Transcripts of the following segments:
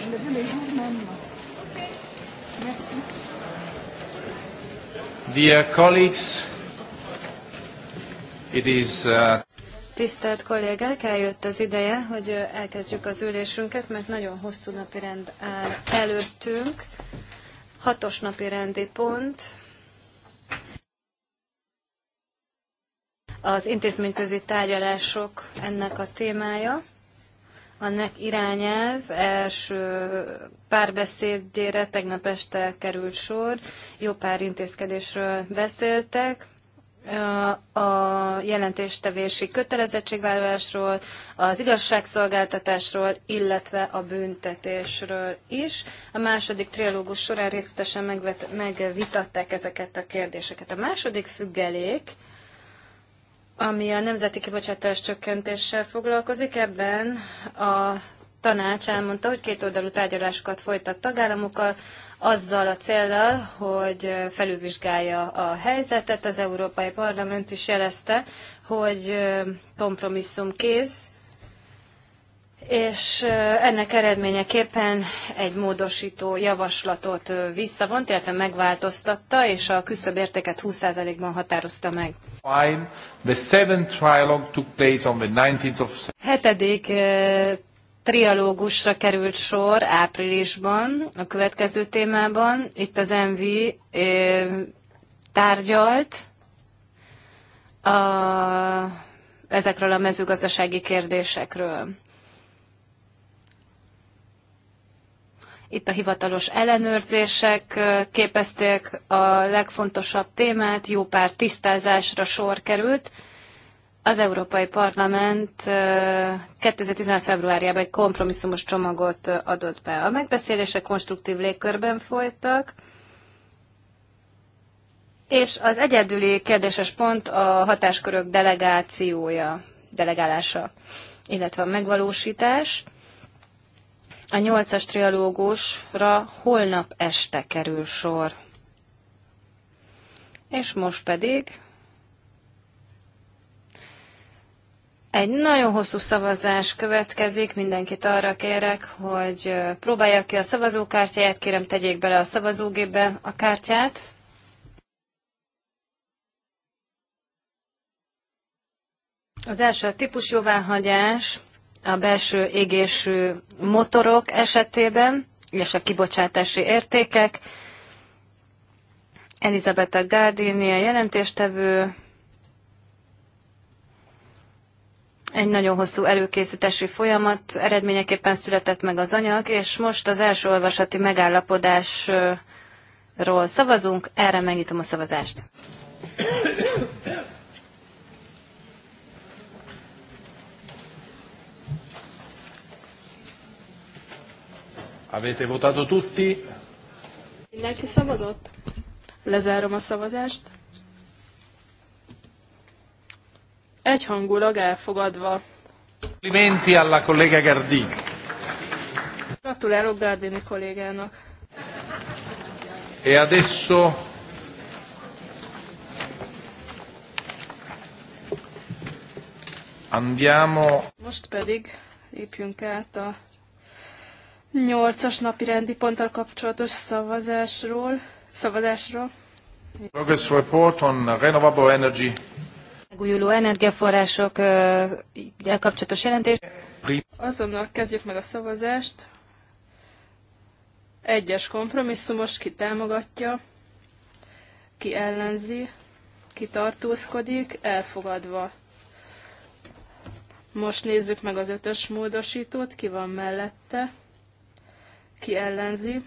je l'ai vu le jour même. Merci. Dear colleagues, it is, uh... Tisztelt kollégák, eljött az ideje, hogy elkezdjük az ülésünket, mert nagyon hosszú napi rend áll előttünk. Hatos napi rendi pont, az intézményközi tárgyalások ennek a témája. A irányelv első párbeszédjére tegnap este került sor, jó pár intézkedésről beszéltek, a jelentéstevési kötelezettségvállalásról, az igazságszolgáltatásról, illetve a büntetésről is. A második trilógus során részletesen megvitatták ezeket a kérdéseket. A második függelék ami a nemzeti kibocsátás csökkentéssel foglalkozik. Ebben a tanács elmondta, hogy két oldalú tárgyalásokat folytat tagállamokkal, azzal a céllal, hogy felülvizsgálja a helyzetet. Az Európai Parlament is jelezte, hogy kompromisszum kész, és ennek eredményeképpen egy módosító javaslatot visszavont, illetve megváltoztatta, és a küszöbértéket 20%-ban határozta meg. The seventh took place on the 19th of... Hetedik trialógusra került sor áprilisban, a következő témában. Itt az MV tárgyalt a, ezekről a mezőgazdasági kérdésekről. Itt a hivatalos ellenőrzések képezték a legfontosabb témát, jó pár tisztázásra sor került. Az Európai Parlament 2010. februárjában egy kompromisszumos csomagot adott be. A megbeszélések konstruktív légkörben folytak, és az egyedüli kérdéses pont a hatáskörök delegációja, delegálása, illetve a megvalósítás. A nyolcas trialógusra holnap este kerül sor. És most pedig Egy nagyon hosszú szavazás következik, mindenkit arra kérek, hogy próbálja ki a szavazókártyáját, kérem tegyék bele a szavazógépbe a kártyát. Az első a típus jóváhagyás a belső égésű motorok esetében, és a kibocsátási értékek. Elizabeth Gardini a jelentéstevő. Egy nagyon hosszú előkészítési folyamat eredményeképpen született meg az anyag, és most az első olvasati megállapodásról szavazunk. Erre megnyitom a szavazást. Avete votato tutti? Mindenki szavazott? Lezárom a szavazást. Egyhangulag elfogadva. Complimenti alla collega Gardini. Gratulálok Gardini kollégának. E adesso andiamo. Most pedig lépjünk át a Nyolcas napi rendi ponttal kapcsolatos szavazásról. Szavazásról. Progress report on renewable energy. Megújuló energiaforrások kapcsolatos jelentés. Azonnal kezdjük meg a szavazást. Egyes kompromisszumos, ki támogatja, ki ellenzi, ki tartózkodik, elfogadva. Most nézzük meg az ötös módosítót, ki van mellette ki ellenzi,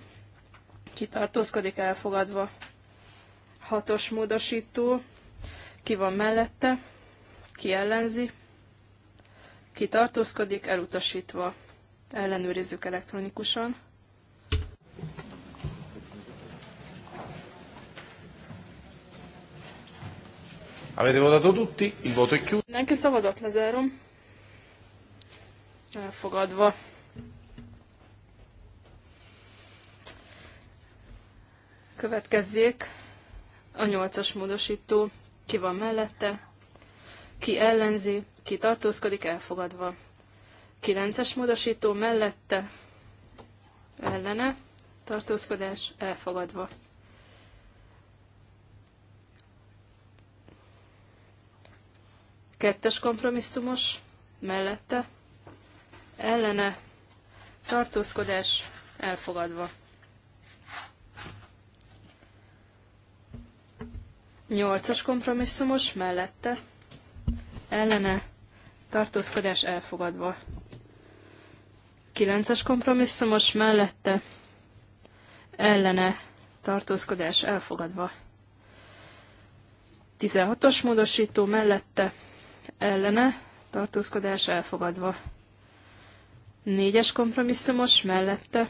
ki tartózkodik elfogadva. Hatos módosító, ki van mellette, ki ellenzi, ki tartózkodik elutasítva. Ellenőrizzük elektronikusan. Avete votato tutti, il voto è chiuso. Neanche szavazat lezárom. Elfogadva. következzék. A nyolcas módosító ki van mellette, ki ellenzi, ki tartózkodik, elfogadva. Kilences módosító mellette, ellene, tartózkodás, elfogadva. Kettes kompromisszumos, mellette, ellene, tartózkodás, elfogadva. Nyolcas kompromisszumos mellette ellene tartózkodás elfogadva. Kilences kompromisszumos mellette ellene tartózkodás elfogadva. Tizenhatos módosító mellette ellene tartózkodás elfogadva. Négyes kompromisszumos mellette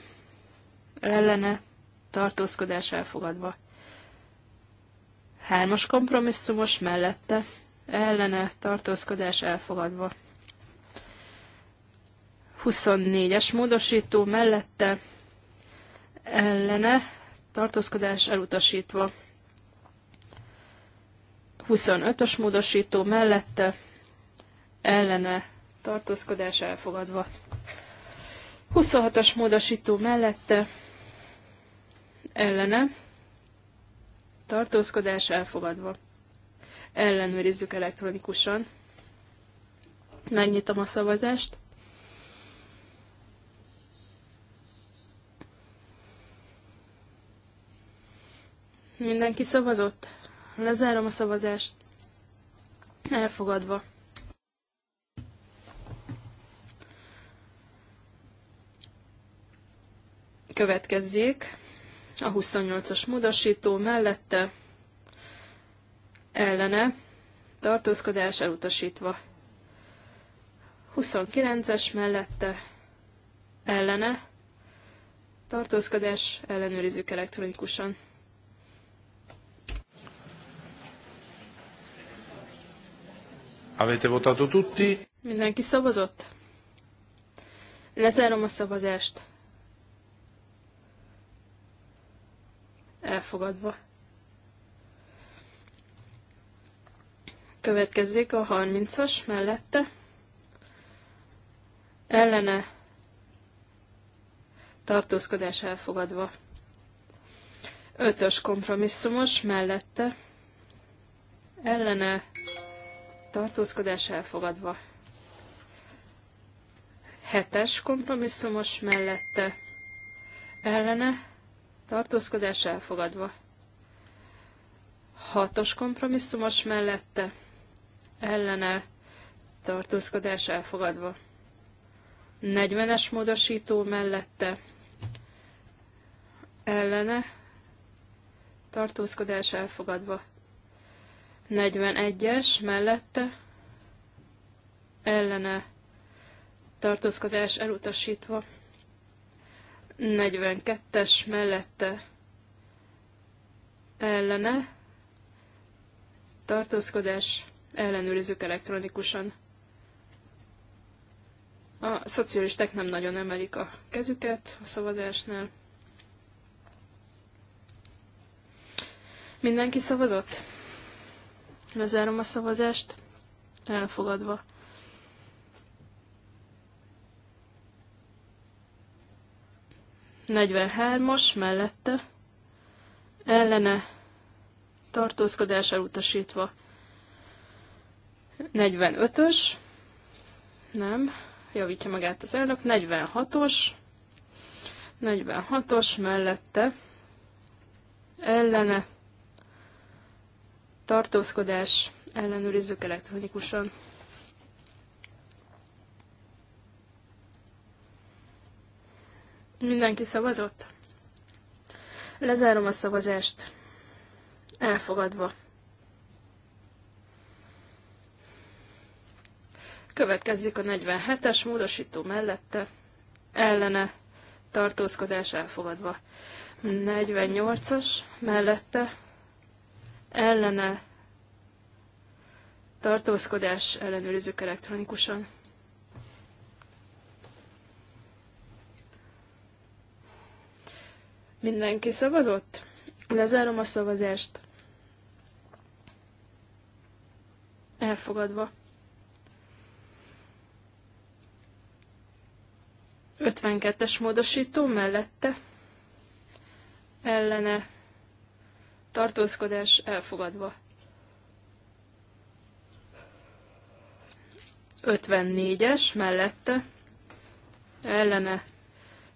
ellene tartózkodás elfogadva. Hármas kompromisszumos mellette ellene tartózkodás elfogadva. 24-es módosító mellette ellene tartózkodás elutasítva. 25-ös módosító mellette ellene tartózkodás elfogadva. 26 os módosító mellette ellene tartózkodás elfogadva. Ellenőrizzük elektronikusan. Megnyitom a szavazást. Mindenki szavazott? Lezárom a szavazást. Elfogadva. Következzék a 28-as módosító mellette ellene tartózkodás elutasítva. 29-es mellette ellene tartózkodás ellenőrizzük elektronikusan. Avete votato tutti? Mindenki szavazott? Lezárom a szavazást. elfogadva. Következzék a 30-as mellette. Ellene tartózkodás elfogadva. 5-ös kompromisszumos mellette. Ellene tartózkodás elfogadva. 7-es kompromisszumos mellette. Ellene tartózkodás elfogadva. Hatos kompromisszumos mellette ellene tartózkodás elfogadva. 40-es módosító mellette ellene tartózkodás elfogadva. 41-es mellette ellene tartózkodás elutasítva. 42-es mellette ellene tartózkodás ellenőrizzük elektronikusan. A szocialisták nem nagyon emelik a kezüket a szavazásnál. Mindenki szavazott? Lezárom a szavazást. Elfogadva. 43-as mellette ellene tartózkodás elutasítva. 45-ös, nem, javítja magát az elnök, 46-os, 46-os mellette ellene tartózkodás ellenőrizzük elektronikusan. Mindenki szavazott? Lezárom a szavazást. Elfogadva. Következzik a 47-es módosító mellette. Ellene tartózkodás elfogadva. 48-as mellette. Ellene tartózkodás ellenőrizzük elektronikusan. Mindenki szavazott? Lezárom a szavazást. Elfogadva. 52-es módosító mellette ellene tartózkodás elfogadva. 54-es mellette ellene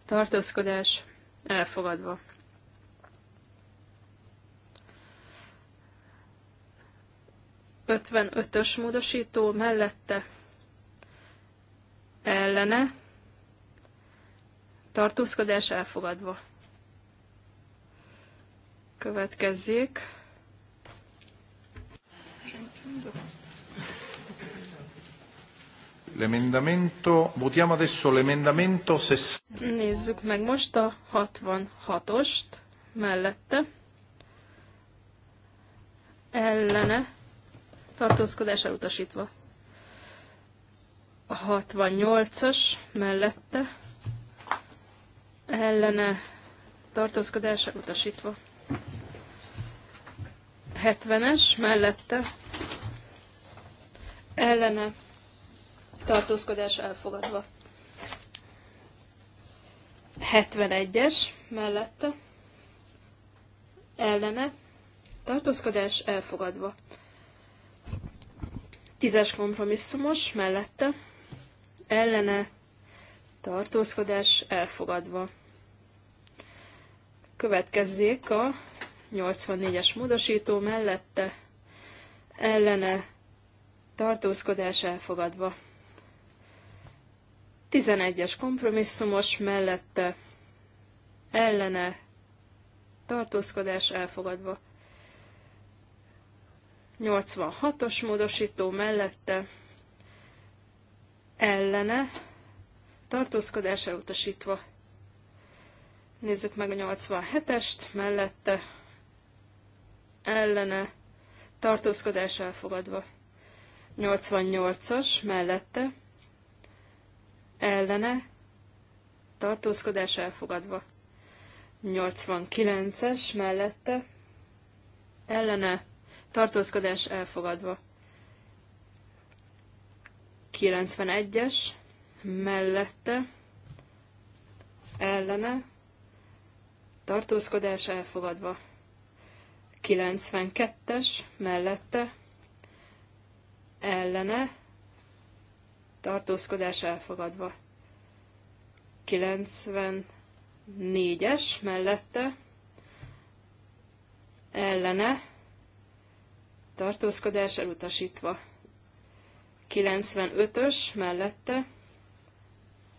tartózkodás elfogadva. ös módosító mellette ellene tartózkodás elfogadva. Következzék. Köszönöm. L'emendamento, votiamo adesso l'emendamento 60. Nézzük meg most a 66-ost mellette. Ellene. Tartózkodás elutasítva. A 68-as mellette. Ellene. Tartózkodás elutasítva. 70-es mellette. Ellene tartózkodás elfogadva. 71-es mellette ellene tartózkodás elfogadva. 10-es kompromisszumos mellette ellene tartózkodás elfogadva. Következzék a 84-es módosító mellette ellene tartózkodás elfogadva. 11-es kompromisszumos mellette ellene tartózkodás elfogadva. 86-os módosító mellette ellene tartózkodás elutasítva. Nézzük meg a 87-est, mellette ellene tartózkodás elfogadva. 88-as mellette ellene tartózkodás elfogadva. 89-es mellette ellene tartózkodás elfogadva. 91-es mellette ellene tartózkodás elfogadva. 92-es mellette ellene tartózkodás elfogadva. 94-es mellette ellene tartózkodás elutasítva. 95-ös mellette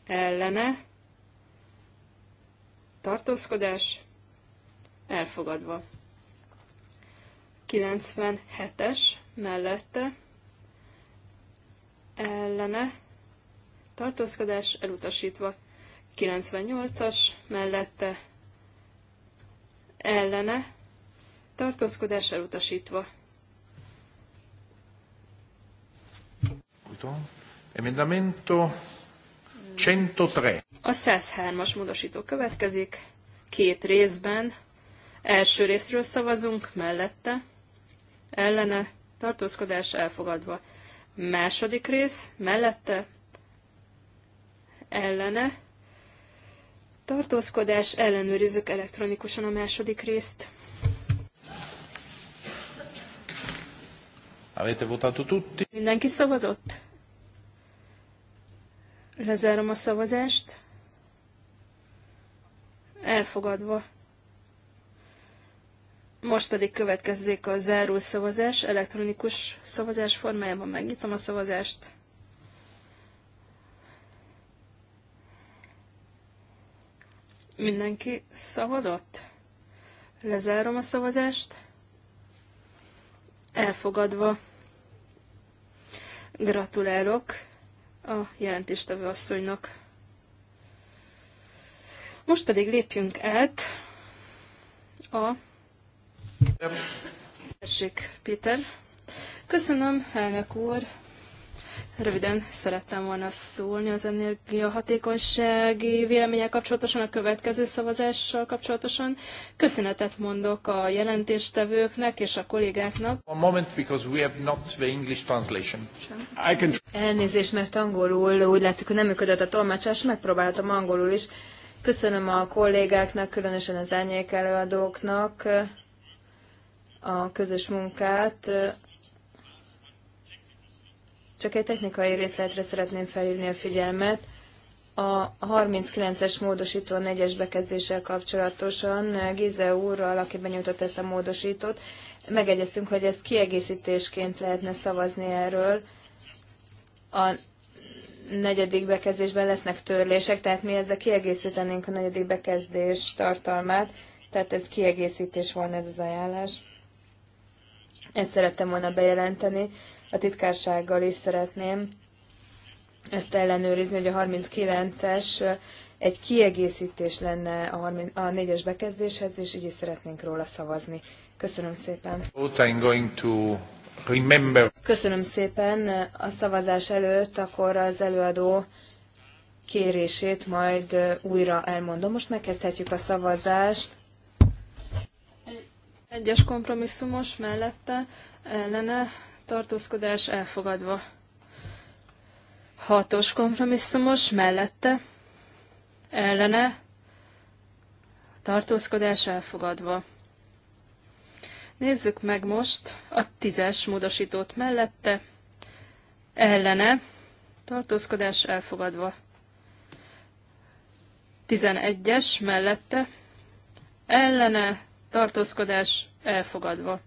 ellene tartózkodás elfogadva. 97-es mellette ellene tartózkodás elutasítva. 98-as mellette ellene tartózkodás elutasítva. Emendamento 103. A 103-as módosító következik. Két részben. Első részről szavazunk, mellette, ellene, tartózkodás elfogadva. Második rész, mellette, ellene. Tartózkodás, ellenőrizzük elektronikusan a második részt. Avete votato tutti? Mindenki szavazott? Lezárom a szavazást. Elfogadva. Most pedig következzék a záró szavazás, elektronikus szavazás formájában megnyitom a szavazást. Mindenki szavazott? Lezárom a szavazást. Elfogadva. Gratulálok a jelentéstevő asszonynak. Most pedig lépjünk át a Tessék, Péter. Köszönöm, elnök úr. Röviden szerettem volna szólni az energiahatékonysági vélemények kapcsolatosan, a következő szavazással kapcsolatosan. Köszönetet mondok a jelentéstevőknek és a kollégáknak. A moment, because we have not the English translation. I can... Elnézést, mert angolul úgy látszik, hogy nem működött a tolmácsás, megpróbálhatom angolul is. Köszönöm a kollégáknak, különösen az árnyék előadóknak a közös munkát. Csak egy technikai részletre szeretném felhívni a figyelmet. A 39-es módosító 4-es bekezdéssel kapcsolatosan Gize úrral, aki benyújtott ezt a módosítót, megegyeztünk, hogy ezt kiegészítésként lehetne szavazni erről. A negyedik bekezdésben lesznek törlések, tehát mi ezzel kiegészítenénk a negyedik bekezdés tartalmát, tehát ez kiegészítés volna ez az ajánlás. Ezt szerettem volna bejelenteni, a titkársággal is szeretném ezt ellenőrizni, hogy a 39-es egy kiegészítés lenne a, 30, a 4-es bekezdéshez, és így is szeretnénk róla szavazni. Köszönöm szépen. Köszönöm szépen. A szavazás előtt akkor az előadó kérését majd újra elmondom. Most megkezdhetjük a szavazást egyes kompromisszumos mellette ellene tartózkodás elfogadva. Hatos kompromisszumos mellette ellene tartózkodás elfogadva. Nézzük meg most a tízes módosítót mellette ellene tartózkodás elfogadva. 11-es mellette ellene tartózkodás elfogadva.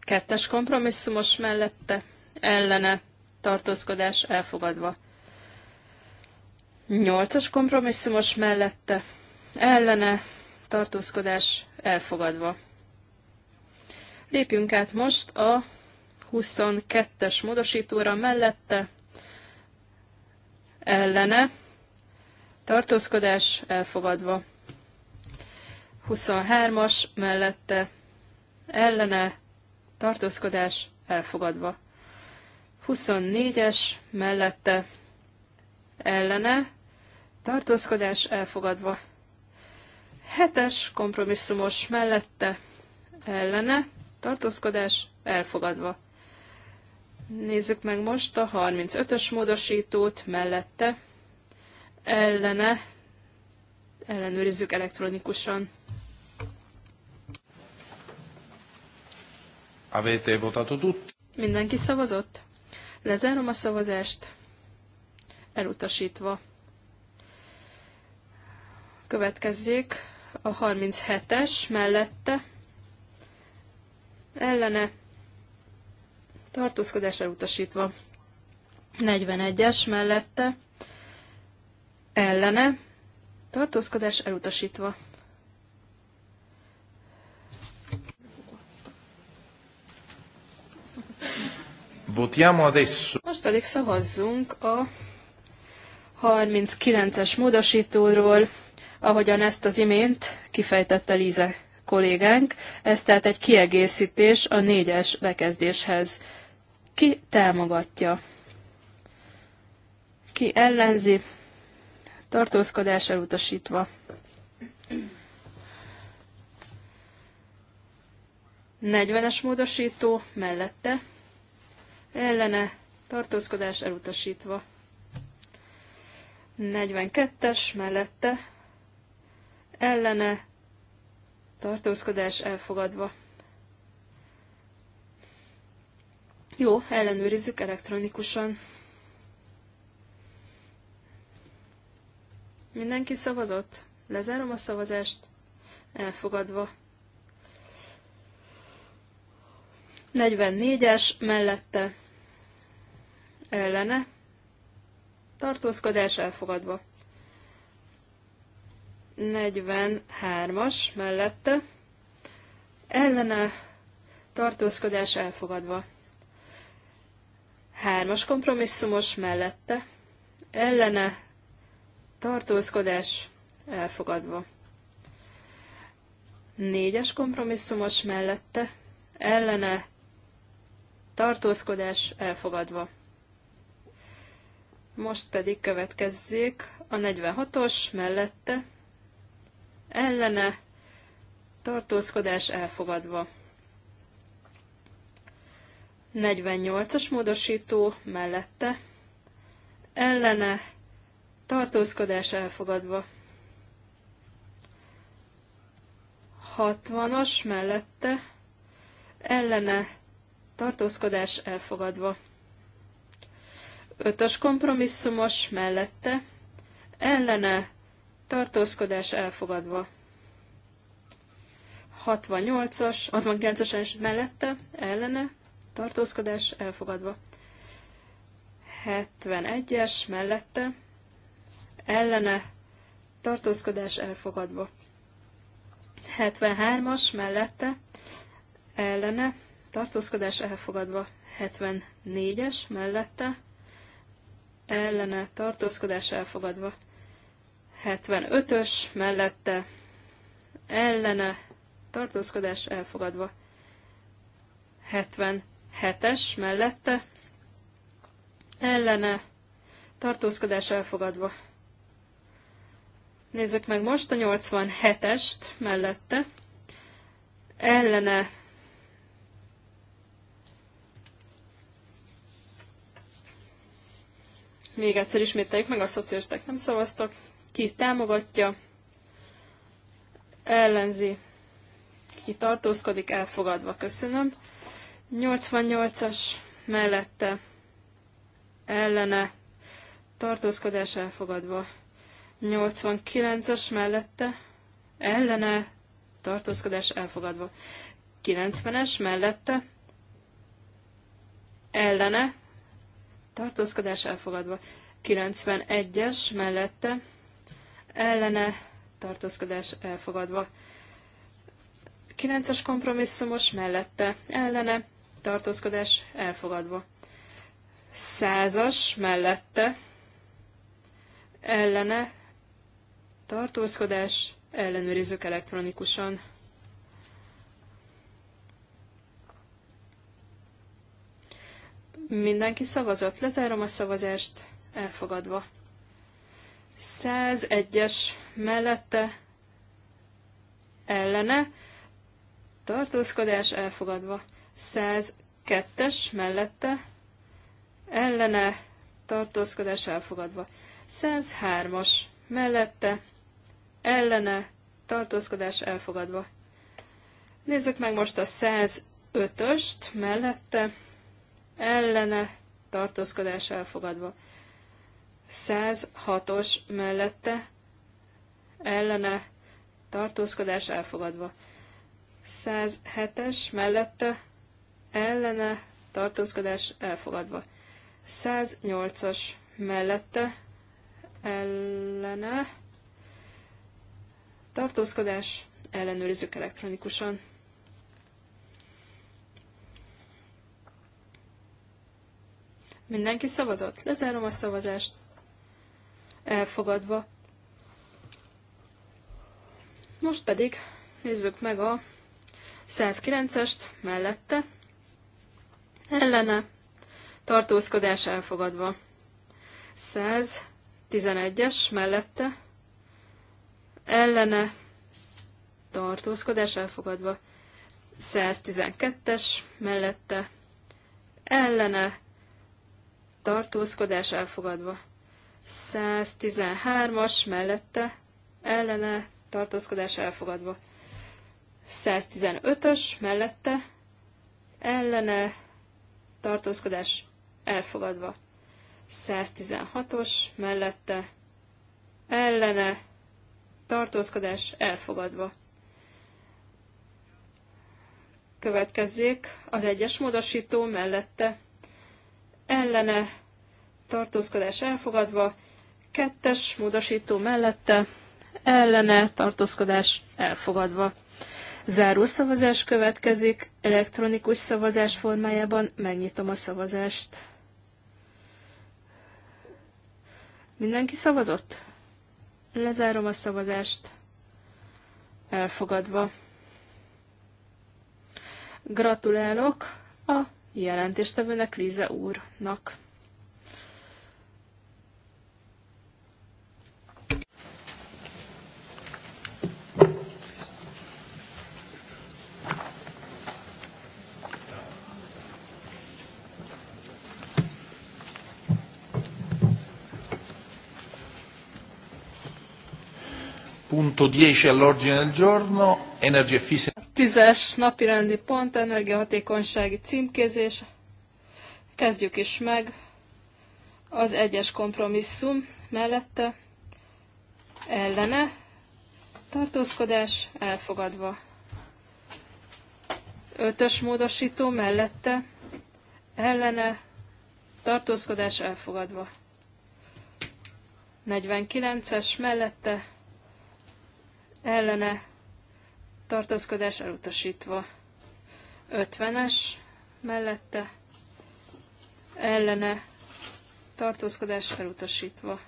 Kettes kompromisszumos mellette ellene tartózkodás elfogadva. Nyolcas kompromisszumos mellette ellene tartózkodás elfogadva. Lépjünk át most a 22-es módosítóra mellette ellene tartózkodás elfogadva. 23-as mellette ellene tartózkodás elfogadva. 24-es mellette ellene tartózkodás elfogadva. 7-es kompromisszumos mellette ellene tartózkodás elfogadva. Nézzük meg most a 35-ös módosítót mellette ellene ellenőrizzük elektronikusan. Avete votato tutti? Mindenki szavazott? Lezárom a szavazást. Elutasítva. Következzék a 37-es mellette. Ellene. Tartózkodás elutasítva. 41-es mellette. Ellene. Tartózkodás elutasítva. Votiamo adesso. Most pedig szavazzunk a 39-es módosítóról, ahogyan ezt az imént kifejtette Líze kollégánk. Ez tehát egy kiegészítés a négyes bekezdéshez. Ki támogatja? Ki ellenzi? Tartózkodás elutasítva. Negyvenes módosító mellette ellene tartózkodás elutasítva. 42-es mellette ellene tartózkodás elfogadva. Jó, ellenőrizzük elektronikusan. Mindenki szavazott? Lezárom a szavazást. Elfogadva. 44-es mellette ellene, tartózkodás elfogadva. 43-as mellette, ellene, tartózkodás elfogadva. 3-as kompromisszumos mellette, ellene, tartózkodás elfogadva. 4-es kompromisszumos mellette, ellene, tartózkodás elfogadva. Most pedig következzék a 46-os mellette ellene tartózkodás elfogadva. 48-as módosító mellette ellene tartózkodás elfogadva. 60-as mellette ellene tartózkodás elfogadva. Ötös kompromisszumos mellette ellene tartózkodás elfogadva. 68-as, 69-es mellette ellene tartózkodás elfogadva. 71-es mellette ellene tartózkodás elfogadva. 73-as mellette ellene tartózkodás elfogadva. 74-es mellette ellene tartózkodás elfogadva. 75-ös mellette ellene tartózkodás elfogadva. 77-es mellette ellene tartózkodás elfogadva. Nézzük meg most a 87-est mellette. Ellene még egyszer ismételjük meg, a szocialisták nem szavaztak. Ki támogatja, ellenzi, ki tartózkodik, elfogadva. Köszönöm. 88-as mellette ellene tartózkodás elfogadva. 89 as mellette ellene tartózkodás elfogadva. 90-es mellette ellene tartózkodás elfogadva. 91-es mellette ellene tartózkodás elfogadva. 9-es kompromisszumos mellette ellene tartózkodás elfogadva. 100-as mellette ellene tartózkodás ellenőrizzük elektronikusan. Mindenki szavazott. Lezárom a szavazást. Elfogadva. 101-es mellette ellene. Tartózkodás elfogadva. 102-es mellette ellene. Tartózkodás elfogadva. 103-as mellette ellene. Tartózkodás elfogadva. Nézzük meg most a 105-öst mellette ellene tartózkodás elfogadva. 106-os mellette ellene tartózkodás elfogadva. 107-es mellette ellene tartózkodás elfogadva. 108-as mellette ellene tartózkodás ellenőrizzük elektronikusan. Mindenki szavazott? Lezárom a szavazást. Elfogadva. Most pedig nézzük meg a 109-est mellette. Ellene. Tartózkodás elfogadva. 111-es mellette. Ellene. Tartózkodás elfogadva. 112-es mellette. Ellene tartózkodás elfogadva. 113-as mellette ellene tartózkodás elfogadva. 115-ös mellette ellene tartózkodás elfogadva. 116-os mellette ellene tartózkodás elfogadva. Következzék az egyes módosító mellette ellene tartózkodás elfogadva, kettes módosító mellette ellene tartózkodás elfogadva. Záró szavazás következik, elektronikus szavazás formájában megnyitom a szavazást. Mindenki szavazott? Lezárom a szavazást. Elfogadva. Gratulálok a jelentéstevőnek, Líze úrnak. punto 10 all'ordine del giorno, energia efficiency. Tízes rendi pont, energiahatékonysági címkézés. Kezdjük is meg. Az egyes kompromisszum mellette ellene tartózkodás elfogadva. Ötös módosító mellette ellene tartózkodás elfogadva. 49-es mellette ellene tartózkodás elutasítva. 50-es mellette ellene tartózkodás elutasítva.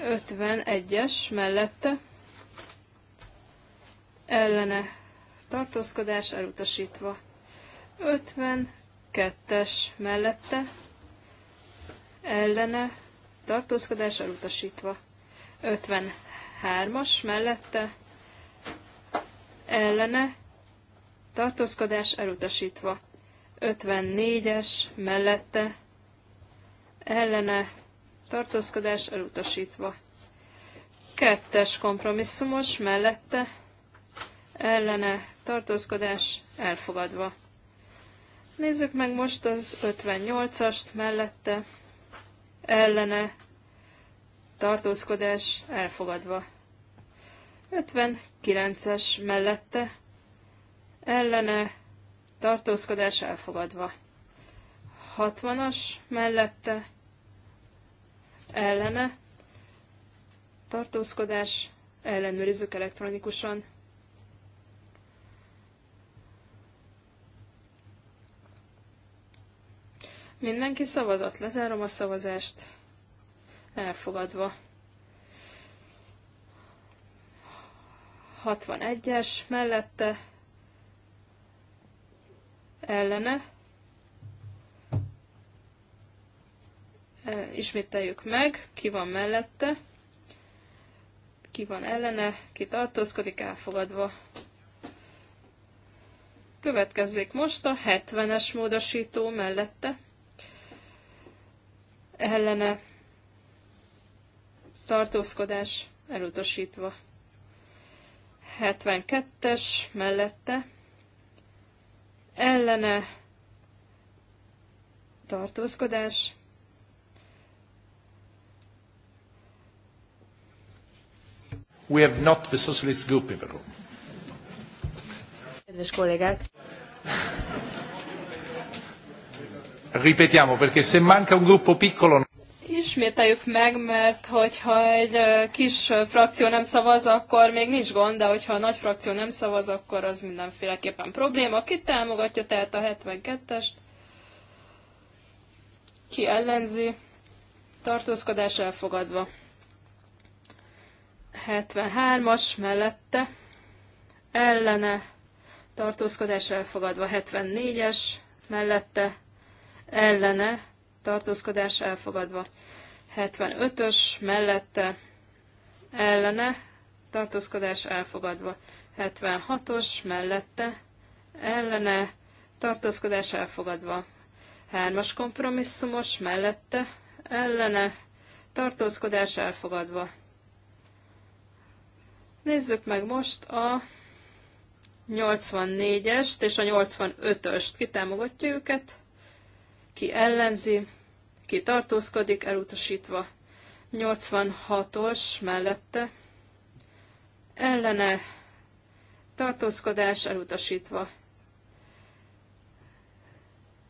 51-es mellette ellene tartózkodás elutasítva. 52-es mellette ellene tartózkodás elutasítva. 53-as mellette ellene, tartózkodás elutasítva. 54-es mellette, ellene, tartózkodás elutasítva. 2-es, kompromisszumos mellette, ellene, tartózkodás elfogadva. Nézzük meg most az 58-ast mellette, ellene, tartózkodás elfogadva. 59-es mellette ellene tartózkodás elfogadva. 60-as mellette ellene tartózkodás ellenőrizzük elektronikusan. Mindenki szavazott, lezárom a szavazást. Elfogadva. 61-es mellette ellene. E, ismételjük meg, ki van mellette, ki van ellene, ki tartózkodik, elfogadva. Következzék most a 70-es módosító mellette. Ellene tartózkodás elutasítva. 72-es mellette ellene tartózkodás, We have not the socialist group in the room. Kedves kollégák! Ripetiamo, perché se manca un gruppo piccolo ismételjük meg, mert hogyha egy kis frakció nem szavaz, akkor még nincs gond, de hogyha a nagy frakció nem szavaz, akkor az mindenféleképpen probléma. Ki támogatja tehát a 72-est? Ki ellenzi? Tartózkodás elfogadva. 73-as mellette. Ellene. Tartózkodás elfogadva. 74-es mellette. Ellene tartózkodás elfogadva. 75-ös mellette ellene tartózkodás elfogadva. 76-os mellette ellene tartózkodás elfogadva. 3-as kompromisszumos mellette ellene tartózkodás elfogadva. Nézzük meg most a 84-est és a 85-öst. Ki támogatja őket? Ki ellenzi? ki tartózkodik, elutasítva. 86-os mellette ellene tartózkodás elutasítva.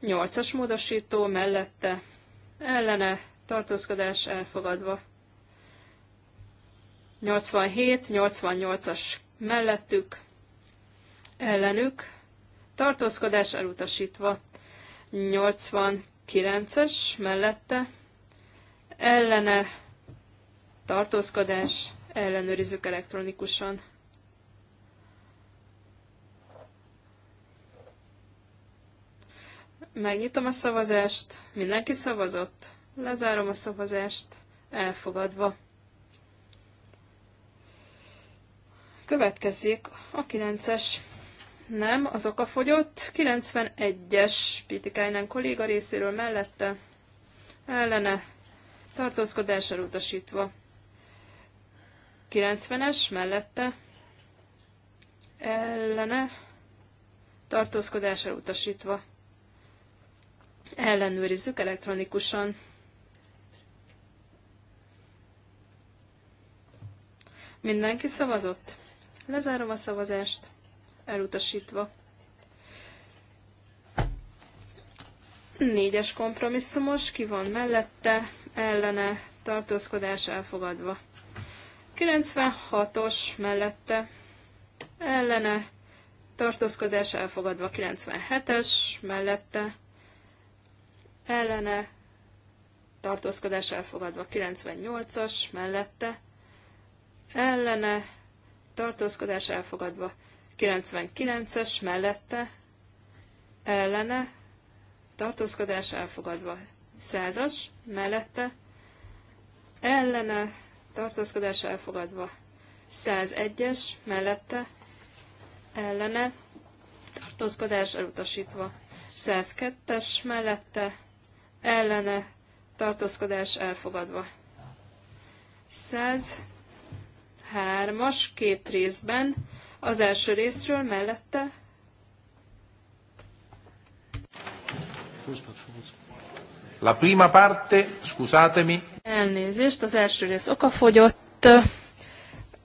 8-as módosító mellette ellene tartózkodás elfogadva. 87-88-as mellettük ellenük tartózkodás elutasítva. 9-es mellette ellene tartózkodás, ellenőrizzük elektronikusan. Megnyitom a szavazást, mindenki szavazott, lezárom a szavazást, elfogadva. Következzék a 9-es nem, az oka fogyott. 91-es Pitikájnán kolléga részéről mellette ellene tartózkodással elutasítva. 90-es mellette ellene tartózkodással elutasítva. Ellenőrizzük elektronikusan. Mindenki szavazott? Lezárom a szavazást elutasítva. Négyes kompromisszumos, ki van mellette, ellene, tartózkodás elfogadva. 96-os mellette, ellene, tartózkodás elfogadva. 97-es mellette, ellene, tartózkodás elfogadva. 98-as mellette, ellene, tartózkodás elfogadva. 99-es mellette ellene tartózkodás elfogadva. 100-as mellette ellene tartózkodás elfogadva. 101-es mellette ellene tartózkodás elutasítva. 102-es mellette ellene tartózkodás elfogadva. 103-as két részben az első részről mellette. La prima parte, scusatemi. Elnézést, az első rész okafogyott,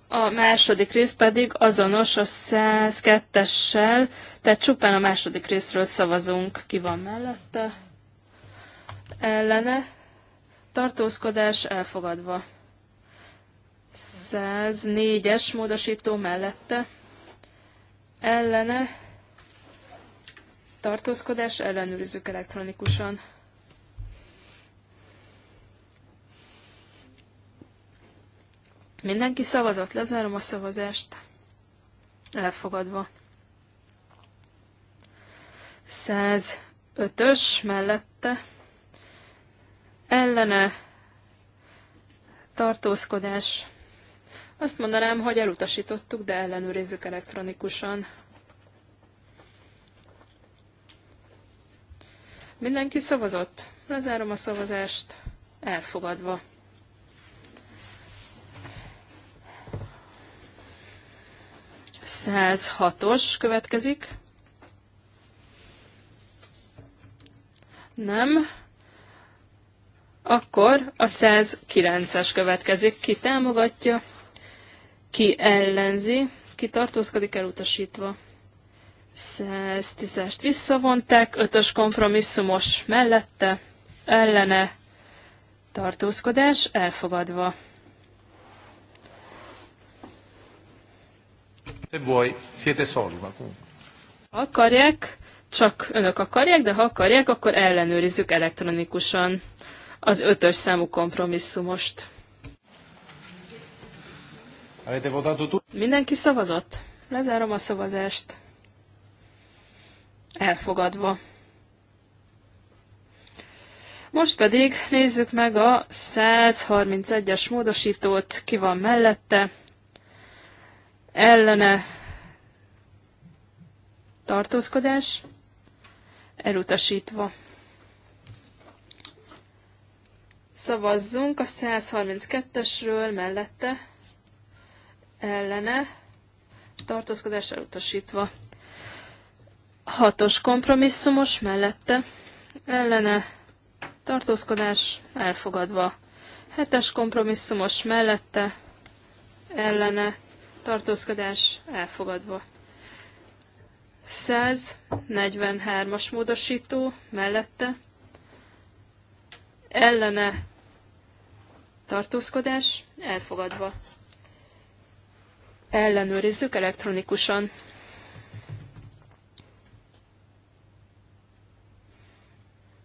a második rész pedig azonos a 102-essel, tehát csupán a második részről szavazunk, ki van mellette, ellene, tartózkodás elfogadva. 104-es módosító mellette ellene tartózkodás, ellenőrizzük elektronikusan. Mindenki szavazott, lezárom a szavazást. Elfogadva. 105-ös mellette ellene tartózkodás azt mondanám, hogy elutasítottuk, de ellenőrizzük elektronikusan. Mindenki szavazott? Lezárom a szavazást. Elfogadva. Száz hatos következik. Nem. Akkor a 109-es következik. Ki támogatja? ki ellenzi, ki tartózkodik elutasítva. 110-est visszavonták, ötös kompromisszumos mellette, ellene tartózkodás elfogadva. Se vuoi, siete soli, ma Akarják, csak önök akarják, de ha akarják, akkor ellenőrizzük elektronikusan az ötös számú kompromisszumost. Avete votato Mindenki szavazott? Lezárom a szavazást. Elfogadva. Most pedig nézzük meg a 131-es módosítót, ki van mellette, ellene tartózkodás, elutasítva. Szavazzunk a 132-esről mellette, ellene tartózkodás elutasítva. Hatos kompromisszumos mellette ellene tartózkodás elfogadva. Hetes kompromisszumos mellette ellene tartózkodás elfogadva. 143-as módosító mellette ellene tartózkodás elfogadva ellenőrizzük elektronikusan.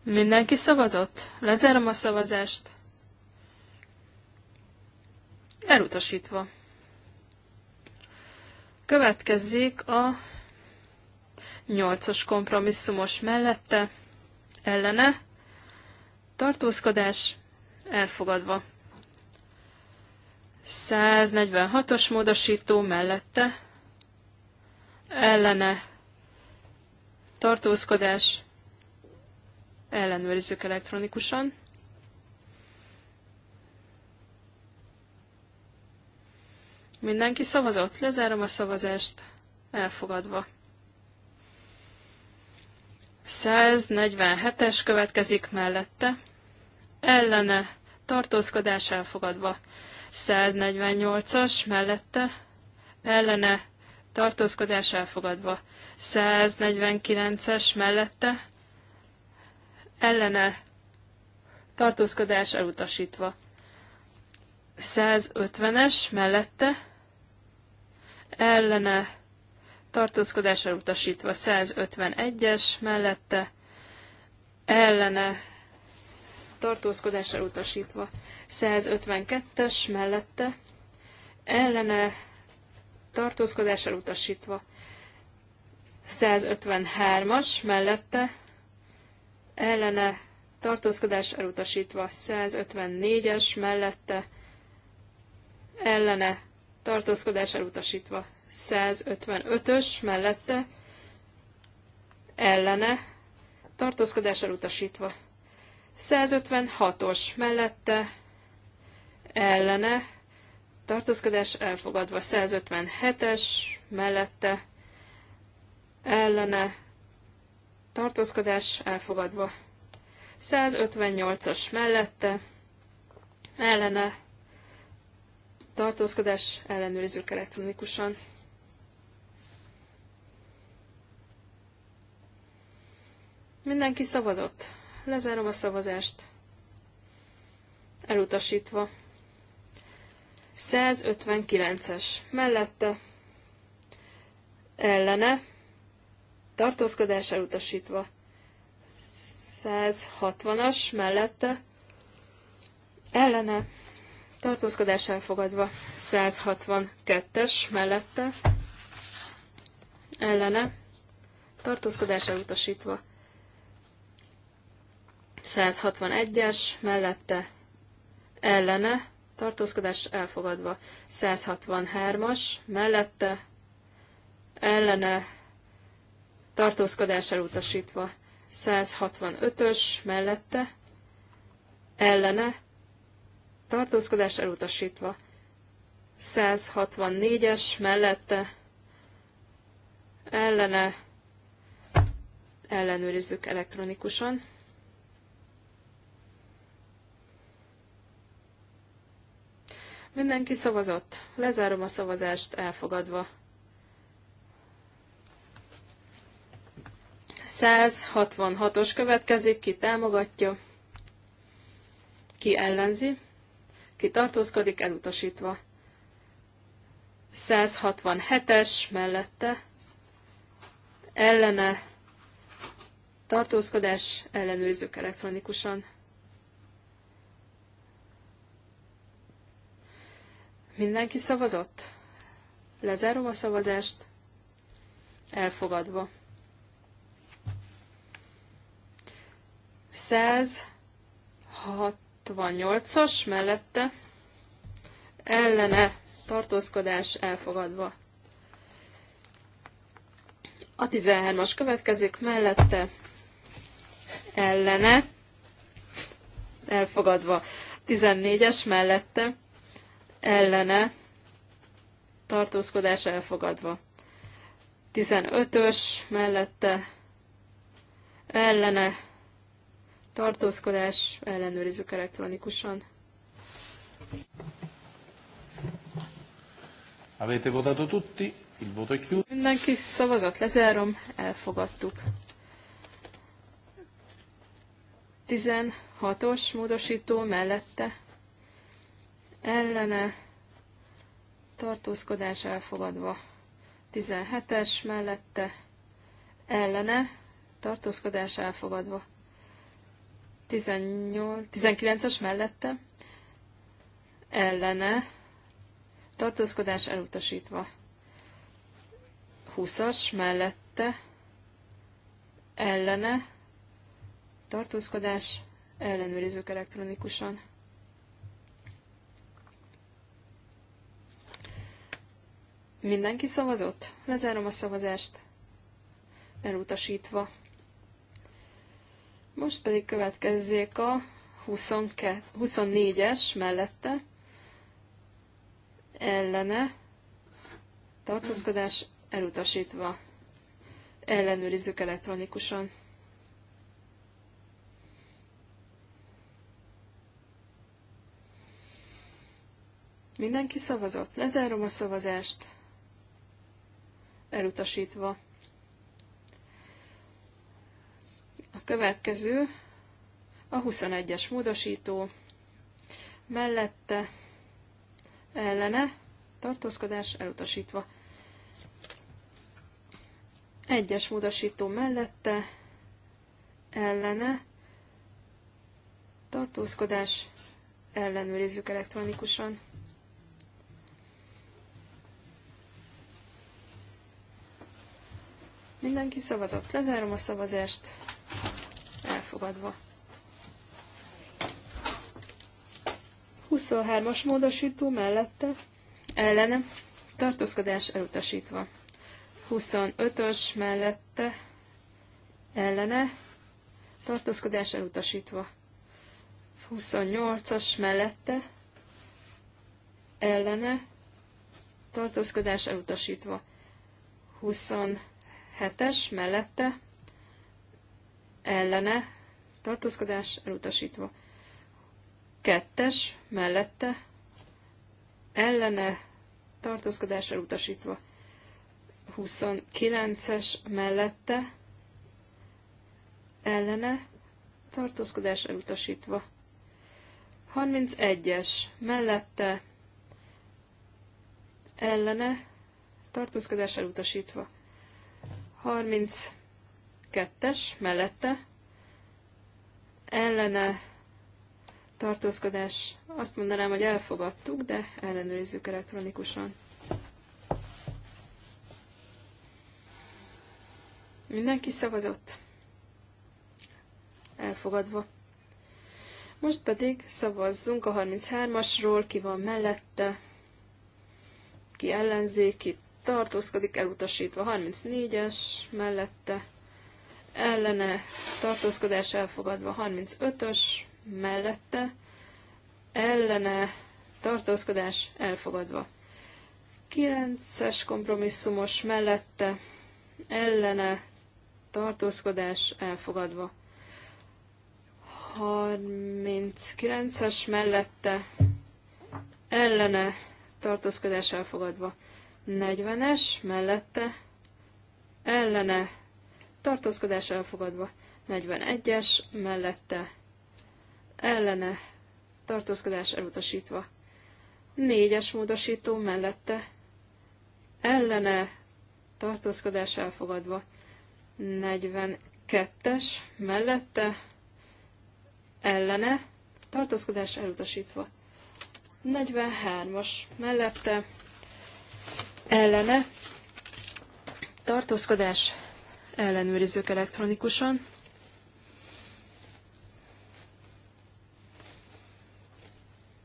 Mindenki szavazott? Lezárom a szavazást. Elutasítva. Következzék a nyolcas kompromisszumos mellette, ellene, tartózkodás, elfogadva. 146-os módosító mellette ellene tartózkodás ellenőrizzük elektronikusan. Mindenki szavazott, lezárom a szavazást, elfogadva. 147-es következik mellette, ellene tartózkodás elfogadva. 148-as mellette ellene tartózkodás elfogadva. 149-es mellette ellene tartózkodás elutasítva. 150-es mellette ellene tartózkodás elutasítva. 151-es mellette ellene tartózkodás elutasítva. 152-es mellette ellene tartózkodás elutasítva. 153-as mellette ellene tartózkodás elutasítva. 154-es mellette ellene tartózkodás elutasítva. 155-ös mellette ellene tartózkodás elutasítva. 156-os mellette ellene tartózkodás elfogadva. 157-es mellette ellene tartózkodás elfogadva. 158-as mellette ellene tartózkodás ellenőrizzük elektronikusan. Mindenki szavazott. Lezárom a szavazást. Elutasítva. 159-es. Mellette. Ellene. Tartózkodás elutasítva. 160-as. Mellette. Ellene. Tartózkodás elfogadva. 162-es. Mellette. Ellene. Tartózkodás elutasítva. 161-es mellette ellene tartózkodás elfogadva. 163-as mellette ellene tartózkodás elutasítva. 165-ös mellette ellene tartózkodás elutasítva. 164-es mellette ellene ellenőrizzük elektronikusan. Mindenki szavazott. Lezárom a szavazást elfogadva. 166-os következik, ki támogatja, ki ellenzi, ki tartózkodik, elutasítva. 167-es mellette ellene tartózkodás ellenőrizzük elektronikusan. Mindenki szavazott? Lezárom a szavazást. Elfogadva. 168-as mellette ellene tartózkodás elfogadva. A 13-as következik mellette ellene elfogadva. 14-es mellette ellene tartózkodás elfogadva. 15-ös mellette ellene tartózkodás ellenőrizzük elektronikusan. Avete votato tutti, il voto è chiuso. Mindenki szavazat lezárom, elfogadtuk. 16-os módosító mellette ellene tartózkodás elfogadva. 17-es mellette ellene tartózkodás elfogadva. 19-es mellette ellene tartózkodás elutasítva. 20-as mellette ellene tartózkodás ellenőrizők elektronikusan. Mindenki szavazott? Lezárom a szavazást. Elutasítva. Most pedig következzék a 24-es mellette ellene tartózkodás elutasítva. Ellenőrizzük elektronikusan. Mindenki szavazott. Lezárom a szavazást elutasítva. A következő a 21-es módosító mellette ellene tartózkodás elutasítva. Egyes módosító mellette ellene tartózkodás ellenőrizzük elektronikusan. Mindenki szavazott. Lezárom a szavazást. Elfogadva. 23-as módosító mellette. Ellene. Tartózkodás elutasítva. 25-ös mellette. Ellene. Tartózkodás elutasítva. 28-as mellette. Ellene. Tartózkodás elutasítva. 20 hetes mellette ellene tartózkodás elutasítva. Kettes mellette ellene tartózkodás elutasítva. 29-es mellette ellene tartózkodás elutasítva. 31-es mellette ellene tartózkodás elutasítva. 32-es mellette ellene tartózkodás. Azt mondanám, hogy elfogadtuk, de ellenőrizzük elektronikusan. Mindenki szavazott? Elfogadva. Most pedig szavazzunk a 33-asról, ki van mellette, ki ellenzék itt tartózkodik elutasítva. 34-es mellette ellene tartózkodás elfogadva. 35-ös mellette ellene tartózkodás elfogadva. 9-es kompromisszumos mellette ellene tartózkodás elfogadva. 39-es mellette ellene tartózkodás elfogadva. 40-es mellette ellene tartózkodás elfogadva. 41-es mellette ellene tartózkodás elutasítva. 4-es módosító mellette ellene tartózkodás elfogadva. 42-es mellette ellene tartózkodás elutasítva. 43-as mellette ellene tartózkodás ellenőrizők elektronikusan.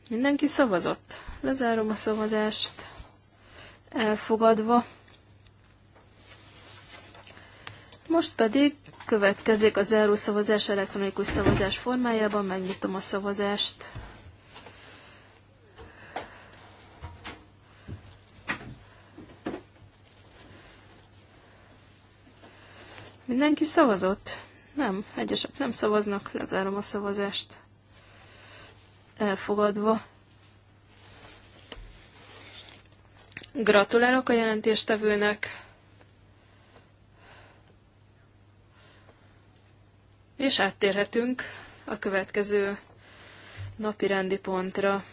Mindenki szavazott. Lezárom a szavazást. Elfogadva. Most pedig következik a zárószavazás elektronikus szavazás formájában. Megnyitom a szavazást. Mindenki szavazott? Nem, egyesek nem szavaznak, lezárom a szavazást. Elfogadva. Gratulálok a jelentéstevőnek. És áttérhetünk a következő napi rendi pontra.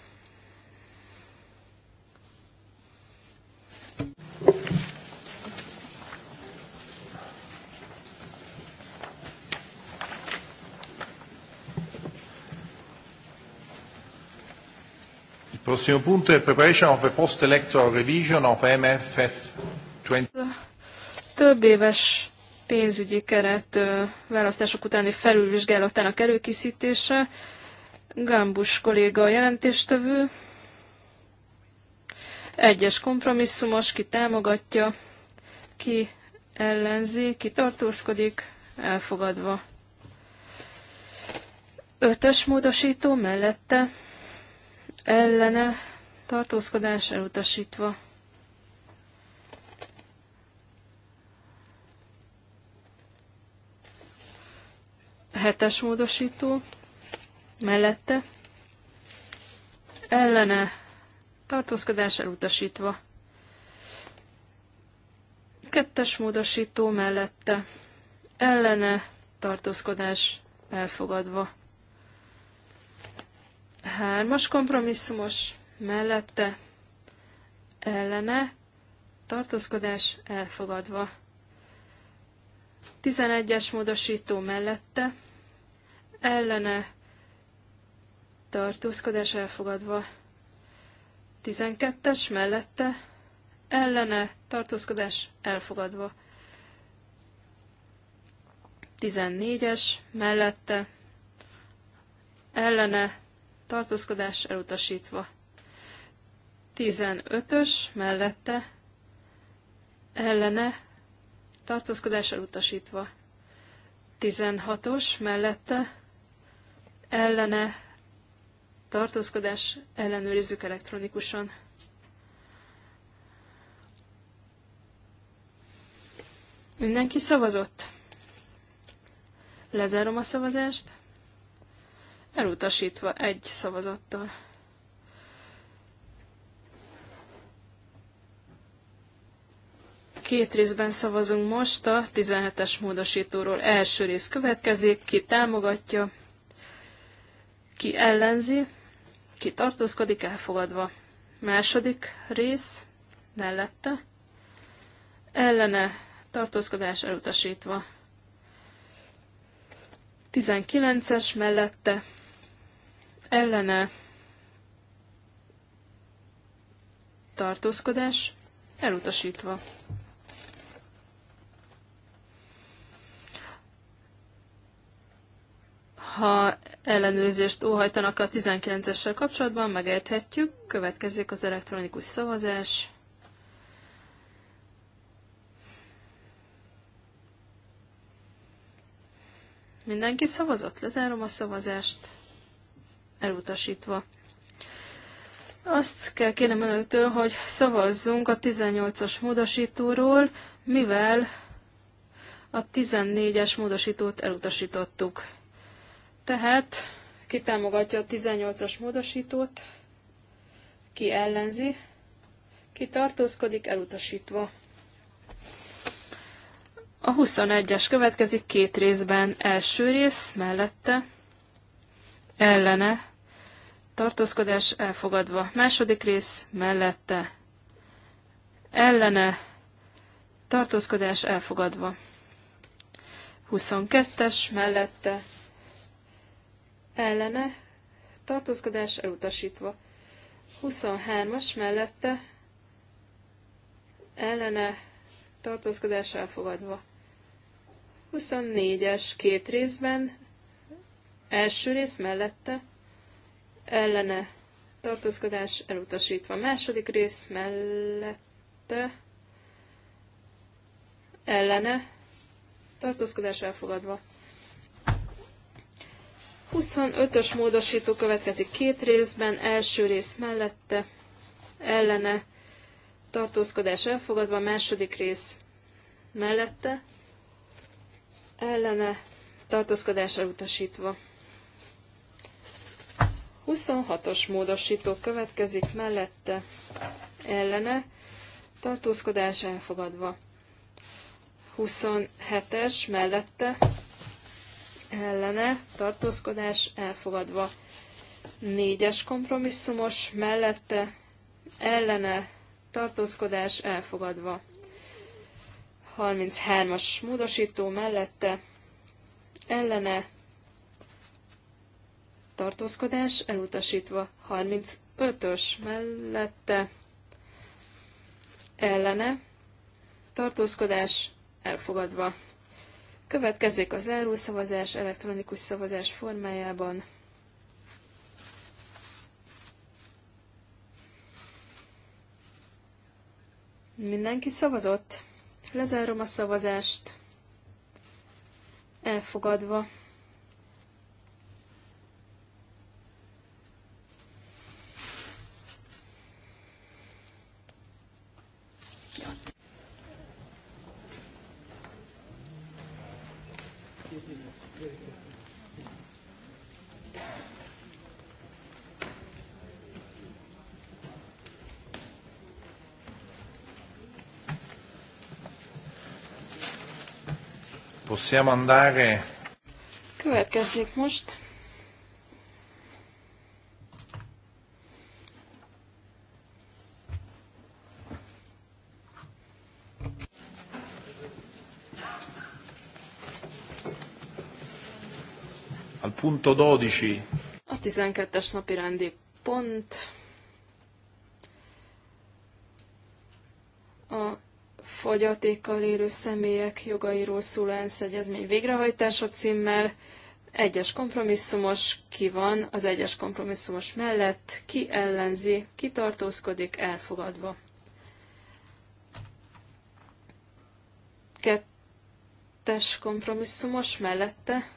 Prossimo punto è preparation of a post-electoral revision of MFF 20. Több éves pénzügyi keret választások utáni felülvizsgálatának előkészítése. Gambus kolléga a jelentéstevő. Egyes kompromisszumos, ki támogatja, ki ellenzi, ki tartózkodik, elfogadva. Ötös módosító mellette ellene tartózkodás elutasítva. Hetes módosító mellette ellene tartózkodás elutasítva. Kettes módosító mellette ellene tartózkodás elfogadva. Hármas kompromisszumos mellette ellene tartózkodás elfogadva. 11-es módosító mellette ellene tartózkodás elfogadva. 12-es mellette ellene tartózkodás elfogadva. 14-es mellette ellene tartózkodás elutasítva. 15-ös mellette ellene tartózkodás elutasítva. 16-os mellette ellene tartózkodás ellenőrizzük elektronikusan. Mindenki szavazott? Lezárom a szavazást elutasítva egy szavazattal. Két részben szavazunk most, a 17-es módosítóról első rész következik, ki támogatja, ki ellenzi, ki tartózkodik, elfogadva. Második rész, mellette, ellene, tartózkodás elutasítva. 19-es mellette, ellene tartózkodás elutasítva. Ha ellenőrzést óhajtanak a 19-essel kapcsolatban, megérthetjük. Következik az elektronikus szavazás. Mindenki szavazott? Lezárom a szavazást elutasítva. Azt kell kérnem önöktől, hogy szavazzunk a 18-as módosítóról, mivel a 14-es módosítót elutasítottuk. Tehát ki támogatja a 18-as módosítót, ki ellenzi, ki tartózkodik elutasítva. A 21-es következik két részben. Első rész mellette, ellene, tartózkodás elfogadva. Második rész mellette ellene tartózkodás elfogadva. 22-es mellette ellene tartózkodás elutasítva. 23-as mellette ellene tartózkodás elfogadva. 24-es két részben, első rész mellette ellene tartózkodás elutasítva. Második rész mellette ellene tartózkodás elfogadva. 25-ös módosító következik két részben, első rész mellette ellene tartózkodás elfogadva, második rész mellette ellene tartózkodás elutasítva. 26-os módosító következik mellette ellene, tartózkodás elfogadva. 27-es mellette ellene, tartózkodás elfogadva. 4-es kompromisszumos mellette ellene, tartózkodás elfogadva. 33-as módosító mellette ellene, tartózkodás elutasítva 35-ös mellette ellene tartózkodás elfogadva. Következik az elrúszavazás elektronikus szavazás formájában. Mindenki szavazott? Lezárom a szavazást. Elfogadva. possiamo andare. Következik most. Al punto 12. A 12-es napi rendi pont. A fogyatékkal élő személyek jogairól szóló ENSZ egyezmény végrehajtása címmel. Egyes kompromisszumos, ki van az egyes kompromisszumos mellett, ki ellenzi, ki tartózkodik, elfogadva. Kettes kompromisszumos mellette,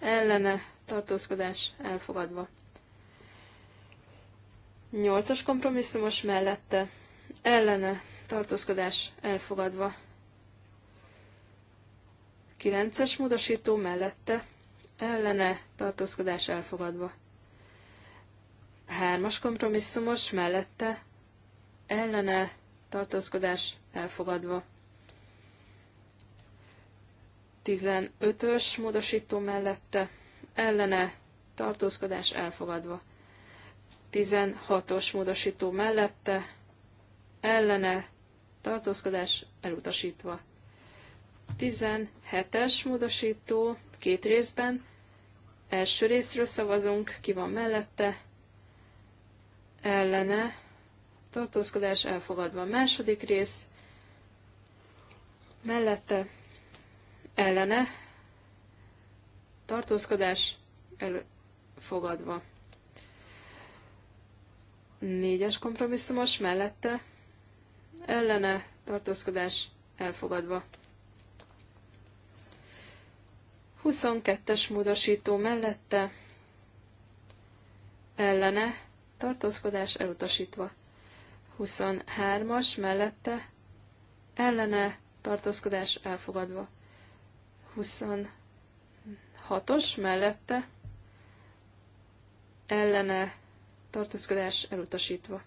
ellene, tartózkodás, elfogadva. Nyolcas kompromisszumos mellette, ellene, tartózkodás elfogadva. 9-es módosító mellette ellene tartózkodás elfogadva. 3-as kompromisszumos mellette ellene tartózkodás elfogadva. 15-ös módosító mellette ellene tartózkodás elfogadva. 16-os módosító mellette ellene tartózkodás elutasítva. 17-es módosító két részben. Első részről szavazunk, ki van mellette, ellene, tartózkodás elfogadva. Második rész, mellette, ellene, tartózkodás elfogadva. Négyes kompromisszumos mellette, ellene tartózkodás elfogadva. 22-es módosító mellette ellene tartózkodás elutasítva. 23-as mellette ellene tartózkodás elfogadva. 26-os mellette ellene tartózkodás elutasítva.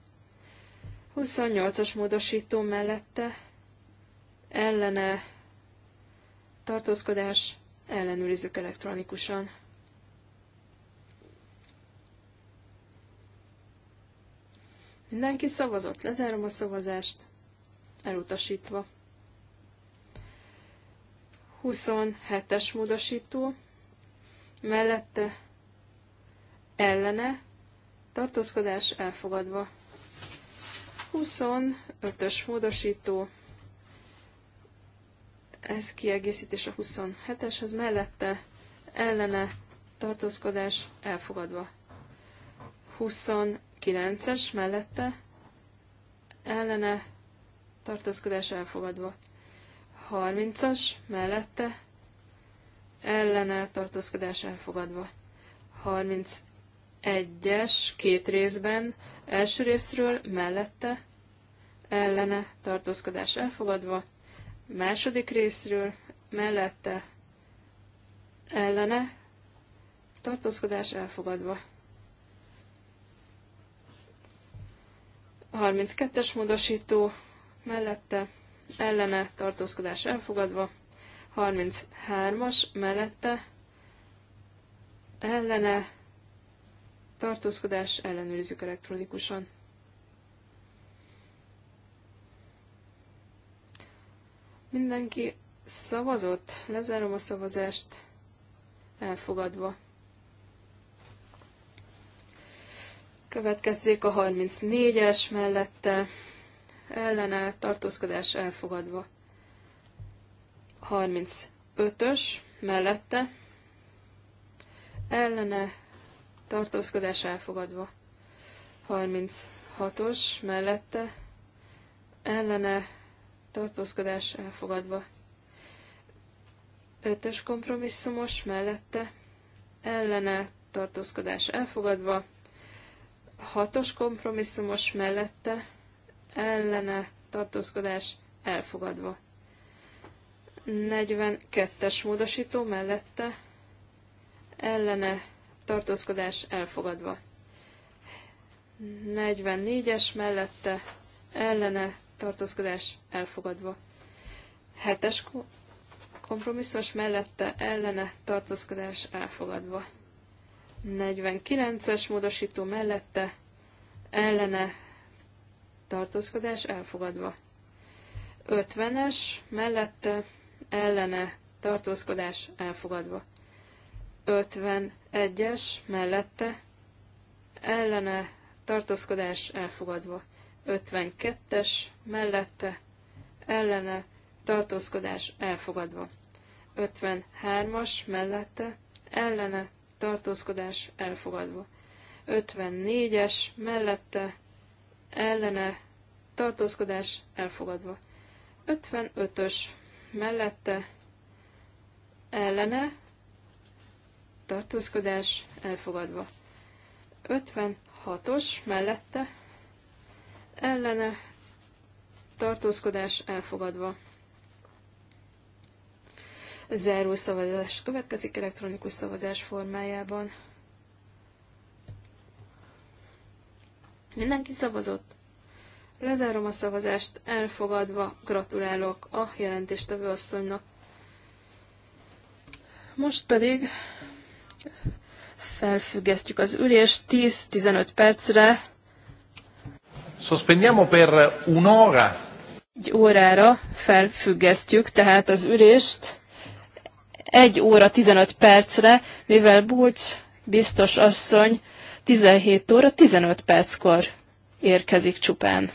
28-as módosító mellette ellene tartózkodás ellenőrizzük elektronikusan. Mindenki szavazott, lezárom a szavazást, elutasítva. 27-es módosító, mellette ellene, tartózkodás elfogadva. 25-ös módosító, ez kiegészítés a 27-eshez, mellette ellene tartózkodás elfogadva. 29-es mellette ellene tartózkodás elfogadva. 30-as mellette ellene tartózkodás elfogadva. 31-es két részben Első részről mellette ellene tartózkodás elfogadva, második részről mellette ellene tartózkodás elfogadva. 32-es módosító mellette ellene tartózkodás elfogadva, 33-as mellette ellene tartózkodás, ellenőrizzük elektronikusan. Mindenki szavazott, lezárom a szavazást, elfogadva. Következzék a 34-es mellette, ellene tartózkodás elfogadva. 35-ös mellette, ellene tartózkodás elfogadva. 36-os mellette ellene tartózkodás elfogadva. 5-ös kompromisszumos mellette ellene tartózkodás elfogadva. 6-os kompromisszumos mellette ellene tartózkodás elfogadva. 42-es módosító mellette ellene tartózkodás elfogadva. 44-es mellette ellene tartózkodás elfogadva. 7-es kompromisszos mellette ellene tartózkodás elfogadva. 49-es módosító mellette ellene tartózkodás elfogadva. 50-es mellette ellene tartózkodás elfogadva. 51-es mellette ellene tartózkodás elfogadva. 52-es mellette ellene tartózkodás elfogadva. 53-as mellette ellene tartózkodás elfogadva. 54-es mellette ellene tartózkodás elfogadva. 55-ös mellette ellene tartózkodás elfogadva. 56-os mellette ellene tartózkodás elfogadva. Záró szavazás következik elektronikus szavazás formájában. Mindenki szavazott? Lezárom a szavazást, elfogadva gratulálok a jelentéstevő asszonynak. Most pedig felfüggesztjük az ülést 10-15 percre. Sospendiamo per un'ora. Egy órára felfüggesztjük tehát az ülést. Egy óra 15 percre, mivel Bulcs biztos asszony 17 óra 15 perckor érkezik csupán.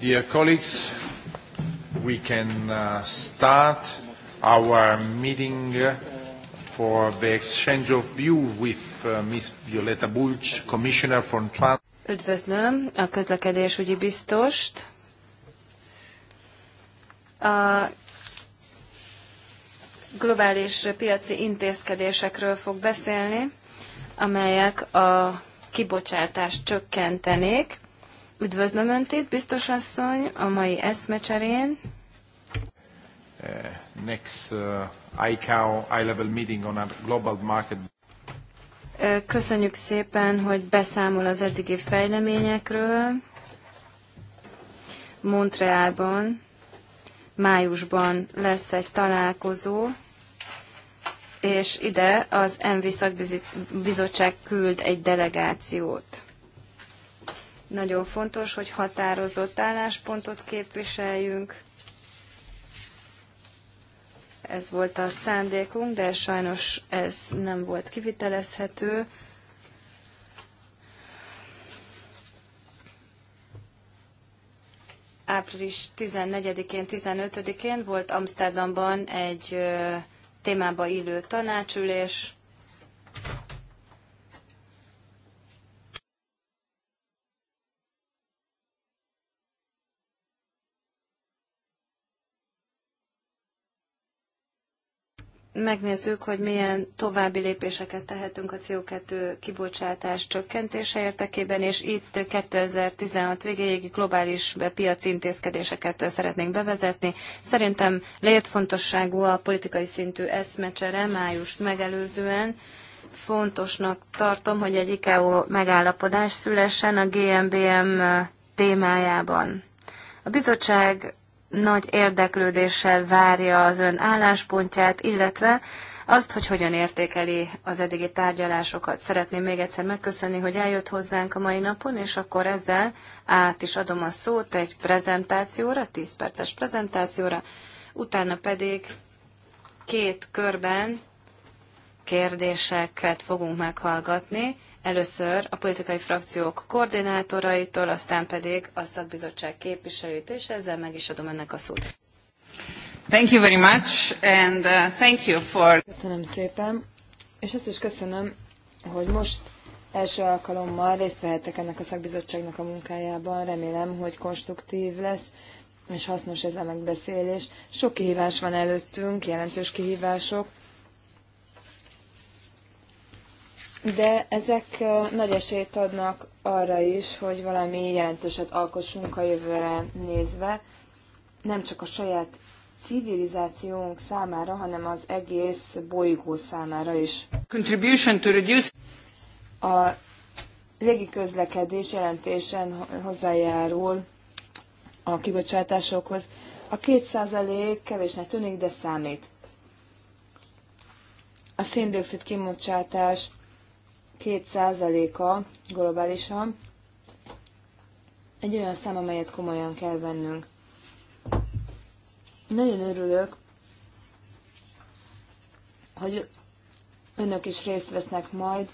Dear colleagues, we can uh, start our meeting for the exchange of view with uh, Ms. Violeta Bulcs, Commissioner for Transport. Üdvözlöm a közlekedésügyi biztost. A globális piaci intézkedésekről fog beszélni, amelyek a kibocsátást csökkentenék. Üdvözlöm Önt itt, biztos asszony, a mai eszmecserén. Uh, uh, uh, köszönjük szépen, hogy beszámol az eddigi fejleményekről. Montrealban májusban lesz egy találkozó, és ide az ENVI szakbizottság küld egy delegációt. Nagyon fontos, hogy határozott álláspontot képviseljünk. Ez volt a szándékunk, de sajnos ez nem volt kivitelezhető. április 14-én, 15-én volt Amsterdamban egy témába illő tanácsülés. megnézzük, hogy milyen további lépéseket tehetünk a CO2 kibocsátás csökkentése értekében, és itt 2016 végéig globális piaci intézkedéseket szeretnénk bevezetni. Szerintem létfontosságú a politikai szintű eszmecsere májust megelőzően. Fontosnak tartom, hogy egy ICAO megállapodás szülessen a GMBM témájában. A bizottság nagy érdeklődéssel várja az ön álláspontját, illetve azt, hogy hogyan értékeli az eddigi tárgyalásokat. Szeretném még egyszer megköszönni, hogy eljött hozzánk a mai napon, és akkor ezzel át is adom a szót egy prezentációra, 10 perces prezentációra, utána pedig két körben kérdéseket fogunk meghallgatni. Először a politikai frakciók koordinátoraitól, aztán pedig a szakbizottság képviselőt, és ezzel meg is adom ennek a szót. Thank you very much, and uh, thank you for... Köszönöm szépen, és azt is köszönöm, hogy most első alkalommal részt vehettek ennek a szakbizottságnak a munkájában. Remélem, hogy konstruktív lesz, és hasznos ez a megbeszélés. Sok kihívás van előttünk, jelentős kihívások, de ezek nagy esélyt adnak arra is, hogy valami jelentőset alkossunk a jövőre nézve, nem csak a saját civilizációnk számára, hanem az egész bolygó számára is. Contribution to reduce... A közlekedés jelentésen hozzájárul a kibocsátásokhoz. A két százalék kevésnek tűnik, de számít. A széndiokszid kibocsátás 2%-a globálisan egy olyan szám, amelyet komolyan kell vennünk. Nagyon örülök, hogy önök is részt vesznek majd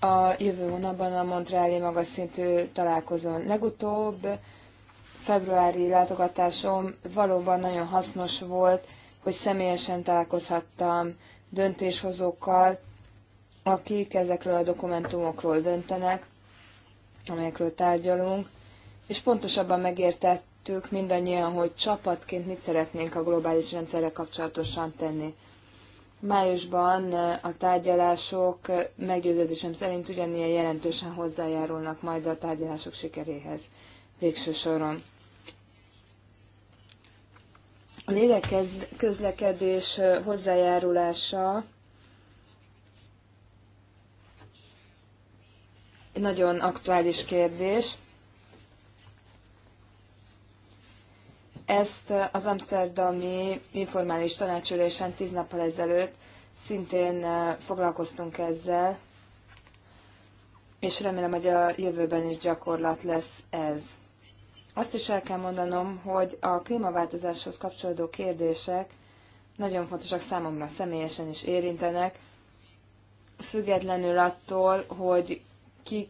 a jövő hónapban a Montreali magas szintű találkozón. Legutóbb februári látogatásom valóban nagyon hasznos volt, hogy személyesen találkozhattam döntéshozókkal, akik ezekről a dokumentumokról döntenek, amelyekről tárgyalunk, és pontosabban megértettük mindannyian, hogy csapatként mit szeretnénk a globális rendszerre kapcsolatosan tenni. Májusban a tárgyalások meggyőződésem szerint ugyanilyen jelentősen hozzájárulnak majd a tárgyalások sikeréhez végső soron. A lélekez, közlekedés hozzájárulása nagyon aktuális kérdés. Ezt az Amsterdami informális tanácsülésen tíz nappal ezelőtt szintén eh, foglalkoztunk ezzel, és remélem, hogy a jövőben is gyakorlat lesz ez. Azt is el kell mondanom, hogy a klímaváltozáshoz kapcsolódó kérdések nagyon fontosak számomra személyesen is érintenek, függetlenül attól, hogy ki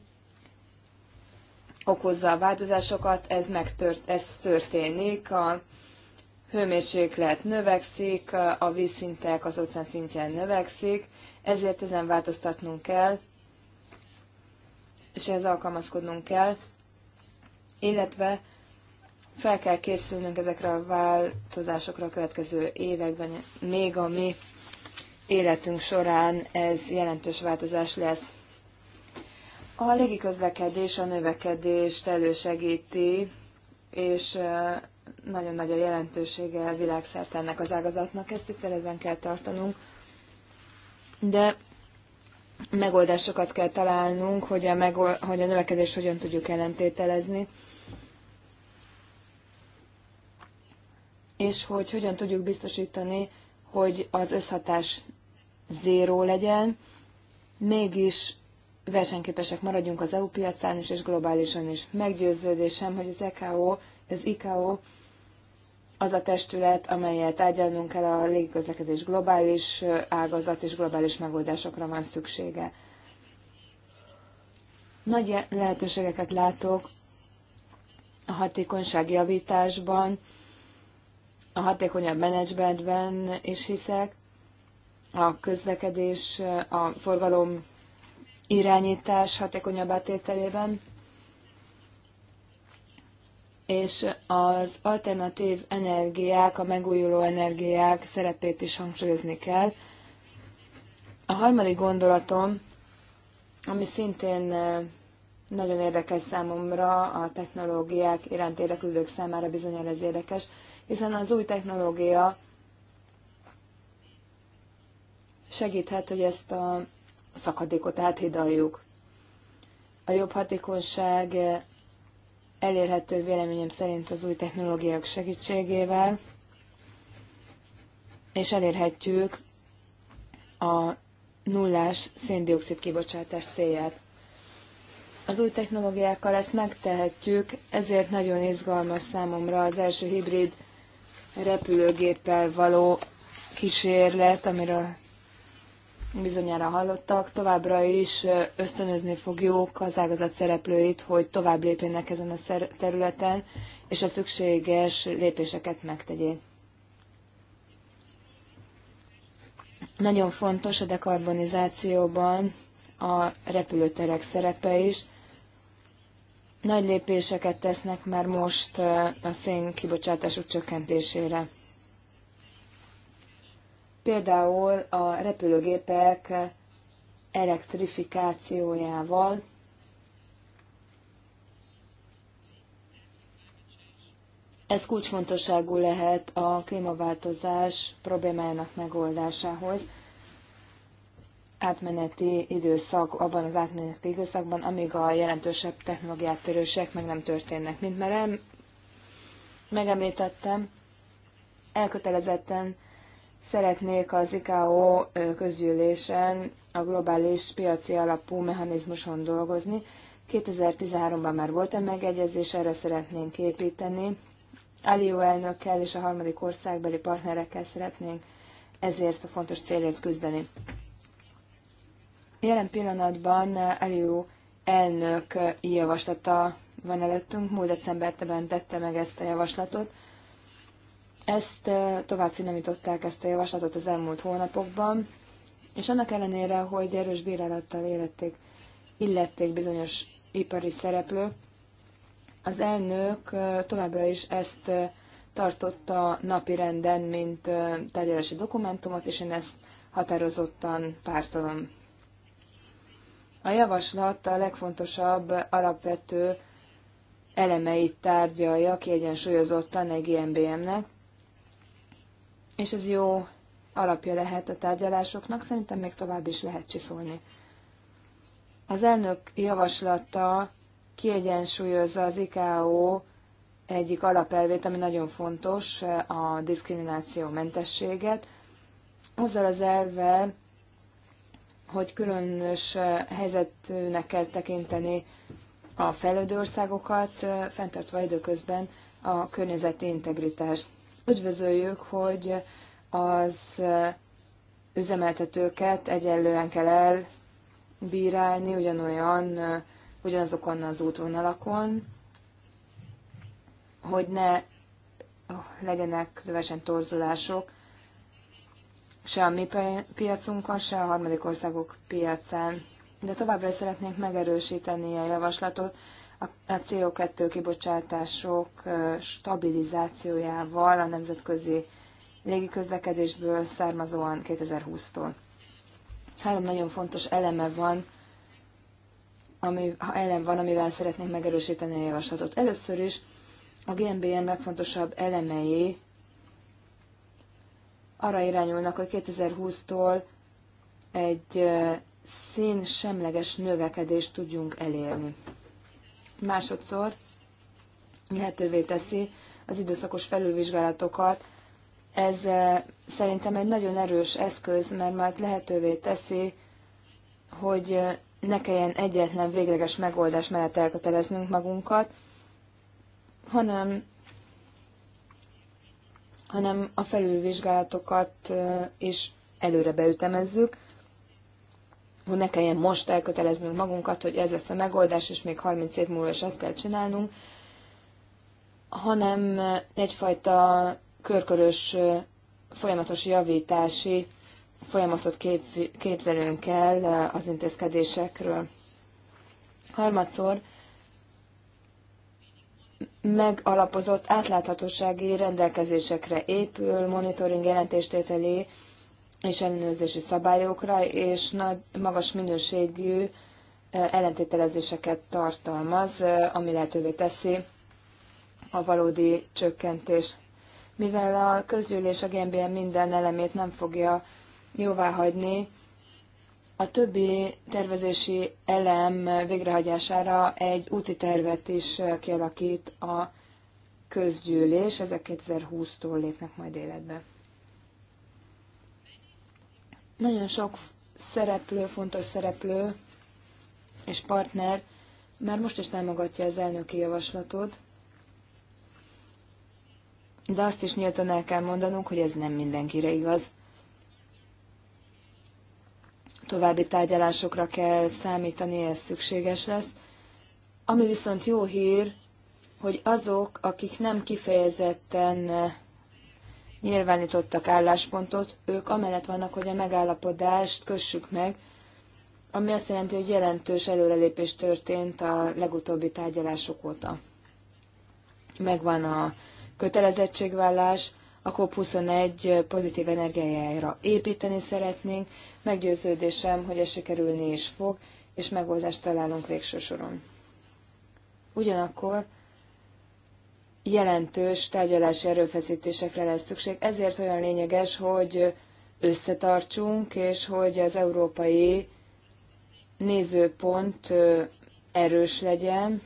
okozza a változásokat, ez, megtört, ez történik, a hőmérséklet növekszik, a vízszintek az óceán szintjén növekszik, ezért ezen változtatnunk kell, és ehhez alkalmazkodnunk kell, illetve fel kell készülnünk ezekre a változásokra a következő években, még a mi életünk során ez jelentős változás lesz. A légiközlekedés a növekedést elősegíti, és nagyon nagy a jelentősége világszerte ennek az ágazatnak, ezt tiszteletben kell tartanunk. De megoldásokat kell találnunk, hogy a, megol- hogy a növekedést hogyan tudjuk ellentételezni, és hogy hogyan tudjuk biztosítani, hogy az összhatás zéró legyen, mégis versenyképesek maradjunk az EU piacán is, és globálisan is. Meggyőződésem, hogy az EKO, az IKO az a testület, amelyet ágyalnunk kell a légiközlekedés globális ágazat és globális megoldásokra van szüksége. Nagy lehetőségeket látok a hatékonyság javításban, a hatékonyabb menedzsmentben is hiszek, a közlekedés, a forgalom irányítás hatékonyabb átételében, és az alternatív energiák, a megújuló energiák szerepét is hangsúlyozni kell. A harmadik gondolatom, ami szintén eh, nagyon érdekes számomra, a technológiák iránt érdeklődők számára bizonyára ez érdekes, hiszen az új technológia segíthet, hogy ezt a szakadékot áthidaljuk. A jobb hatékonyság elérhető véleményem szerint az új technológiák segítségével, és elérhetjük a nullás széndiokszid kibocsátás célját. Az új technológiákkal ezt megtehetjük, ezért nagyon izgalmas számomra az első hibrid repülőgéppel való kísérlet, amiről bizonyára hallottak, továbbra is ösztönözni fogjuk az ágazat szereplőit, hogy tovább lépjenek ezen a területen, és a szükséges lépéseket megtegyék. Nagyon fontos a dekarbonizációban a repülőterek szerepe is. Nagy lépéseket tesznek már most a szén kibocsátások csökkentésére például a repülőgépek elektrifikációjával, Ez kulcsfontosságú lehet a klímaváltozás problémájának megoldásához átmeneti időszak, abban az átmeneti időszakban, amíg a jelentősebb technológiát törősek meg nem történnek. Mint már megemlítettem, elkötelezetten szeretnék az IKO közgyűlésen a globális piaci alapú mechanizmuson dolgozni. 2013-ban már volt a megegyezés, erre szeretnénk építeni. Alió elnökkel és a harmadik országbeli partnerekkel szeretnénk ezért a fontos célért küzdeni. Jelen pillanatban Alió elnök javaslata van előttünk, múlt decemberben tette meg ezt a javaslatot, ezt tovább finomították ezt a javaslatot az elmúlt hónapokban, és annak ellenére, hogy erős bírálattal érették, illették bizonyos ipari szereplők, az elnök továbbra is ezt tartotta napi renden, mint tárgyalási dokumentumot, és én ezt határozottan pártolom. A javaslat a legfontosabb alapvető elemeit tárgyalja kiegyensúlyozottan egy GMBM-nek, és ez jó alapja lehet a tárgyalásoknak, szerintem még tovább is lehet csiszolni. Az elnök javaslata kiegyensúlyozza az IKO egyik alapelvét, ami nagyon fontos, a diszkrimináció mentességet, azzal az elvvel, hogy különös helyzetűnek kell tekinteni a fejlődő országokat, fenntartva időközben a környezeti integritást. Üdvözöljük, hogy az üzemeltetőket egyenlően kell elbírálni ugyanolyan, ugyanazokon az útvonalakon, hogy ne legyenek lövesen torzulások se a mi piacunkon, se a harmadik országok piacán. De továbbra is szeretnénk megerősíteni a javaslatot, a CO2 kibocsátások stabilizációjával a nemzetközi légiközlekedésből származóan 2020-tól. Három nagyon fontos eleme van, ami, ha elem van, amivel szeretnénk megerősíteni a javaslatot. Először is a GMBN legfontosabb elemei arra irányulnak, hogy 2020-tól egy szén semleges növekedést tudjunk elérni másodszor lehetővé teszi az időszakos felülvizsgálatokat. Ez eh, szerintem egy nagyon erős eszköz, mert majd lehetővé teszi, hogy eh, ne kelljen egyetlen végleges megoldás mellett elköteleznünk magunkat, hanem, hanem a felülvizsgálatokat eh, is előre beütemezzük, hogy ne kelljen most elköteleznünk magunkat, hogy ez lesz a megoldás, és még 30 év múlva is ezt kell csinálnunk, hanem egyfajta körkörös folyamatos javítási folyamatot kép, képzelünk el az intézkedésekről. Harmadszor megalapozott átláthatósági rendelkezésekre épül, monitoring jelentéstételi és ellenőrzési szabályokra, és nagy, magas minőségű ellentételezéseket tartalmaz, ami lehetővé teszi a valódi csökkentés. Mivel a közgyűlés a GMBN minden elemét nem fogja jóváhagyni, a többi tervezési elem végrehajtására egy úti tervet is kialakít a közgyűlés, ezek 2020-tól lépnek majd életbe. Nagyon sok szereplő, fontos szereplő és partner már most is támogatja az elnöki javaslatot, de azt is nyíltan el kell mondanunk, hogy ez nem mindenkire igaz. További tárgyalásokra kell számítani, ez szükséges lesz. Ami viszont jó hír, hogy azok, akik nem kifejezetten nyilvánítottak álláspontot, ők amellett vannak, hogy a megállapodást kössük meg, ami azt jelenti, hogy jelentős előrelépés történt a legutóbbi tárgyalások óta. Megvan a kötelezettségvállás, a COP21 pozitív energiájára építeni szeretnénk, meggyőződésem, hogy ez sikerülni is fog, és megoldást találunk végső soron. Ugyanakkor jelentős tárgyalási erőfeszítésekre lesz szükség. Ezért olyan lényeges, hogy összetartsunk, és hogy az európai nézőpont erős legyen.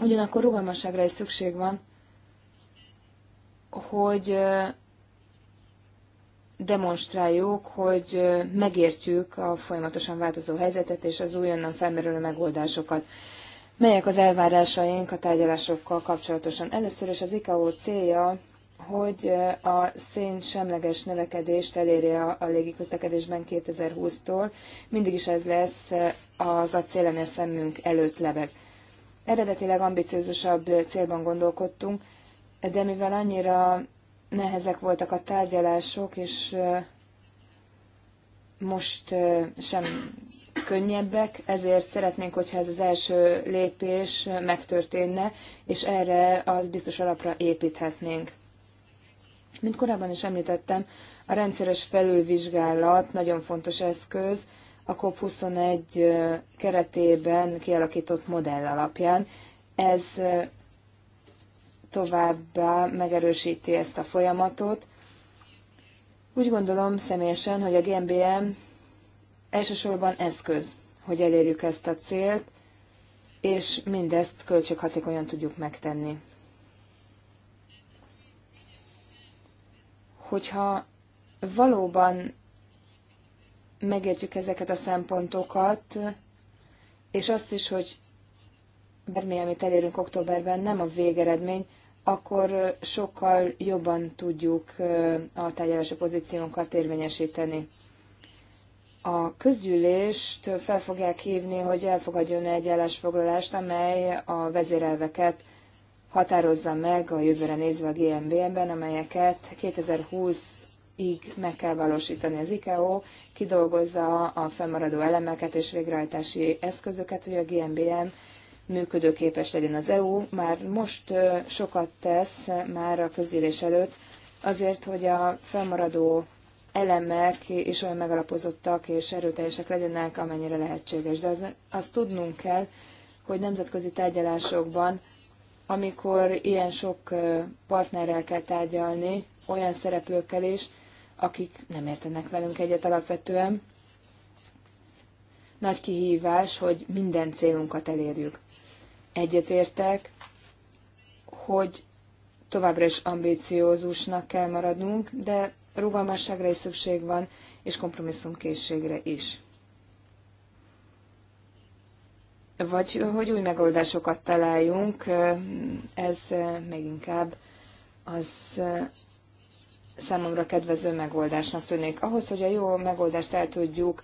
Ugyanakkor rugalmasságra is szükség van, hogy demonstráljuk, hogy megértjük a folyamatosan változó helyzetet és az újonnan felmerülő megoldásokat. Melyek az elvárásaink a tárgyalásokkal kapcsolatosan? Először is az ICAO célja, hogy a szén semleges növekedést elérje a légiközlekedésben 2020-tól. Mindig is ez lesz az a cél, ami a szemünk előtt lebeg. Eredetileg ambiciózusabb célban gondolkodtunk, de mivel annyira nehezek voltak a tárgyalások, és most sem könnyebbek, ezért szeretnénk, hogyha ez az első lépés megtörténne, és erre az biztos alapra építhetnénk. Mint korábban is említettem, a rendszeres felülvizsgálat nagyon fontos eszköz a COP21 keretében kialakított modell alapján. Ez továbbá megerősíti ezt a folyamatot. Úgy gondolom személyesen, hogy a GMBM elsősorban eszköz, hogy elérjük ezt a célt, és mindezt költséghatékonyan tudjuk megtenni. Hogyha valóban megértjük ezeket a szempontokat, és azt is, hogy bármi, amit elérünk októberben, nem a végeredmény, akkor sokkal jobban tudjuk a tárgyalási pozíciónkat érvényesíteni a közgyűlést fel fogják hívni, hogy elfogadjon egy állásfoglalást, amely a vezérelveket határozza meg a jövőre nézve a gmb ben amelyeket 2020-ig meg kell valósítani. Az ICAO kidolgozza a fennmaradó elemeket és végrehajtási eszközöket, hogy a GMBM működőképes legyen az EU. Már most sokat tesz, már a közgyűlés előtt, azért, hogy a fennmaradó elemek is olyan megalapozottak és erőteljesek legyenek, amennyire lehetséges. De az, azt tudnunk kell, hogy nemzetközi tárgyalásokban, amikor ilyen sok partnerrel kell tárgyalni, olyan szereplőkkel is, akik nem értenek velünk egyet alapvetően, nagy kihívás, hogy minden célunkat elérjük. Egyetértek, hogy továbbra is ambíciózusnak kell maradnunk, de rugalmasságra is szükség van, és kompromisszumkészségre is. Vagy hogy új megoldásokat találjunk, ez még inkább az számomra kedvező megoldásnak tűnik. Ahhoz, hogy a jó megoldást el tudjuk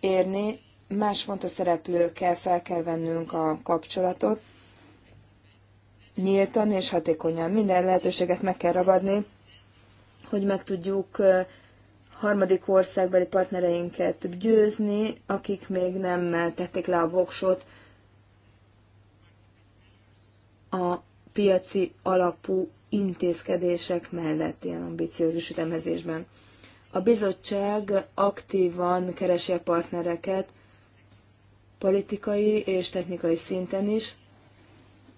érni, más fontos szereplőkkel fel kell vennünk a kapcsolatot, nyíltan és hatékonyan. Minden lehetőséget meg kell ragadni, hogy meg tudjuk harmadik országbeli partnereinket győzni, akik még nem tették le a voksot a piaci alapú intézkedések mellett ilyen ambiciózus ütemezésben. A bizottság aktívan keresi a partnereket politikai és technikai szinten is.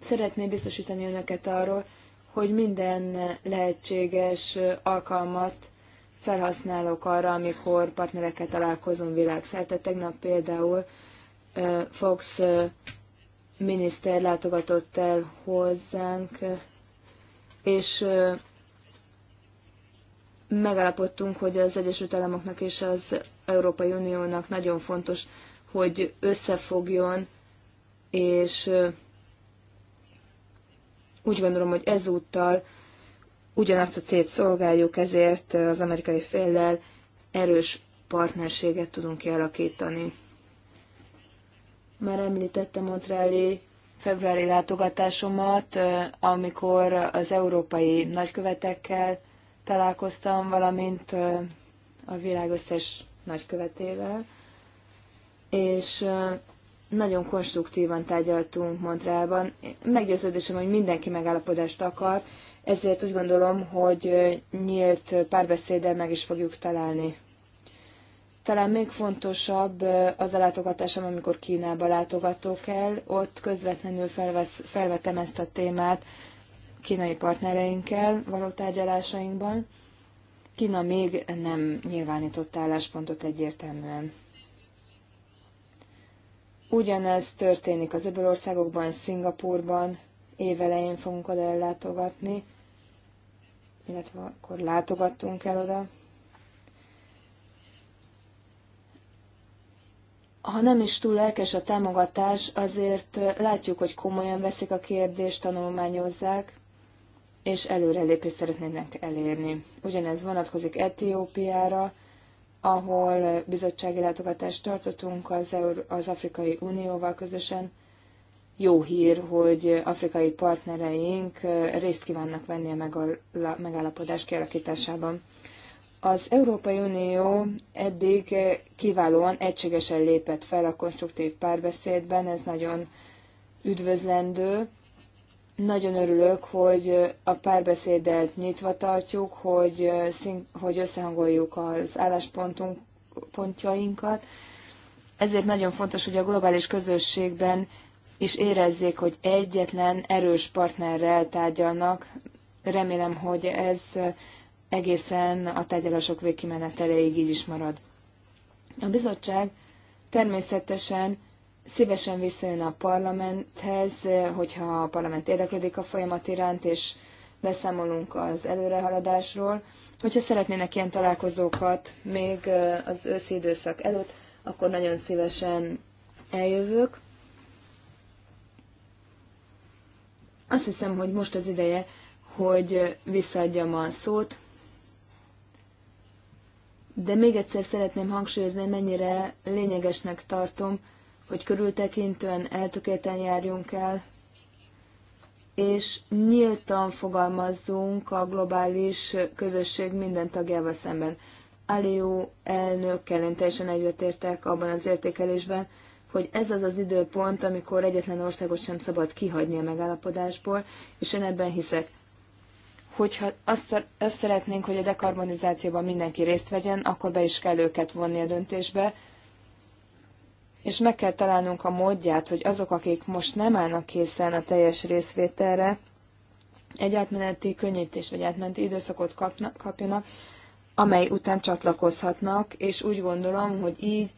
Szeretné biztosítani önöket arról, hogy minden lehetséges alkalmat felhasználok arra, amikor partnerekkel találkozom világszerte. Tegnap például Fox miniszter látogatott el hozzánk, és megállapodtunk, hogy az Egyesült Államoknak és az Európai Uniónak nagyon fontos, hogy összefogjon, és úgy gondolom, hogy ezúttal ugyanazt a célt szolgáljuk, ezért az amerikai féllel erős partnerséget tudunk kialakítani. Már említettem Montreali februári látogatásomat, amikor az európai nagykövetekkel találkoztam, valamint a világ összes nagykövetével, és nagyon konstruktívan tárgyaltunk Montrealban. Meggyőződésem, hogy mindenki megállapodást akar, ezért úgy gondolom, hogy nyílt párbeszéddel meg is fogjuk találni. Talán még fontosabb az a látogatásom, amikor Kínába látogatok el, ott közvetlenül felvesz, felvetem ezt a témát kínai partnereinkkel való tárgyalásainkban. Kína még nem nyilvánított álláspontot egyértelműen. Ugyanez történik az öbölországokban, Szingapurban, évelején fogunk oda ellátogatni, illetve akkor látogattunk el oda. Ha nem is túl lelkes a támogatás, azért látjuk, hogy komolyan veszik a kérdést, tanulmányozzák, és előrelépést szeretnének elérni. Ugyanez vonatkozik Etiópiára, ahol bizottsági látogatást tartottunk az, Eur- az Afrikai Unióval közösen. Jó hír, hogy afrikai partnereink részt kívánnak venni a megállapodás kialakításában. Az Európai Unió eddig kiválóan egységesen lépett fel a konstruktív párbeszédben, ez nagyon üdvözlendő, nagyon örülök, hogy a párbeszédet nyitva tartjuk, hogy, hogy összehangoljuk az álláspontjainkat. Ezért nagyon fontos, hogy a globális közösségben is érezzék, hogy egyetlen erős partnerrel tárgyalnak. Remélem, hogy ez egészen a tárgyalások végkimeneteleig így is marad. A bizottság természetesen szívesen visszajön a parlamenthez, hogyha a parlament érdeklődik a folyamat iránt, és beszámolunk az előrehaladásról. Hogyha szeretnének ilyen találkozókat még az őszi időszak előtt, akkor nagyon szívesen eljövök. Azt hiszem, hogy most az ideje, hogy visszaadjam a szót. De még egyszer szeretném hangsúlyozni, mennyire lényegesnek tartom, hogy körültekintően eltökélten járjunk el, és nyíltan fogalmazzunk a globális közösség minden tagjával szemben. Alió elnökkel én teljesen egyetértek abban az értékelésben, hogy ez az az időpont, amikor egyetlen országot sem szabad kihagyni a megállapodásból, és én ebben hiszek. Hogyha azt szeretnénk, hogy a dekarbonizációban mindenki részt vegyen, akkor be is kell őket vonni a döntésbe, és meg kell találnunk a módját, hogy azok, akik most nem állnak készen a teljes részvételre, egy átmeneti könnyítés vagy átmeneti időszakot kapnak, kapjanak, amely után csatlakozhatnak, és úgy gondolom, hogy így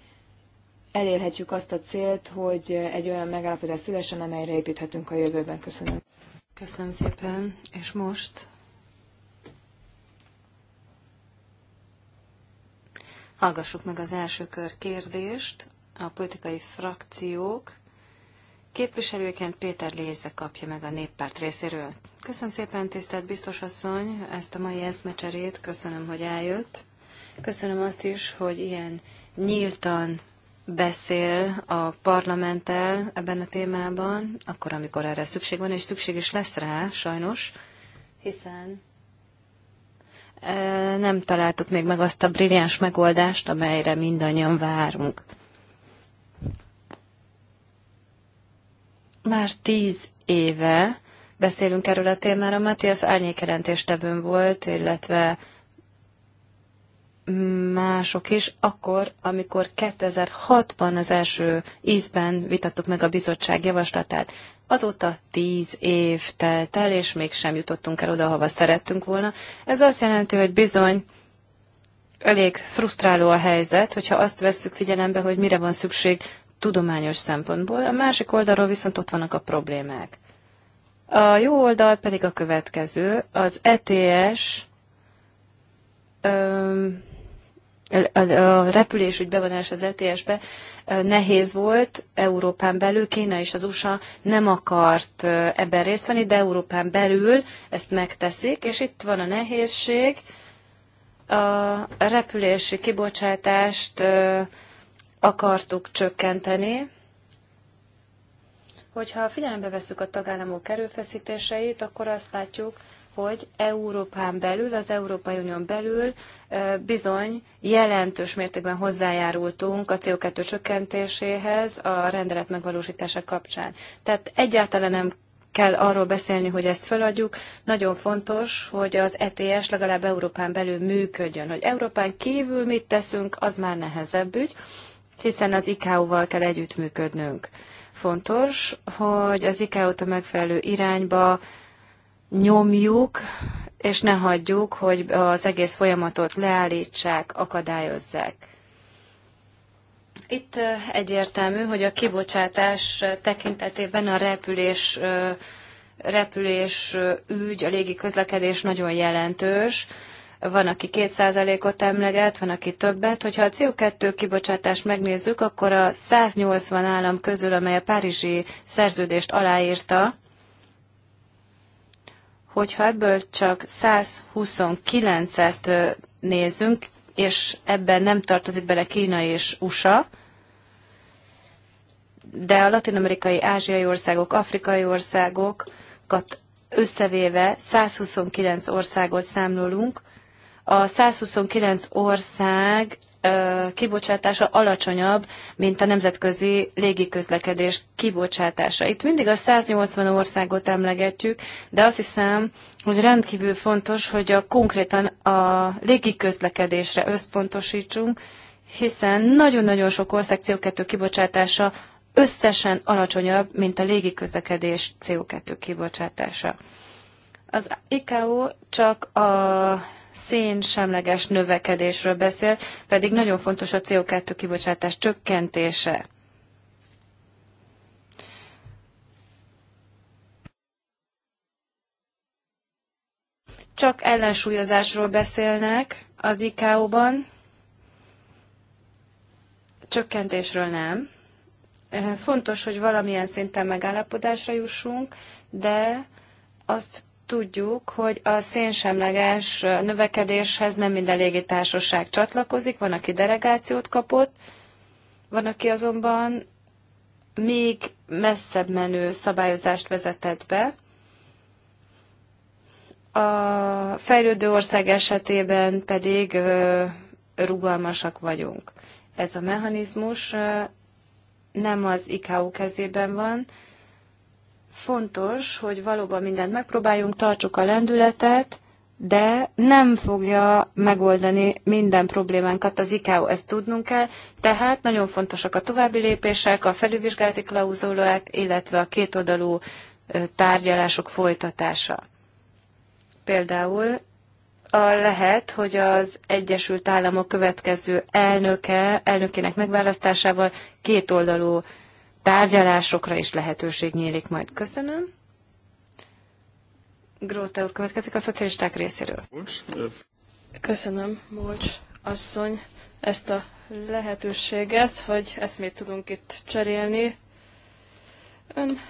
elérhetjük azt a célt, hogy egy olyan megállapodás szülessen, amelyre építhetünk a jövőben. Köszönöm. Köszönöm szépen, és most hallgassuk meg az első kör kérdést a politikai frakciók képviselőként Péter Léze kapja meg a néppárt részéről. Köszönöm szépen, tisztelt biztos asszony, ezt a mai eszmecserét, köszönöm, hogy eljött. Köszönöm azt is, hogy ilyen nyíltan beszél a parlamenttel ebben a témában, akkor, amikor erre szükség van, és szükség is lesz rá, sajnos, hiszen eh, nem találtuk még meg azt a brilliáns megoldást, amelyre mindannyian várunk. Már tíz éve beszélünk erről a témáról. Matthias árnyékelentéstebőn volt, illetve mások is, akkor, amikor 2006-ban az első ízben vitattuk meg a bizottság javaslatát. Azóta tíz év telt el, és mégsem jutottunk el oda, hova szerettünk volna. Ez azt jelenti, hogy bizony elég frusztráló a helyzet, hogyha azt vesszük figyelembe, hogy mire van szükség tudományos szempontból, a másik oldalról viszont ott vannak a problémák. A jó oldal pedig a következő, az ETS a repülés úgy bevonás az ETS-be nehéz volt Európán belül. Kína és az USA nem akart ebben részt venni, de Európán belül ezt megteszik, és itt van a nehézség. A repülési kibocsátást akartuk csökkenteni. Hogyha figyelembe veszük a tagállamok erőfeszítéseit, akkor azt látjuk, hogy Európán belül, az Európai Unión belül bizony jelentős mértékben hozzájárultunk a CO2 csökkentéséhez a rendelet megvalósítása kapcsán. Tehát egyáltalán nem kell arról beszélni, hogy ezt feladjuk. Nagyon fontos, hogy az ETS legalább Európán belül működjön. Hogy Európán kívül mit teszünk, az már nehezebb ügy hiszen az ICAO-val kell együttműködnünk. Fontos, hogy az ICAO-t a megfelelő irányba nyomjuk, és ne hagyjuk, hogy az egész folyamatot leállítsák, akadályozzák. Itt egyértelmű, hogy a kibocsátás tekintetében a repülés, repülés ügy, a légi közlekedés nagyon jelentős van, aki 2%-ot emleget, van, aki többet. Hogyha a CO2 kibocsátást megnézzük, akkor a 180 állam közül, amely a Párizsi szerződést aláírta, hogyha ebből csak 129-et nézzünk, és ebben nem tartozik bele Kína és USA, de a latinamerikai, ázsiai országok, afrikai országokat összevéve 129 országot számlolunk, a 129 ország kibocsátása alacsonyabb, mint a nemzetközi légiközlekedés kibocsátása. Itt mindig a 180 országot emlegetjük, de azt hiszem, hogy rendkívül fontos, hogy a konkrétan a légiközlekedésre összpontosítsunk, hiszen nagyon-nagyon sok ország CO2 kibocsátása összesen alacsonyabb, mint a légiközlekedés CO2 kibocsátása. Az ICAO csak a szén semleges növekedésről beszél, pedig nagyon fontos a CO2 kibocsátás csökkentése. Csak ellensúlyozásról beszélnek az ICAO-ban, csökkentésről nem. Fontos, hogy valamilyen szinten megállapodásra jussunk, de azt tudjuk, hogy a szénsemleges növekedéshez nem minden légitársaság csatlakozik, van, aki delegációt kapott, van, aki azonban még messzebb menő szabályozást vezetett be. A fejlődő ország esetében pedig rugalmasak vagyunk. Ez a mechanizmus nem az ICAO kezében van, Fontos, hogy valóban mindent megpróbáljunk, tartsuk a lendületet, de nem fogja megoldani minden problémánkat az ICAO, ezt tudnunk kell, tehát nagyon fontosak a további lépések, a felülvizsgálati klauzulák, illetve a kétoldalú tárgyalások folytatása. Például a lehet, hogy az Egyesült Államok következő elnöke, elnökének megválasztásával kétoldalú oldalú tárgyalásokra is lehetőség nyílik majd. Köszönöm. Gróta úr következik a szocialisták részéről. Köszönöm, Mulcs asszony, ezt a lehetőséget, hogy eszmét tudunk itt cserélni. Ön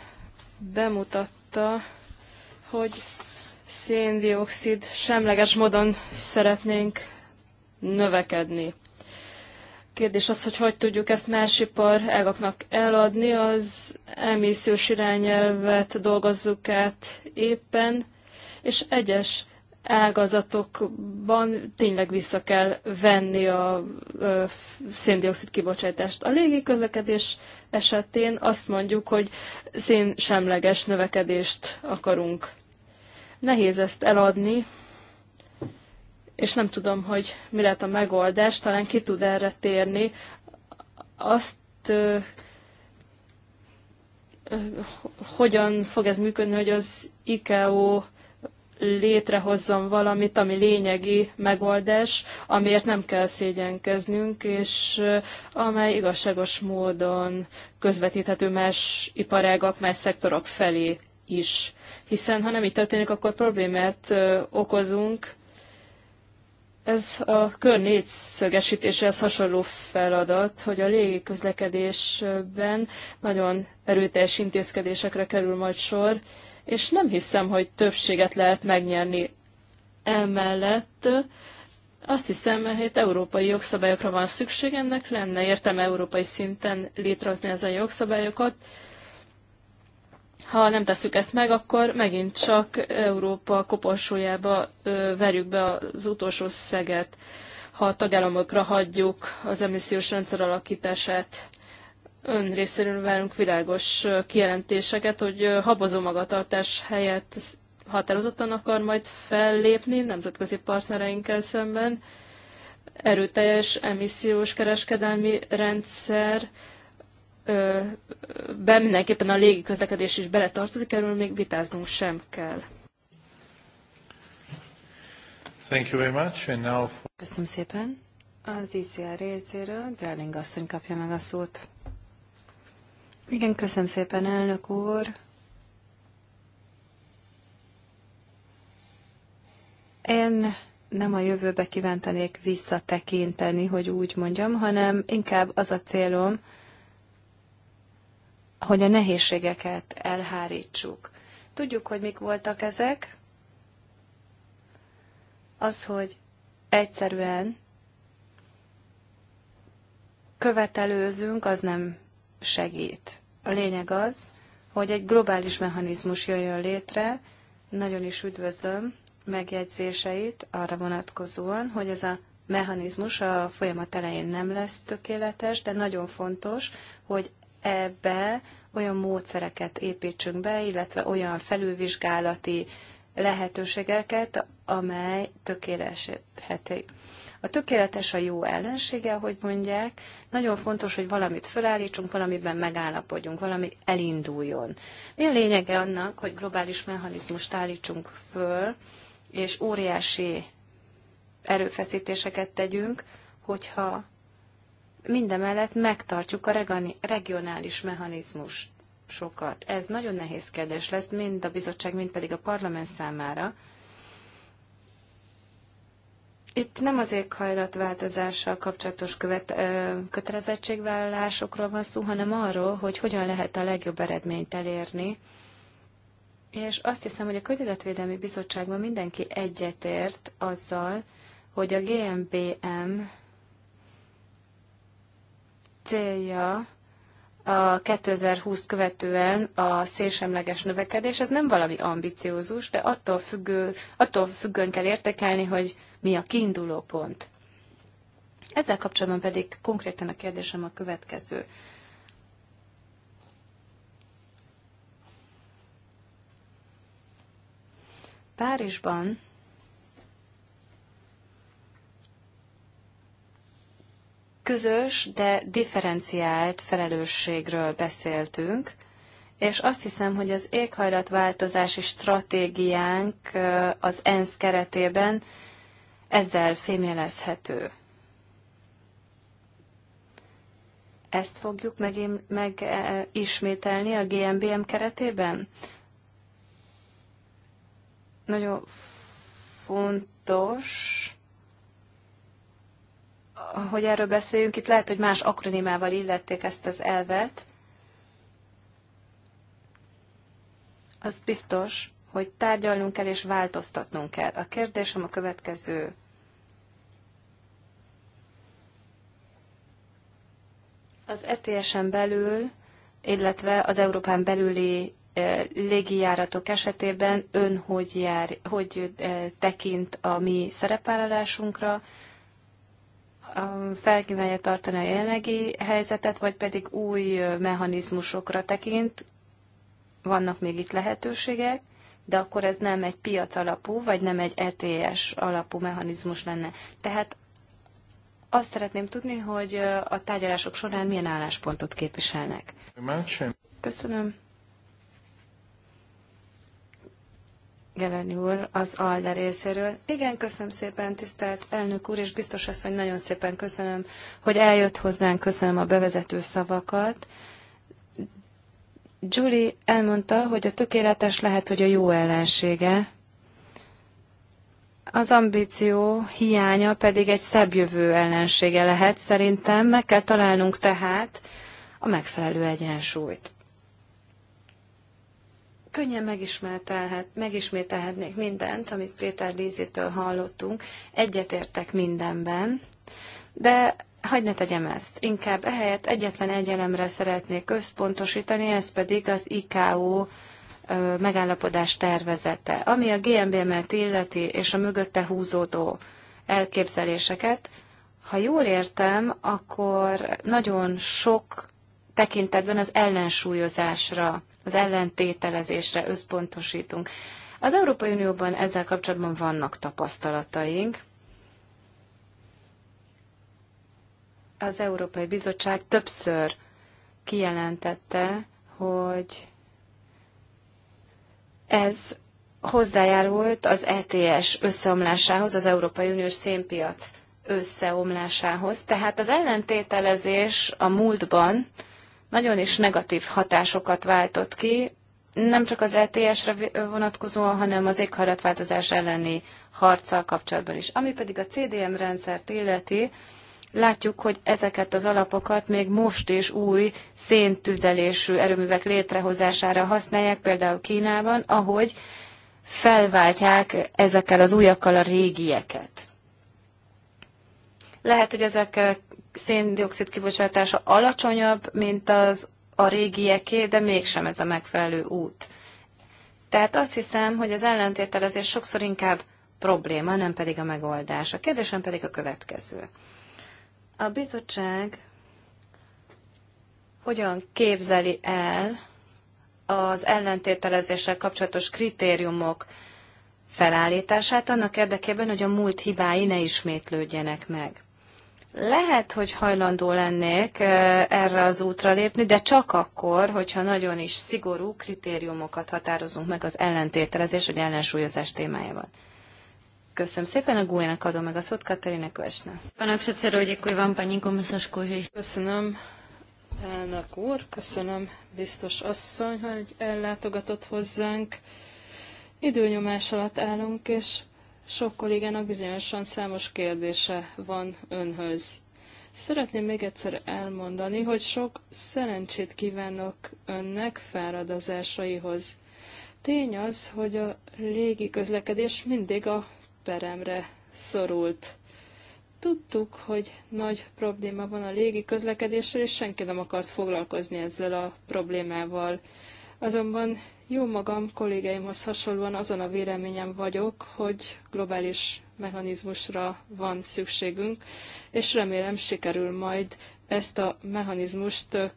bemutatta, hogy széndiokszid semleges módon szeretnénk növekedni kérdés az, hogy hogy tudjuk ezt más ágaknak eladni. Az emissziós irányelvet dolgozzuk át éppen, és egyes ágazatokban tényleg vissza kell venni a széndiokszid kibocsátást. A légi közlekedés esetén azt mondjuk, hogy szénsemleges növekedést akarunk. Nehéz ezt eladni, és nem tudom, hogy mi lehet a megoldás, talán ki tud erre térni. Azt ö, ö, hogyan fog ez működni, hogy az IKEO létrehozzon valamit, ami lényegi megoldás, amiért nem kell szégyenkeznünk, és amely igazságos módon közvetíthető más iparágak, más szektorok felé is. Hiszen ha nem így történik, akkor problémát okozunk, ez a kör négyszögesítéshez hasonló feladat, hogy a légi közlekedésben nagyon erőteljes intézkedésekre kerül majd sor, és nem hiszem, hogy többséget lehet megnyerni emellett. Azt hiszem, hogy európai jogszabályokra van szükség, ennek lenne értem európai szinten létrehozni ezen jogszabályokat, ha nem tesszük ezt meg, akkor megint csak Európa koporsójába verjük be az utolsó szeget, ha a tagállamokra hagyjuk az emissziós rendszer alakítását ön részéről várunk világos kijelentéseket, hogy habozó magatartás helyett határozottan akar majd fellépni nemzetközi partnereinkkel szemben. Erőteljes emissziós kereskedelmi rendszer, be mindenképpen a légi közlekedés is beletartozik, erről még vitáznunk sem kell. Thank you very much, and now for... Köszönöm szépen. Az ICR részéről Berling asszony kapja meg a szót. Igen, köszönöm szépen, elnök úr. Én nem a jövőbe kívántanék visszatekinteni, hogy úgy mondjam, hanem inkább az a célom, hogy a nehézségeket elhárítsuk. Tudjuk, hogy mik voltak ezek. Az, hogy egyszerűen követelőzünk, az nem segít. A lényeg az, hogy egy globális mechanizmus jöjjön létre, nagyon is üdvözlöm megjegyzéseit arra vonatkozóan, hogy ez a mechanizmus a folyamat elején nem lesz tökéletes, de nagyon fontos, hogy ebbe olyan módszereket építsünk be, illetve olyan felülvizsgálati lehetőségeket, amely tökéletesíthetik. A tökéletes a jó ellensége, ahogy mondják. Nagyon fontos, hogy valamit felállítsunk, valamiben megállapodjunk, valami elinduljon. Mi a lényege annak, hogy globális mechanizmust állítsunk föl, és óriási erőfeszítéseket tegyünk, hogyha mindemellett megtartjuk a regionális mechanizmusokat. Ez nagyon nehéz kérdés lesz, mind a bizottság, mind pedig a parlament számára. Itt nem az éghajlatváltozással kapcsolatos követ, ö, kötelezettségvállalásokról van szó, hanem arról, hogy hogyan lehet a legjobb eredményt elérni. És azt hiszem, hogy a Környezetvédelmi Bizottságban mindenki egyetért azzal, hogy a GMBM célja a 2020 követően a szélsemleges növekedés, ez nem valami ambiciózus, de attól, függő, attól függően kell értekelni, hogy mi a kiinduló pont. Ezzel kapcsolatban pedig konkrétan a kérdésem a következő. Párizsban közös, de differenciált felelősségről beszéltünk, és azt hiszem, hogy az éghajlatváltozási stratégiánk az ENSZ keretében ezzel fémjelezhető. Ezt fogjuk megim- megismételni a GMBM keretében? Nagyon fontos hogy erről beszéljünk, itt lehet, hogy más akronimával illették ezt az elvet. Az biztos, hogy tárgyalnunk kell és változtatnunk kell. A kérdésem a következő. Az ETS-en belül, illetve az Európán belüli e, légijáratok esetében ön hogy, jár, hogy e, tekint a mi szerepvállalásunkra, felkívánja tartani a jelenlegi helyzetet, vagy pedig új mechanizmusokra tekint, vannak még itt lehetőségek, de akkor ez nem egy piac alapú, vagy nem egy ETS alapú mechanizmus lenne. Tehát azt szeretném tudni, hogy a tárgyalások során milyen álláspontot képviselnek. Köszönöm. Jelenni úr az ALDE részéről. Igen, köszönöm szépen, tisztelt elnök úr, és biztos azt, hogy nagyon szépen köszönöm, hogy eljött hozzánk, köszönöm a bevezető szavakat. Julie elmondta, hogy a tökéletes lehet, hogy a jó ellensége. Az ambíció hiánya pedig egy szebb jövő ellensége lehet szerintem. Meg kell találnunk tehát a megfelelő egyensúlyt könnyen megismételhetnék mindent, amit Péter Lízitől hallottunk. Egyetértek mindenben, de hagyd ne tegyem ezt. Inkább ehelyett egyetlen egy elemre szeretnék összpontosítani, ez pedig az IKO megállapodás tervezete, ami a GMBM-et illeti és a mögötte húzódó elképzeléseket. Ha jól értem, akkor nagyon sok tekintetben az ellensúlyozásra az ellentételezésre összpontosítunk. Az Európai Unióban ezzel kapcsolatban vannak tapasztalataink. Az Európai Bizottság többször kijelentette, hogy ez hozzájárult az ETS összeomlásához, az Európai Uniós szénpiac összeomlásához. Tehát az ellentételezés a múltban nagyon is negatív hatásokat váltott ki, nem csak az ETS-re vonatkozóan, hanem az éghajlatváltozás elleni harccal kapcsolatban is. Ami pedig a CDM rendszert illeti, látjuk, hogy ezeket az alapokat még most is új széntüzelésű erőművek létrehozására használják, például Kínában, ahogy felváltják ezekkel az újakkal a régieket. Lehet, hogy ezek széndiokszid kibocsátása alacsonyabb, mint az a régieké, de mégsem ez a megfelelő út. Tehát azt hiszem, hogy az ellentételezés sokszor inkább probléma, nem pedig a megoldás. A kérdésem pedig a következő. A bizottság hogyan képzeli el az ellentételezéssel kapcsolatos kritériumok felállítását annak érdekében, hogy a múlt hibái ne ismétlődjenek meg. Lehet, hogy hajlandó lennék erre az útra lépni, de csak akkor, hogyha nagyon is szigorú kritériumokat határozunk meg az ellentételezés vagy ellensúlyozás témájában. Köszönöm szépen, a Gújának adom meg a szót, Katerina Kösne. Panak předsedo, děkuji vám, paní komisařko, Köszönöm, elnök úr, köszönöm, biztos asszony, hogy ellátogatott hozzánk. Időnyomás alatt állunk, és sok kollégának bizonyosan számos kérdése van önhöz. Szeretném még egyszer elmondani, hogy sok szerencsét kívánok önnek fáradozásaihoz. Tény az, hogy a légi közlekedés mindig a peremre szorult. Tudtuk, hogy nagy probléma van a légi közlekedéssel, és senki nem akart foglalkozni ezzel a problémával. Azonban jó magam, kollégáimhoz hasonlóan azon a véleményem vagyok, hogy globális mechanizmusra van szükségünk, és remélem sikerül majd ezt a mechanizmust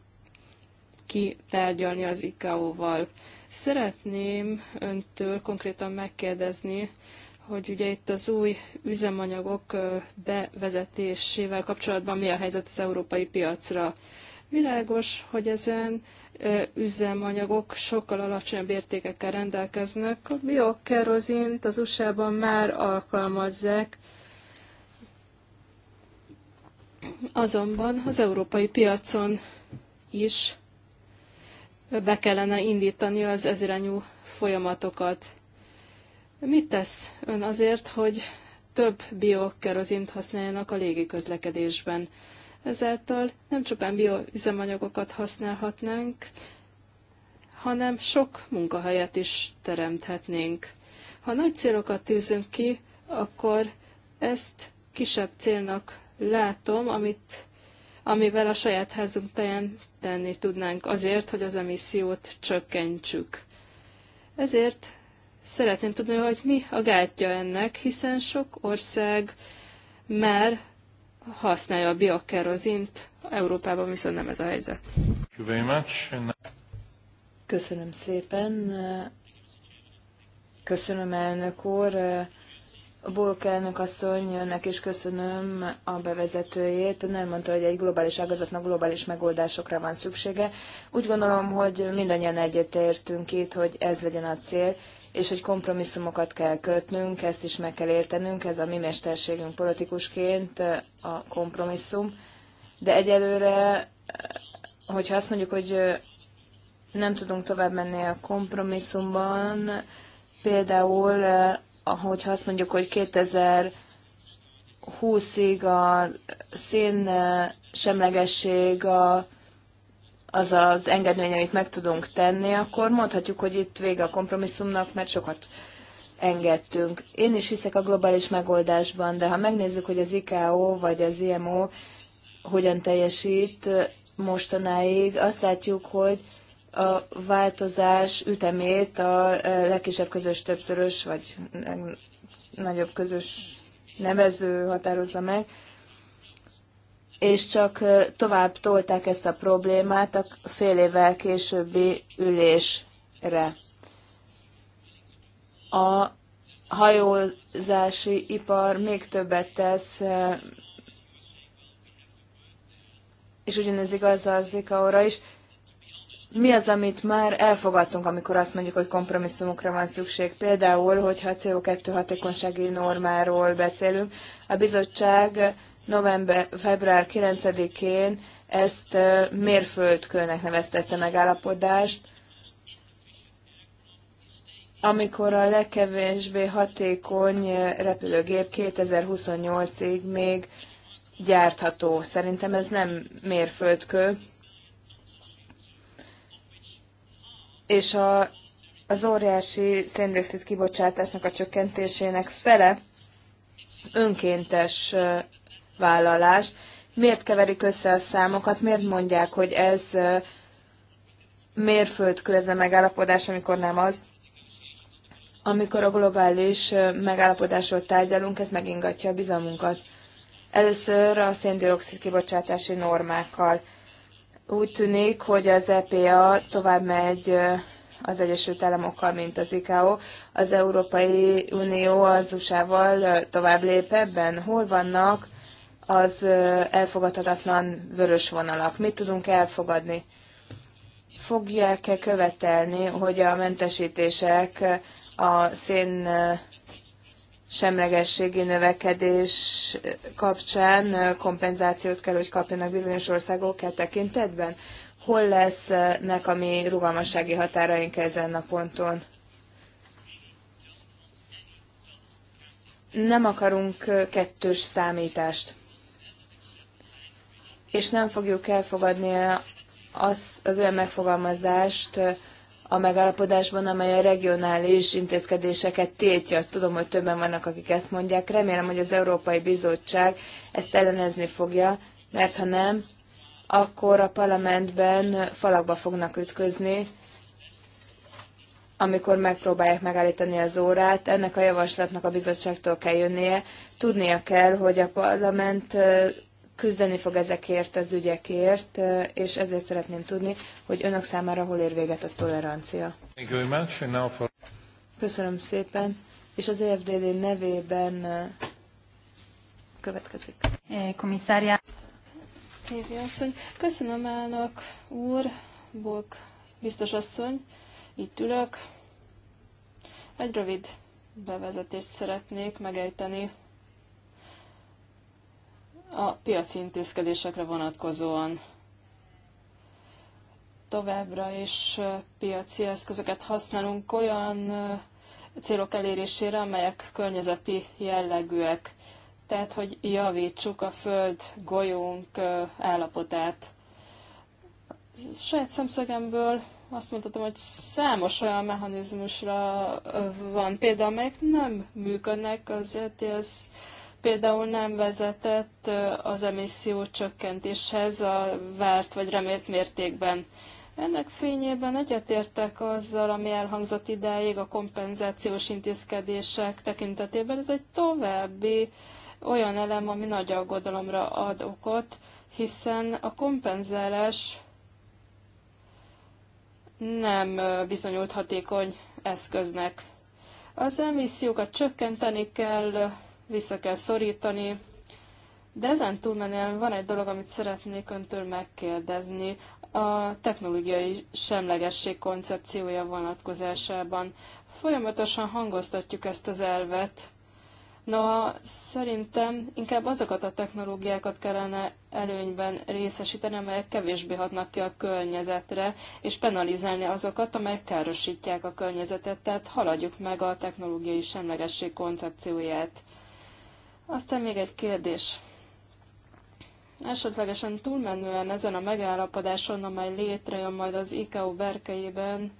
kitárgyalni az ICAO-val. Szeretném öntől konkrétan megkérdezni, hogy ugye itt az új üzemanyagok bevezetésével kapcsolatban mi a helyzet az európai piacra. Világos, hogy ezen üzemanyagok sokkal alacsonyabb értékekkel rendelkeznek. A biokerozint az USA-ban már alkalmazzák, azonban az európai piacon is be kellene indítani az ezirányú folyamatokat. Mit tesz ön azért, hogy több biokerozint használjanak a légiközlekedésben? közlekedésben? Ezáltal nem csupán bioüzemanyagokat használhatnánk, hanem sok munkahelyet is teremthetnénk. Ha nagy célokat tűzünk ki, akkor ezt kisebb célnak látom, amit, amivel a saját házunk teljen tenni tudnánk azért, hogy az emissziót csökkentsük. Ezért szeretném tudni, hogy mi a gátja ennek, hiszen sok ország már használja a biokerozint, Európában viszont nem ez a helyzet. Köszönöm szépen. Köszönöm, elnök úr. A Bolk elnök asszony, is köszönöm a bevezetőjét. Nem mondta, hogy egy globális ágazatnak globális megoldásokra van szüksége. Úgy gondolom, hogy mindannyian egyetértünk itt, hogy ez legyen a cél, és hogy kompromisszumokat kell kötnünk, ezt is meg kell értenünk, ez a mi mesterségünk politikusként a kompromisszum. De egyelőre, hogyha azt mondjuk, hogy nem tudunk tovább menni a kompromisszumban, például, hogyha azt mondjuk, hogy 2020-ig a szén semlegesség a az az engedmény, amit meg tudunk tenni, akkor mondhatjuk, hogy itt vége a kompromisszumnak, mert sokat engedtünk. Én is hiszek a globális megoldásban, de ha megnézzük, hogy az IKO vagy az IMO hogyan teljesít mostanáig, azt látjuk, hogy a változás ütemét a legkisebb közös többszörös, vagy nagyobb közös nevező határozza meg és csak tovább tolták ezt a problémát a fél évvel későbbi ülésre. A hajózási ipar még többet tesz, és ugyanez igaz a Zikaóra is. Mi az, amit már elfogadtunk, amikor azt mondjuk, hogy kompromisszumokra van szükség? Például, hogyha a CO2 hatékonysági normáról beszélünk, a bizottság november, február 9-én ezt mérföldkőnek nevezte ezt a megállapodást, amikor a legkevésbé hatékony repülőgép 2028-ig még gyártható. Szerintem ez nem mérföldkő. És a, az óriási széndiokszid kibocsátásnak a csökkentésének fele önkéntes vállalás. Miért keverik össze a számokat? Miért mondják, hogy ez mérföldkő ez a megállapodás, amikor nem az? Amikor a globális megállapodásról tárgyalunk, ez megingatja a bizalmunkat. Először a széndiokszid kibocsátási normákkal. Úgy tűnik, hogy az EPA tovább megy az Egyesült Államokkal, mint az ICAO. Az Európai Unió az USA-val tovább lép ebben. Hol vannak az elfogadhatatlan vörös vonalak? Mit tudunk elfogadni? Fogják-e követelni, hogy a mentesítések a szén semlegességi növekedés kapcsán kompenzációt kell, hogy kapjanak bizonyos országok e tekintetben? Hol lesznek a mi rugalmassági határaink ezen a ponton? Nem akarunk kettős számítást és nem fogjuk elfogadni az, az olyan megfogalmazást a megállapodásban, amely a regionális intézkedéseket tiltja. Tudom, hogy többen vannak, akik ezt mondják. Remélem, hogy az Európai Bizottság ezt ellenezni fogja, mert ha nem, akkor a parlamentben falakba fognak ütközni, amikor megpróbálják megállítani az órát, ennek a javaslatnak a bizottságtól kell jönnie. Tudnia kell, hogy a parlament küzdeni fog ezekért az ügyekért, és ezért szeretném tudni, hogy önök számára hol ér véget a tolerancia. Köszönöm szépen, és az EFDD nevében következik. Komisszárja. Évi asszony. Köszönöm elnök úr, Bok, biztos asszony, itt ülök. Egy rövid bevezetést szeretnék megejteni a piaci intézkedésekre vonatkozóan továbbra is piaci eszközöket használunk olyan célok elérésére, amelyek környezeti jellegűek. Tehát, hogy javítsuk a föld golyónk állapotát. saját szemszögemből azt mondhatom, hogy számos olyan mechanizmusra van példa, amelyek nem működnek az ETS például nem vezetett az emisszió csökkentéshez a várt vagy remélt mértékben. Ennek fényében egyetértek azzal, ami elhangzott idáig a kompenzációs intézkedések tekintetében. Ez egy további olyan elem, ami nagy aggodalomra ad okot, hiszen a kompenzálás nem bizonyult hatékony eszköznek. Az emissziókat csökkenteni kell, vissza kell szorítani. De ezen túlmenően van egy dolog, amit szeretnék öntől megkérdezni. A technológiai semlegesség koncepciója vonatkozásában folyamatosan hangoztatjuk ezt az elvet, Noha szerintem inkább azokat a technológiákat kellene előnyben részesíteni, amelyek kevésbé hatnak ki a környezetre, és penalizálni azokat, amelyek károsítják a környezetet, tehát haladjuk meg a technológiai semlegesség koncepcióját. Aztán még egy kérdés. Esetlegesen túlmenően ezen a megállapodáson, amely létrejön majd az ICAO berkeiben,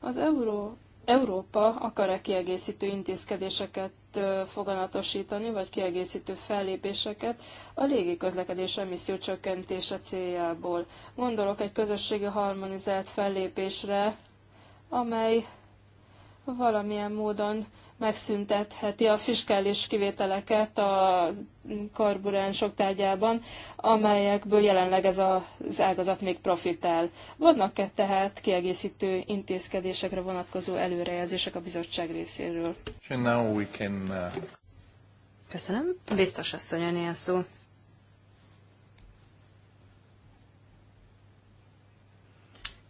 az Euró Európa akar-e kiegészítő intézkedéseket foganatosítani, vagy kiegészítő fellépéseket a légi közlekedés emisszió csökkentése céljából. Gondolok egy közösségi harmonizált fellépésre, amely valamilyen módon megszüntetheti a fiskális kivételeket a karburánsok tárgyában, amelyekből jelenleg ez az ágazat még profitál. Vannak-e tehát kiegészítő intézkedésekre vonatkozó előrejelzések a bizottság részéről? Uh, Köszönöm. Biztos asszony, ilyen szó.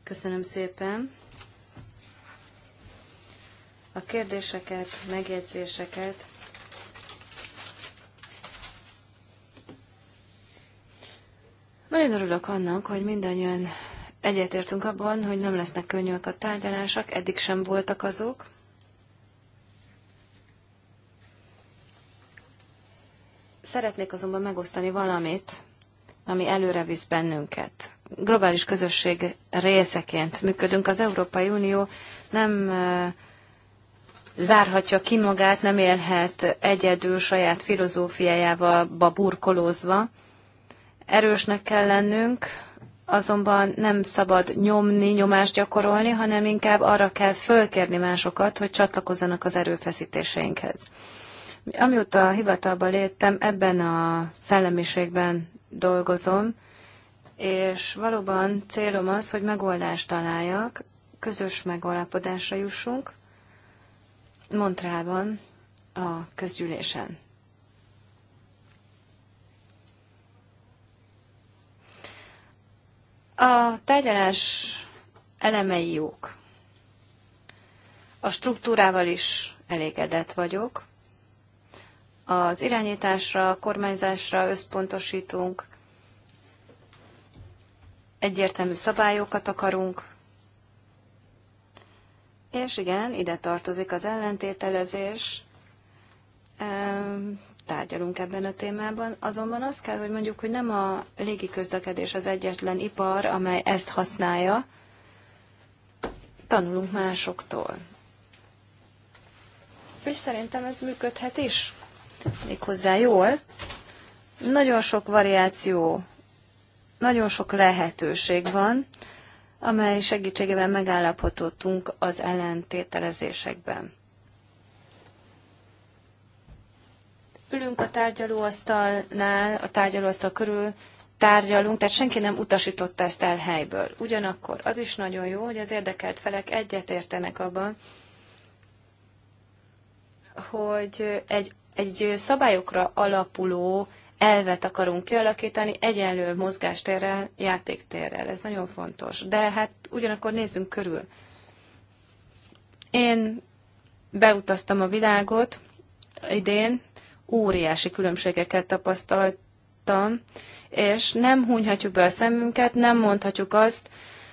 Köszönöm szépen a kérdéseket, megjegyzéseket. Nagyon örülök annak, hogy mindannyian egyetértünk abban, hogy nem lesznek könnyűek a tárgyalások, eddig sem voltak azok. Szeretnék azonban megosztani valamit, ami előre visz bennünket. Globális közösség részeként működünk. Az Európai Unió nem zárhatja ki magát, nem élhet egyedül saját filozófiájával burkolózva. Erősnek kell lennünk, azonban nem szabad nyomni, nyomást gyakorolni, hanem inkább arra kell fölkérni másokat, hogy csatlakozzanak az erőfeszítéseinkhez. Amióta hivatalba léptem, ebben a szellemiségben dolgozom, és valóban célom az, hogy megoldást találjak, közös megalapodásra jussunk, Montrában a közgyűlésen. A tárgyalás elemei jók. A struktúrával is elégedett vagyok. Az irányításra, a kormányzásra összpontosítunk. Egyértelmű szabályokat akarunk és igen, ide tartozik az ellentételezés. Tárgyalunk ebben a témában, azonban azt kell, hogy mondjuk, hogy nem a légiközlekedés az egyetlen ipar, amely ezt használja. Tanulunk másoktól. És szerintem ez működhet is. Méghozzá jól. Nagyon sok variáció, nagyon sok lehetőség van amely segítségével megállapodhatunk az ellentételezésekben. Ülünk a tárgyalóasztalnál, a tárgyalóasztal körül tárgyalunk, tehát senki nem utasította ezt el helyből. Ugyanakkor az is nagyon jó, hogy az érdekelt felek egyetértenek abban, hogy egy, egy szabályokra alapuló elvet akarunk kialakítani, egyenlő mozgástérrel, játéktérrel. Ez nagyon fontos. De hát ugyanakkor nézzünk körül. Én beutaztam a világot idén, óriási különbségeket tapasztaltam, és nem hunyhatjuk be a szemünket, nem mondhatjuk azt,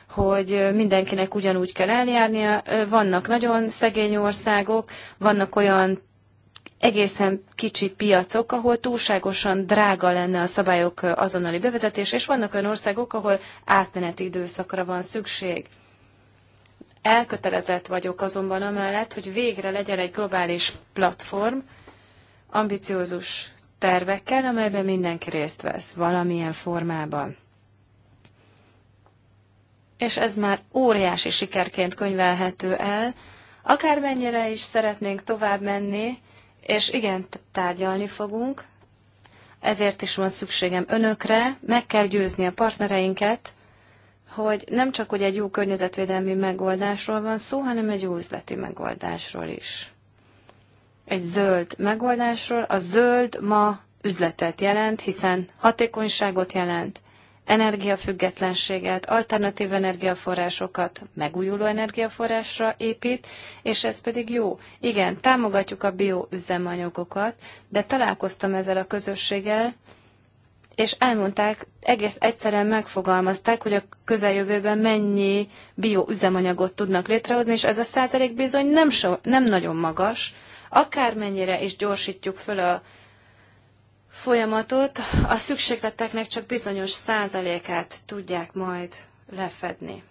hogy mindenkinek ugyanúgy kell eljárnia. Vannak nagyon szegény országok, vannak olyan egészen kicsi piacok, ahol túlságosan drága lenne a szabályok azonnali bevezetése, és vannak olyan országok, ahol átmeneti időszakra van szükség. Elkötelezett vagyok azonban amellett, hogy végre legyen egy globális platform, ambiciózus tervekkel, amelyben mindenki részt vesz valamilyen formában. És ez már óriási sikerként könyvelhető el, akármennyire is szeretnénk tovább menni, és igen, tárgyalni fogunk, ezért is van szükségem önökre, meg kell győzni a partnereinket, hogy nem csak hogy egy jó környezetvédelmi megoldásról van szó, hanem egy jó üzleti megoldásról is. Egy zöld megoldásról. A zöld ma üzletet jelent, hiszen hatékonyságot jelent, energiafüggetlenséget, alternatív energiaforrásokat, megújuló energiaforrásra épít, és ez pedig jó. Igen, támogatjuk a bioüzemanyagokat, de találkoztam ezzel a közösséggel, és elmondták, egész egyszerűen megfogalmazták, hogy a közeljövőben mennyi bioüzemanyagot tudnak létrehozni, és ez a százalék bizony nem, so, nem nagyon magas, akármennyire is gyorsítjuk föl a folyamatot a szükségleteknek csak bizonyos százalékát tudják majd lefedni.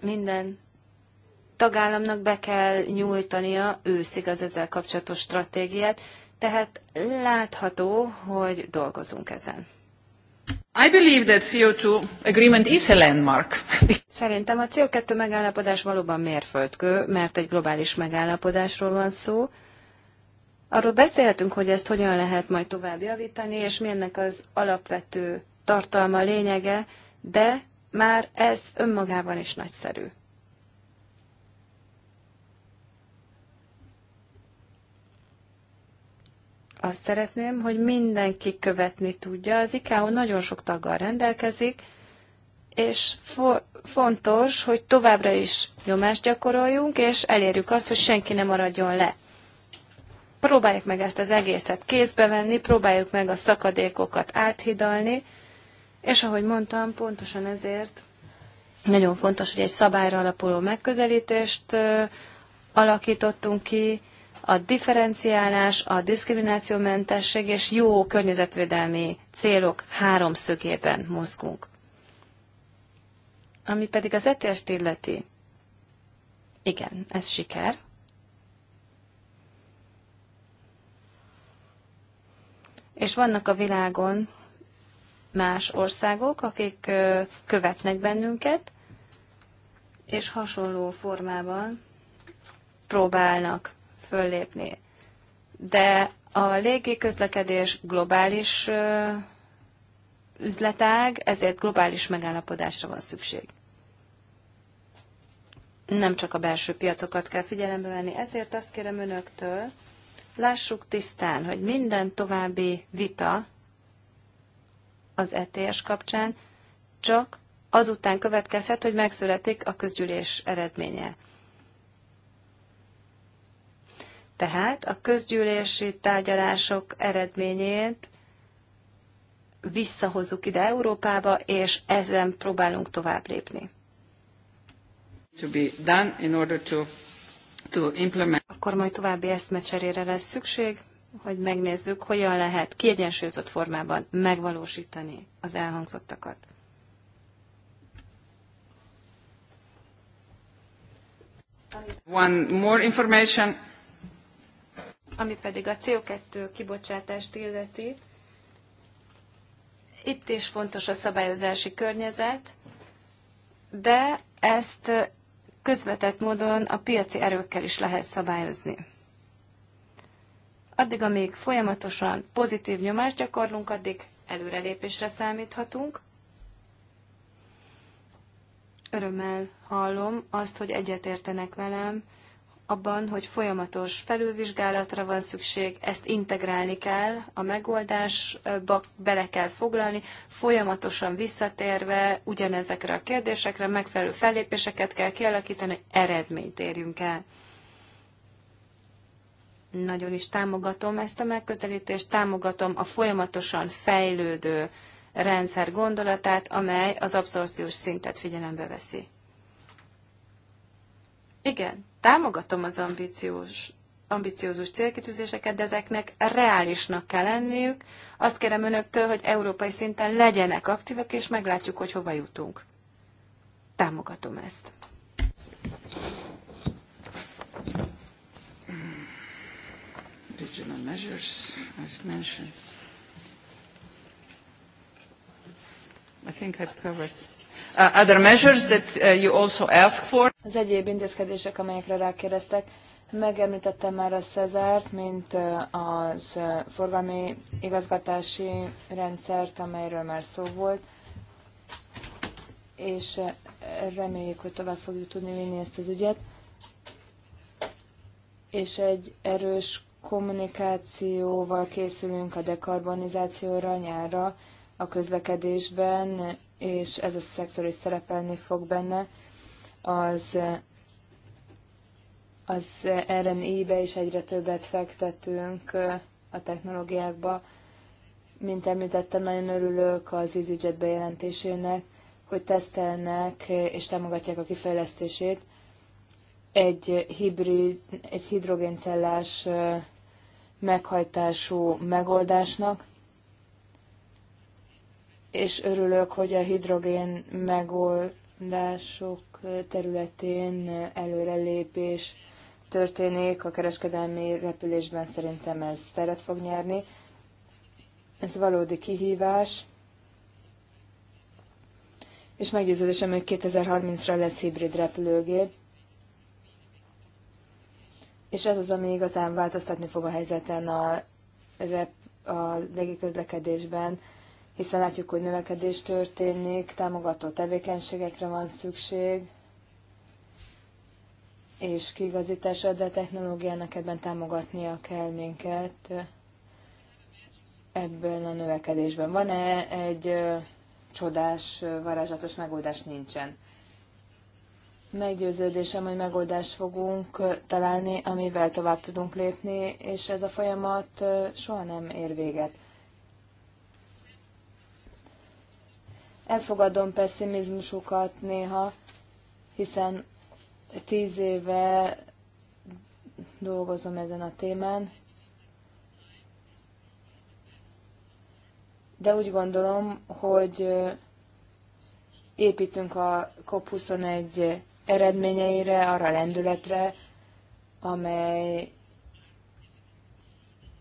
Minden tagállamnak be kell nyújtania őszig az ezzel kapcsolatos stratégiát, tehát látható, hogy dolgozunk ezen. I believe that CO2 agreement is a landmark. Szerintem a CO2 megállapodás valóban mérföldkő, mert egy globális megállapodásról van szó. Arról beszélhetünk, hogy ezt hogyan lehet majd tovább javítani, és milyennek az alapvető tartalma, lényege, de már ez önmagában is nagyszerű. azt szeretném, hogy mindenki követni tudja. Az ICAO nagyon sok taggal rendelkezik, és fo- fontos, hogy továbbra is nyomást gyakoroljunk, és elérjük azt, hogy senki ne maradjon le. Próbáljuk meg ezt az egészet kézbe venni, próbáljuk meg a szakadékokat áthidalni, és ahogy mondtam, pontosan ezért nagyon fontos, hogy egy szabályra alapuló megközelítést alakítottunk ki, a differenciálás, a diszkriminációmentesség és jó környezetvédelmi célok háromszögében mozgunk. Ami pedig az ets illeti, igen, ez siker. És vannak a világon más országok, akik követnek bennünket, és hasonló formában próbálnak föllépni. De a légi közlekedés globális üzletág, ezért globális megállapodásra van szükség. Nem csak a belső piacokat kell figyelembe venni, ezért azt kérem önöktől, lássuk tisztán, hogy minden további vita az ETS kapcsán csak azután következhet, hogy megszületik a közgyűlés eredménye. Tehát a közgyűlési tárgyalások eredményét visszahozzuk ide Európába, és ezen próbálunk tovább lépni. To be done in order to, to implement. Akkor majd további eszmecserére lesz szükség, hogy megnézzük, hogyan lehet kiegyensúlyozott formában megvalósítani az elhangzottakat. One more information ami pedig a CO2 kibocsátást illeti, itt is fontos a szabályozási környezet, de ezt közvetett módon a piaci erőkkel is lehet szabályozni. Addig, amíg folyamatosan pozitív nyomást gyakorlunk, addig előrelépésre számíthatunk. Örömmel hallom azt, hogy egyetértenek velem abban, hogy folyamatos felülvizsgálatra van szükség, ezt integrálni kell, a megoldásba bele kell foglalni, folyamatosan visszatérve ugyanezekre a kérdésekre megfelelő fellépéseket kell kialakítani, hogy eredményt érjünk el. Nagyon is támogatom ezt a megközelítést, támogatom a folyamatosan fejlődő rendszer gondolatát, amely az abszorciós szintet figyelembe veszi. Igen, Támogatom az ambíciós, ambiciózus célkitűzéseket, de ezeknek reálisnak kell lenniük. Azt kérem önöktől, hogy európai szinten legyenek aktívak, és meglátjuk, hogy hova jutunk. Támogatom ezt. Regional measures, mentioned. I think I've covered. Uh, other measures that uh, you also ask for. Az egyéb intézkedések, amelyekre rákérdeztek, megemlítettem már a Cezárt, mint uh, az forgalmi igazgatási rendszert, amelyről már szó volt, és reméljük, hogy tovább fogjuk tudni vinni ezt az ügyet. És egy erős kommunikációval készülünk a dekarbonizációra nyárra, a közlekedésben, és ez a szektor is szerepelni fog benne, az, az RNI-be is egyre többet fektetünk a technológiákba. Mint említettem, nagyon örülök az EasyJet bejelentésének, hogy tesztelnek és támogatják a kifejlesztését egy hibrid, egy hidrogéncellás meghajtású megoldásnak, és örülök, hogy a hidrogén megoldások területén előrelépés történik. A kereskedelmi repülésben szerintem ez szeret fog nyerni. Ez valódi kihívás. És meggyőződésem, hogy 2030-ra lesz hibrid repülőgép. És ez az, ami igazán változtatni fog a helyzeten a, rep- a légiközlekedésben. közlekedésben hiszen látjuk, hogy növekedés történik, támogató tevékenységekre van szükség, és kiigazításra, de a technológiának ebben támogatnia kell minket ebből a növekedésben. Van-e egy csodás, varázslatos megoldás? Nincsen. Meggyőződésem, hogy megoldást fogunk találni, amivel tovább tudunk lépni, és ez a folyamat soha nem ér véget. Elfogadom pessimizmusukat néha, hiszen tíz éve dolgozom ezen a témán, de úgy gondolom, hogy építünk a COP21 eredményeire, arra a lendületre, amely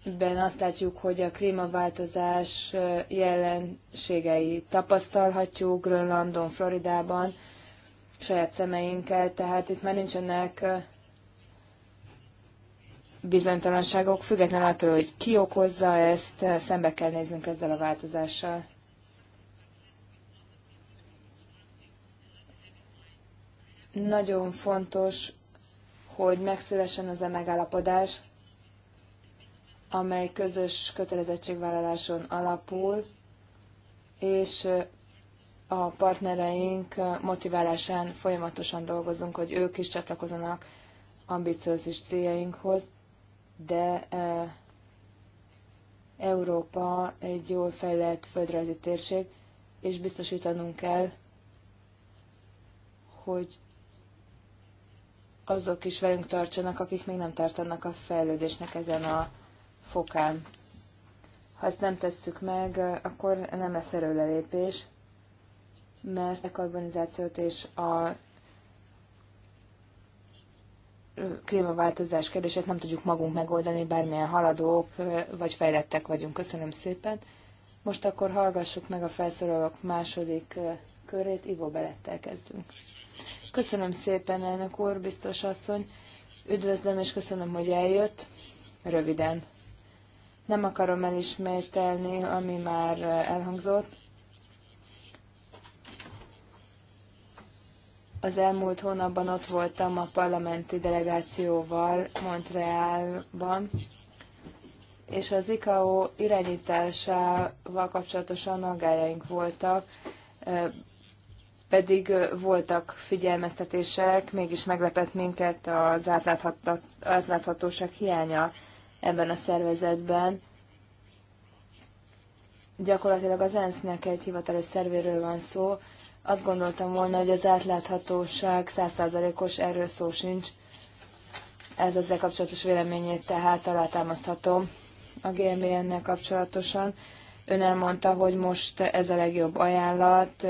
ben azt látjuk, hogy a klímaváltozás jelenségei tapasztalhatjuk Grönlandon, Floridában, saját szemeinkkel, tehát itt már nincsenek bizonytalanságok, függetlenül attól, hogy ki okozza ezt, szembe kell néznünk ezzel a változással. Nagyon fontos, hogy megszülessen az a e megállapodás, amely közös kötelezettségvállaláson alapul, és a partnereink motiválásán folyamatosan dolgozunk, hogy ők is csatlakozanak ambiciózus céljainkhoz, de Európa egy jól fejlett földrajzi térség, és biztosítanunk kell, hogy azok is velünk tartsanak, akik még nem tartanak a fejlődésnek ezen a fokán. Ha ezt nem tesszük meg, akkor nem lesz erőlelépés, mert a karbonizációt és a klímaváltozás kérdését nem tudjuk magunk megoldani, bármilyen haladók vagy fejlettek vagyunk. Köszönöm szépen. Most akkor hallgassuk meg a felszólalók második körét, Ivo Belettel kezdünk. Köszönöm szépen, elnök úr, biztos asszony. Üdvözlöm és köszönöm, hogy eljött. Röviden. Nem akarom elismételni, ami már elhangzott. Az elmúlt hónapban ott voltam a parlamenti delegációval Montrealban, és az ICAO irányításával kapcsolatosan aggájaink voltak, pedig voltak figyelmeztetések, mégis meglepett minket az átláthatóság hiánya ebben a szervezetben. Gyakorlatilag az ENSZ-nek egy hivatalos szervéről van szó. Azt gondoltam volna, hogy az átláthatóság százszázalékos, erről szó sincs. Ez ezzel kapcsolatos véleményét tehát alátámaszthatom a GMBN-nel kapcsolatosan. Ön elmondta, hogy most ez a legjobb ajánlat,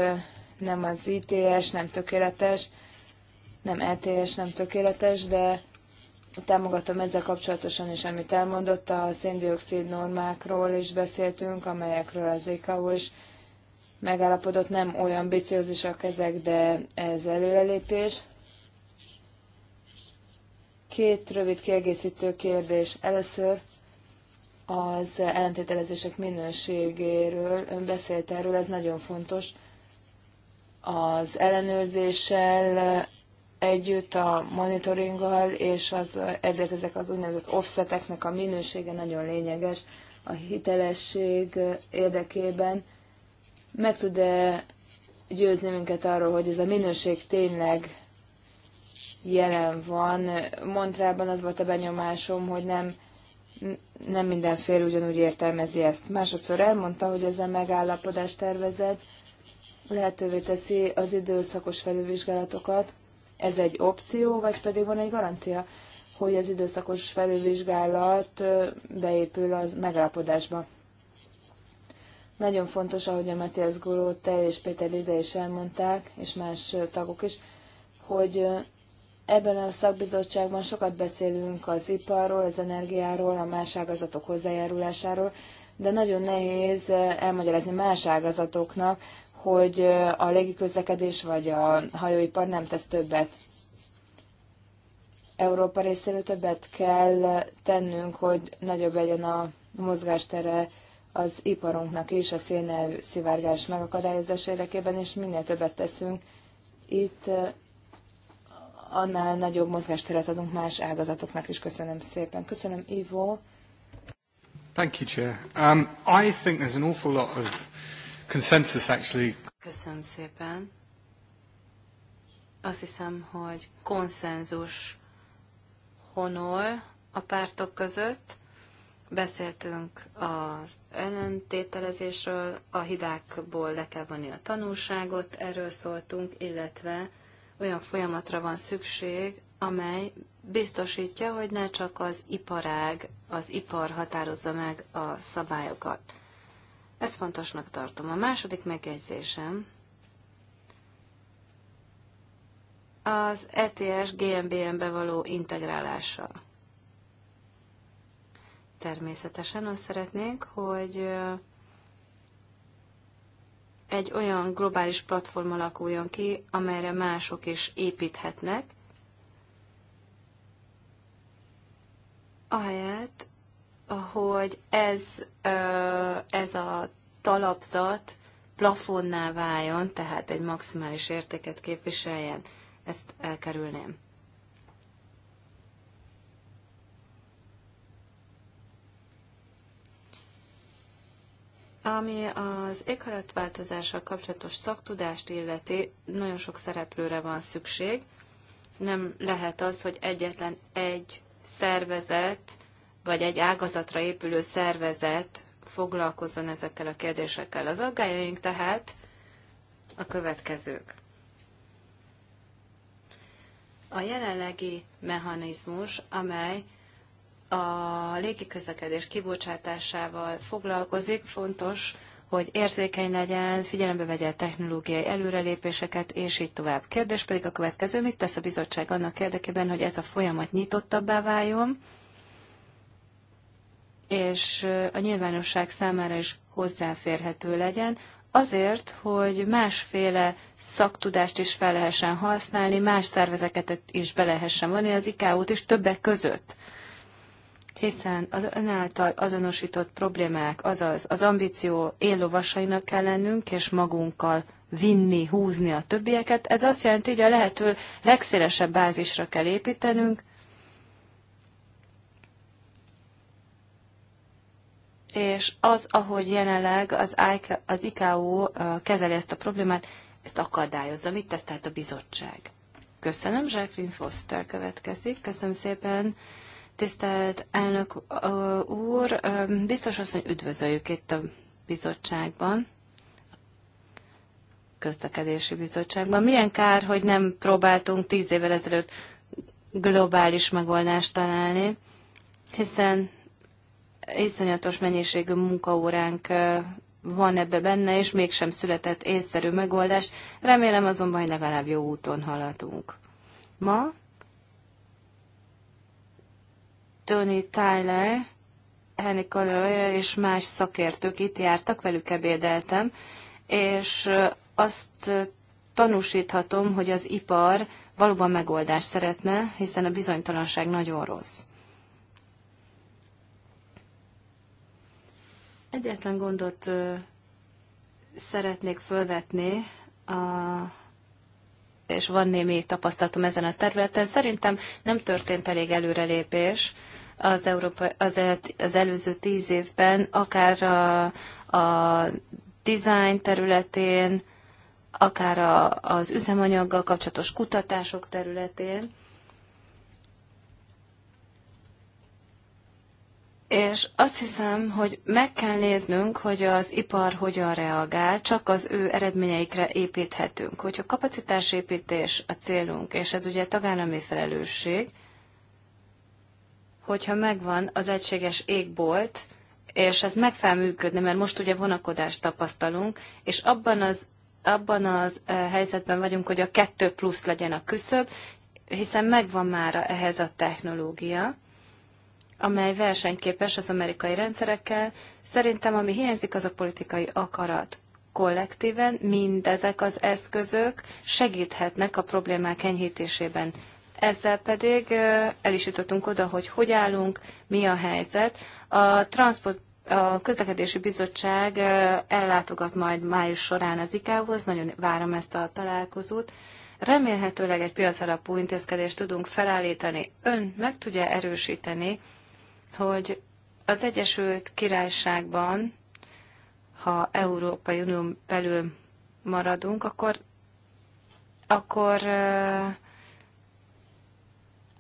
nem az ITS, nem tökéletes, nem ETS, nem tökéletes, de támogatom ezzel kapcsolatosan is, amit elmondott, a széndiokszid normákról is beszéltünk, amelyekről az ICAO is megállapodott, nem olyan ambiciózisak ezek, de ez előrelépés. Két rövid kiegészítő kérdés. Először az ellentételezések minőségéről ön beszélt erről, ez nagyon fontos. Az ellenőrzéssel együtt a monitoringgal, és az, ezért ezek az úgynevezett offseteknek a minősége nagyon lényeges a hitelesség érdekében. Meg tud-e győzni minket arról, hogy ez a minőség tényleg jelen van. Montrában az volt a benyomásom, hogy nem, nem minden fél ugyanúgy értelmezi ezt. Másodszor elmondta, hogy ez a megállapodás tervezet lehetővé teszi az időszakos felülvizsgálatokat, ez egy opció, vagy pedig van egy garancia, hogy az időszakos felülvizsgálat beépül az megállapodásba. Nagyon fontos, ahogy a Matthias Guló, te és Péter Lize is elmondták, és más tagok is, hogy ebben a szakbizottságban sokat beszélünk az iparról, az energiáról, a más ágazatok hozzájárulásáról, de nagyon nehéz elmagyarázni más ágazatoknak, hogy a légiközlekedés vagy a hajóipar nem tesz többet. Európa részéről többet kell tennünk, hogy nagyobb legyen a mozgástere az iparunknak és a szénelszivárgás megakadályozása érdekében, és minél többet teszünk, itt annál nagyobb mozgásteret adunk más ágazatoknak is. Köszönöm szépen. Köszönöm, Ivo. Thank you, Chair. Um, I think there's an awful lot of consensus actually. Köszönöm szépen. Azt hiszem, hogy konszenzus honol a pártok között. Beszéltünk az ellentételezésről, a hibákból le kell vonni a tanulságot, erről szóltunk, illetve olyan folyamatra van szükség, amely biztosítja, hogy ne csak az iparág, az ipar határozza meg a szabályokat. Ezt fontosnak tartom. A második megjegyzésem az ETS GMBN-be való integrálása. Természetesen azt szeretnénk, hogy egy olyan globális platform alakuljon ki, amelyre mások is építhetnek, ahelyett, hogy ez, ez a talapzat plafonná váljon, tehát egy maximális értéket képviseljen. Ezt elkerülném. Ami az éghajlatváltozással kapcsolatos szaktudást illeti, nagyon sok szereplőre van szükség. Nem lehet az, hogy egyetlen egy szervezet vagy egy ágazatra épülő szervezet foglalkozzon ezekkel a kérdésekkel. Az aggájaink tehát a következők. A jelenlegi mechanizmus, amely a légiközlekedés kibocsátásával foglalkozik, fontos, hogy érzékeny legyen, figyelembe vegye a technológiai előrelépéseket, és így tovább. Kérdés pedig a következő, mit tesz a bizottság annak érdekében, hogy ez a folyamat nyitottabbá váljon, és a nyilvánosság számára is hozzáférhető legyen, azért, hogy másféle szaktudást is fel lehessen használni, más szervezeket is be lehessen vonni az IKO-t is többek között. Hiszen az önáltal azonosított problémák, azaz az ambíció éllovasainak kell lennünk, és magunkkal vinni, húzni a többieket. Ez azt jelenti, hogy a lehető legszélesebb bázisra kell építenünk, és az, ahogy jelenleg az, ICAO, az IKO kezeli ezt a problémát, ezt akadályozza. Mit tesz tehát a bizottság? Köszönöm, Jacqueline Foster következik. Köszönöm szépen, tisztelt elnök úr. Biztos asszony, üdvözöljük itt a bizottságban közlekedési bizottságban. Milyen kár, hogy nem próbáltunk tíz évvel ezelőtt globális megoldást találni, hiszen iszonyatos mennyiségű munkaóránk van ebbe benne, és mégsem született észszerű megoldás. Remélem azonban, hogy legalább jó úton haladunk. Ma Tony Tyler, Henry Collier és más szakértők itt jártak, velük ebédeltem, és azt tanúsíthatom, hogy az ipar valóban megoldást szeretne, hiszen a bizonytalanság nagyon rossz. Egyetlen gondot szeretnék fölvetni, a, és van némi tapasztalatom ezen a területen. Szerintem nem történt elég előrelépés az, Európa, az, az előző tíz évben, akár a, a design területén, akár a, az üzemanyaggal kapcsolatos kutatások területén. És azt hiszem, hogy meg kell néznünk, hogy az ipar hogyan reagál, csak az ő eredményeikre építhetünk. Hogyha kapacitásépítés a célunk, és ez ugye tagállami felelősség, hogyha megvan az egységes égbolt, és ez meg fel működni, mert most ugye vonakodást tapasztalunk, és abban az, abban az eh, helyzetben vagyunk, hogy a kettő plusz legyen a küszöb, hiszen megvan már ehhez a technológia, amely versenyképes az amerikai rendszerekkel. Szerintem ami hiányzik, az a politikai akarat. Kollektíven mindezek az eszközök segíthetnek a problémák enyhítésében. Ezzel pedig el is jutottunk oda, hogy hogy állunk, mi a helyzet. A transport a közlekedési bizottság ellátogat majd május során az ICAO-hoz, nagyon várom ezt a találkozót. Remélhetőleg egy piacalapú intézkedést tudunk felállítani. Ön meg tudja erősíteni, hogy az Egyesült Királyságban, ha Európai Unión belül maradunk, akkor, akkor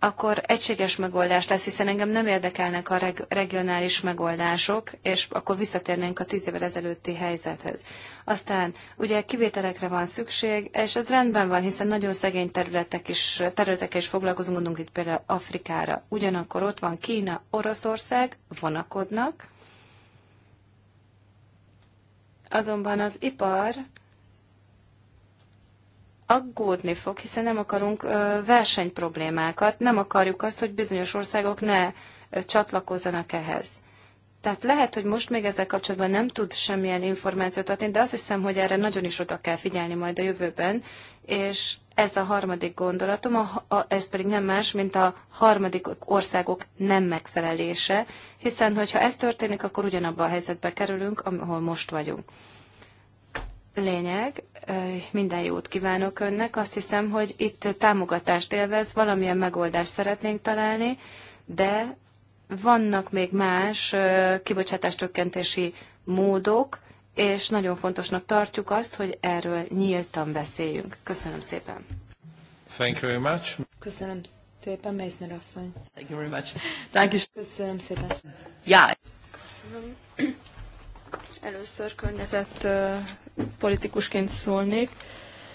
akkor egységes megoldás lesz, hiszen engem nem érdekelnek a reg- regionális megoldások, és akkor visszatérnénk a tíz évvel ezelőtti helyzethez. Aztán ugye kivételekre van szükség, és ez rendben van, hiszen nagyon szegény területek is, területek is foglalkozunk, gondolunk itt például Afrikára. Ugyanakkor ott van Kína, Oroszország, vonakodnak, azonban az ipar aggódni fog, hiszen nem akarunk versenyproblémákat, nem akarjuk azt, hogy bizonyos országok ne csatlakozzanak ehhez. Tehát lehet, hogy most még ezzel kapcsolatban nem tud semmilyen információt adni, de azt hiszem, hogy erre nagyon is oda kell figyelni majd a jövőben, és ez a harmadik gondolatom, a, a, ez pedig nem más, mint a harmadik országok nem megfelelése, hiszen hogyha ez történik, akkor ugyanabba a helyzetbe kerülünk, ahol most vagyunk. Lényeg, minden jót kívánok önnek. Azt hiszem, hogy itt támogatást élvez, valamilyen megoldást szeretnénk találni, de vannak még más csökkentési módok, és nagyon fontosnak tartjuk azt, hogy erről nyíltan beszéljünk. Köszönöm szépen. Thank you very much. Köszönöm szépen, Meisner asszony. Thank you very much. Thank you. Köszönöm szépen. Yeah. Köszönöm. Először környezet politikusként szólnék,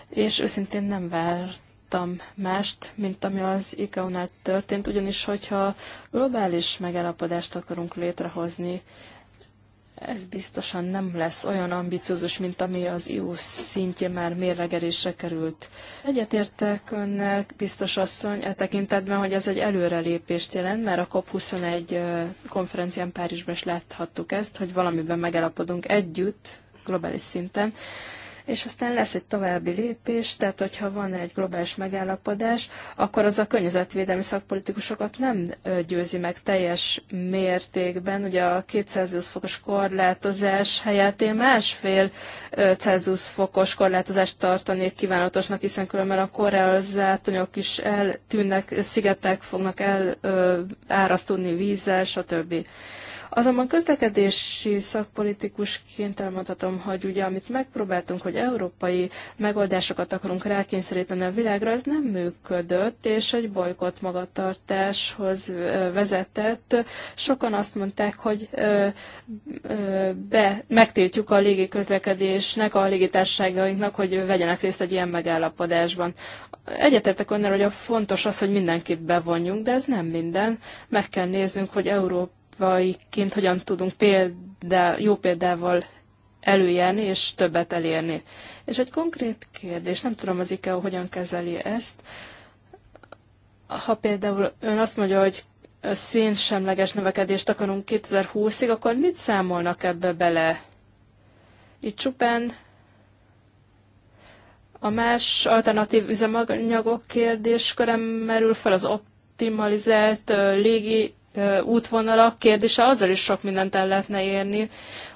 és őszintén nem vártam mást, mint ami az ICAO-nál történt, ugyanis hogyha globális megállapodást akarunk létrehozni, ez biztosan nem lesz olyan ambiciózus, mint ami az EU szintje már mérlegelésre került. Egyetértek önnel, biztos asszony, e tekintetben, hogy ez egy előrelépést jelent, mert a COP21 konferencián Párizsban is láthattuk ezt, hogy valamiben megállapodunk együtt, globális szinten, és aztán lesz egy további lépés, tehát hogyha van egy globális megállapodás, akkor az a környezetvédelmi szakpolitikusokat nem győzi meg teljes mértékben. Ugye a 220 fokos korlátozás helyett én másfél Celsius fokos korlátozást tartanék kívánatosnak, hiszen különben a korrealizátonyok is eltűnnek, szigetek fognak elárasztódni vízzel, stb. Azonban közlekedési szakpolitikusként elmondhatom, hogy ugye amit megpróbáltunk, hogy európai megoldásokat akarunk rákényszeríteni a világra, ez nem működött, és egy bolykott magatartáshoz vezetett. Sokan azt mondták, hogy ö, ö, be, megtiltjuk a légiközlekedésnek, a légitársaságainknak, hogy vegyenek részt egy ilyen megállapodásban. Egyetértek önnel, hogy a fontos az, hogy mindenkit bevonjunk, de ez nem minden. Meg kell néznünk, hogy Európa európaiként hogyan tudunk példá, jó példával előjelni és többet elérni. És egy konkrét kérdés, nem tudom az IKEA hogyan kezeli ezt, ha például ön azt mondja, hogy szénsemleges növekedést akarunk 2020-ig, akkor mit számolnak ebbe bele? Itt csupán a más alternatív üzemanyagok kérdéskörem merül fel az optimalizált légi útvonalak kérdése, azzal is sok mindent el lehetne érni.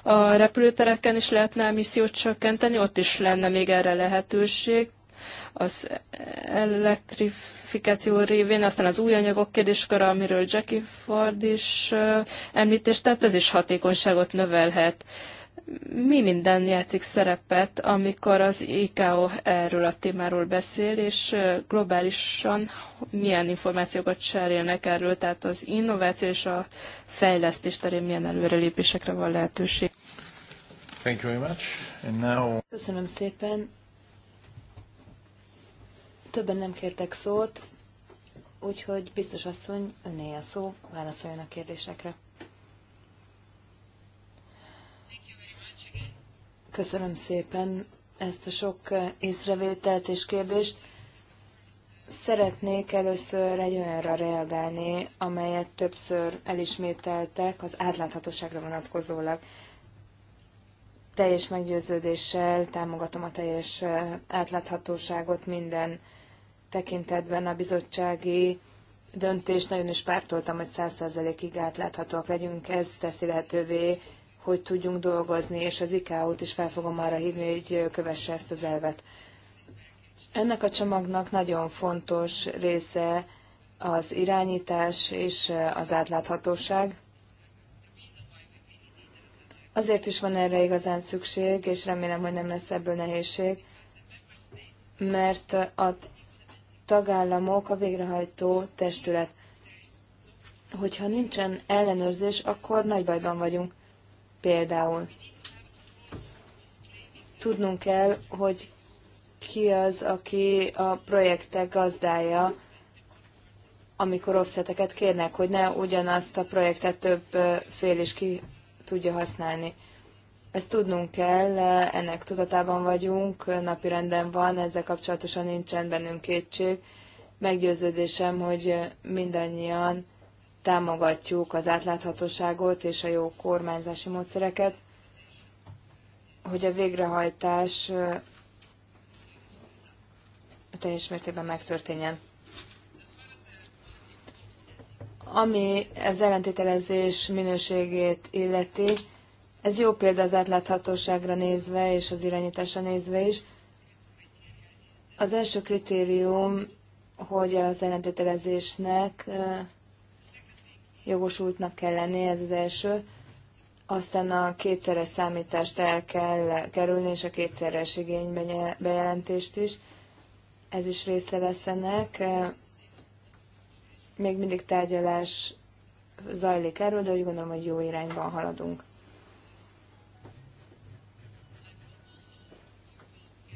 A repülőtereken is lehetne emissziót csökkenteni, ott is lenne még erre lehetőség az elektrifikáció révén, aztán az új anyagok kérdésköre, amiről Jackie Ford is említést tett, ez is hatékonyságot növelhet. Uh, mi minden játszik szerepet, amikor az ICAO erről a témáról beszél, és globálisan milyen információkat cserélnek erről, tehát az innováció és a fejlesztés terén milyen előrelépésekre van lehetőség. Thank you very much. And now... Köszönöm szépen. Többen nem kértek szót, úgyhogy biztos asszony, önné a szó, válaszoljon a kérdésekre. Köszönöm szépen ezt a sok eh, észrevételt és kérdést. Szeretnék először egy olyanra reagálni, amelyet többször elismételtek az átláthatóságra vonatkozólag. Teljes meggyőződéssel támogatom a teljes eh, átláthatóságot minden tekintetben a bizottsági döntést nagyon is pártoltam, hogy 100%-ig átláthatóak legyünk. Ez teszi lehetővé hogy tudjunk dolgozni, és az ICAO-t is fel fogom arra hívni, hogy kövesse ezt az elvet. Ennek a csomagnak nagyon fontos része az irányítás és az átláthatóság. Azért is van erre igazán szükség, és remélem, hogy nem lesz ebből nehézség, mert a tagállamok a végrehajtó testület. Hogyha nincsen ellenőrzés, akkor nagy bajban vagyunk. Például tudnunk kell, hogy ki az, aki a projektek gazdája, amikor offseteket kérnek, hogy ne ugyanazt a projektet több fél is ki tudja használni. Ezt tudnunk kell, ennek tudatában vagyunk, napirenden van, ezzel kapcsolatosan nincsen bennünk kétség. Meggyőződésem, hogy mindannyian támogatjuk az átláthatóságot és a jó kormányzási módszereket, hogy a végrehajtás teljes mértékben megtörténjen. Ami az ellentételezés minőségét illeti, ez jó példa az átláthatóságra nézve és az irányításra nézve is. Az első kritérium, hogy az ellentételezésnek jogosultnak kell lennie, ez az első. Aztán a kétszeres számítást el kell kerülni, és a kétszeres igénybejelentést bejelentést is. Ez is része lesz ennek. Még mindig tárgyalás zajlik erről, de úgy gondolom, hogy jó irányban haladunk.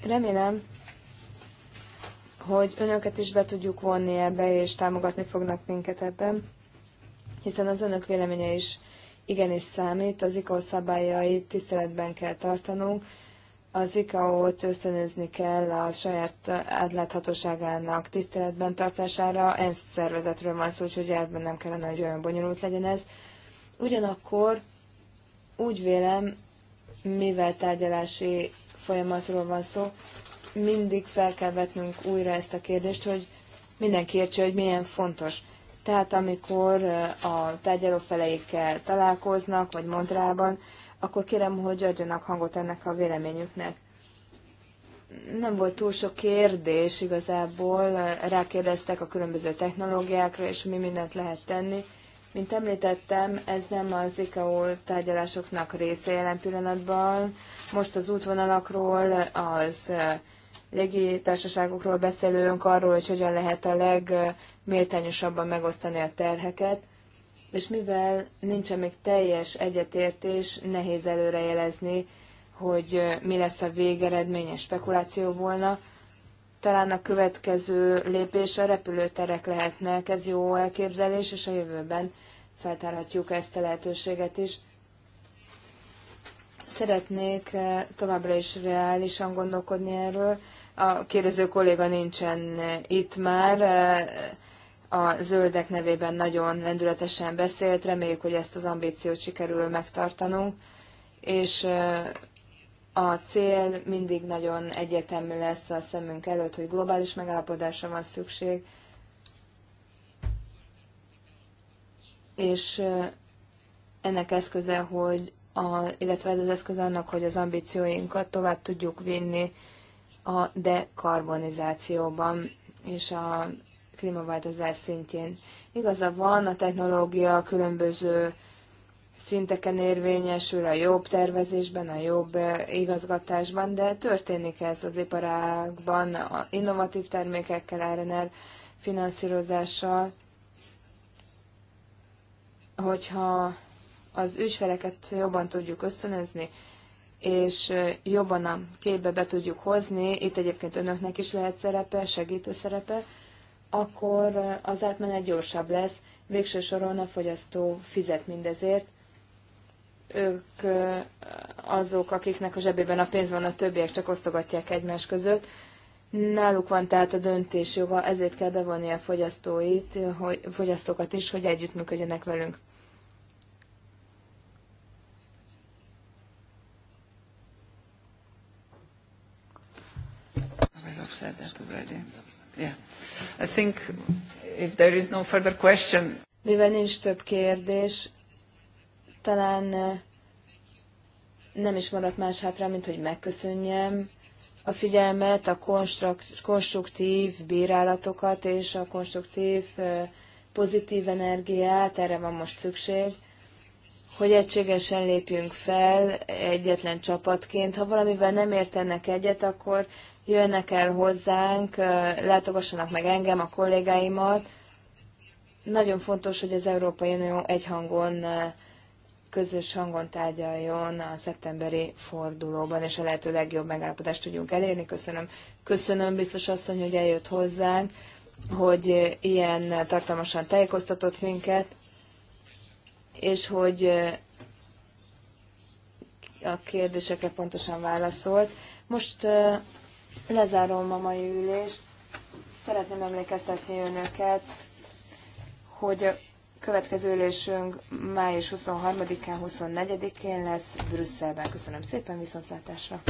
Remélem, hogy önöket is be tudjuk vonni ebbe, és támogatni fognak minket ebben hiszen az önök véleménye is igenis számít, az ICAO szabályait tiszteletben kell tartanunk, az ICAO-t ösztönözni kell a saját átláthatóságának tiszteletben tartására, ENSZ szervezetről van szó, úgyhogy ebben nem kellene, hogy olyan bonyolult legyen ez. Ugyanakkor úgy vélem, mivel tárgyalási folyamatról van szó, mindig fel kell vetnünk újra ezt a kérdést, hogy mindenki értse, hogy milyen fontos tehát amikor a tárgyalófeleikkel találkoznak, vagy Montrában, akkor kérem, hogy adjanak hangot ennek a véleményüknek. Nem volt túl sok kérdés igazából, rákérdeztek a különböző technológiákra, és mi mindent lehet tenni. Mint említettem, ez nem az ICAO tárgyalásoknak része jelen pillanatban. Most az útvonalakról, az légitársaságokról beszélünk, arról, hogy hogyan lehet a leg méltányosabban megosztani a terheket, és mivel nincsen még teljes egyetértés, nehéz előrejelezni, hogy mi lesz a végeredmény, spekuláció volna. Talán a következő lépés a repülőterek lehetnek, ez jó elképzelés, és a jövőben feltárhatjuk ezt a lehetőséget is. Szeretnék továbbra is reálisan gondolkodni erről. A kérdező kolléga nincsen itt már, a zöldek nevében nagyon lendületesen beszélt, reméljük, hogy ezt az ambíciót sikerül megtartanunk, és a cél mindig nagyon egyetemű lesz a szemünk előtt, hogy globális megállapodásra van szükség, és ennek eszköze, hogy a, illetve ez az eszköz annak, hogy az ambícióinkat tovább tudjuk vinni a dekarbonizációban és a klímaváltozás szintjén. Igaza van, a technológia különböző szinteken érvényesül, a jobb tervezésben, a jobb eh, igazgatásban, de történik ez az iparágban, a innovatív termékekkel, RNR finanszírozással, hogyha az ügyfeleket jobban tudjuk ösztönözni, és eh, jobban a képbe be tudjuk hozni, itt egyébként önöknek is lehet szerepe, segítő szerepe, akkor az átmenet gyorsabb lesz. Végső soron a fogyasztó fizet mindezért. Ők azok, akiknek a zsebében a pénz van, a többiek csak osztogatják egymás között. Náluk van tehát a döntés joga, ezért kell bevonni a fogyasztóit, hogy, fogyasztókat is, hogy együttműködjenek velünk. Köszönöm. Yeah. I think if there is no further question. Mivel nincs több kérdés, talán eh, nem is maradt más hátra, mint hogy megköszönjem a figyelmet, a konstruktív bírálatokat és a konstruktív eh, pozitív energiát, erre van most szükség, hogy egységesen lépjünk fel egyetlen csapatként. Ha valamivel nem értenek egyet, akkor jönnek el hozzánk, látogassanak meg engem, a kollégáimat. Nagyon fontos, hogy az Európai Unió egy hangon, közös hangon tárgyaljon a szeptemberi fordulóban, és a lehető legjobb megállapodást tudjunk elérni. Köszönöm, köszönöm biztos asszony, hogy eljött hozzánk, hogy ilyen tartalmasan tájékoztatott minket, és hogy a kérdésekre pontosan válaszolt. Most Lezárom a mai ülést. Szeretném emlékeztetni önöket, hogy a következő ülésünk május 23-án, 24-én lesz Brüsszelben. Köszönöm szépen, viszontlátásra!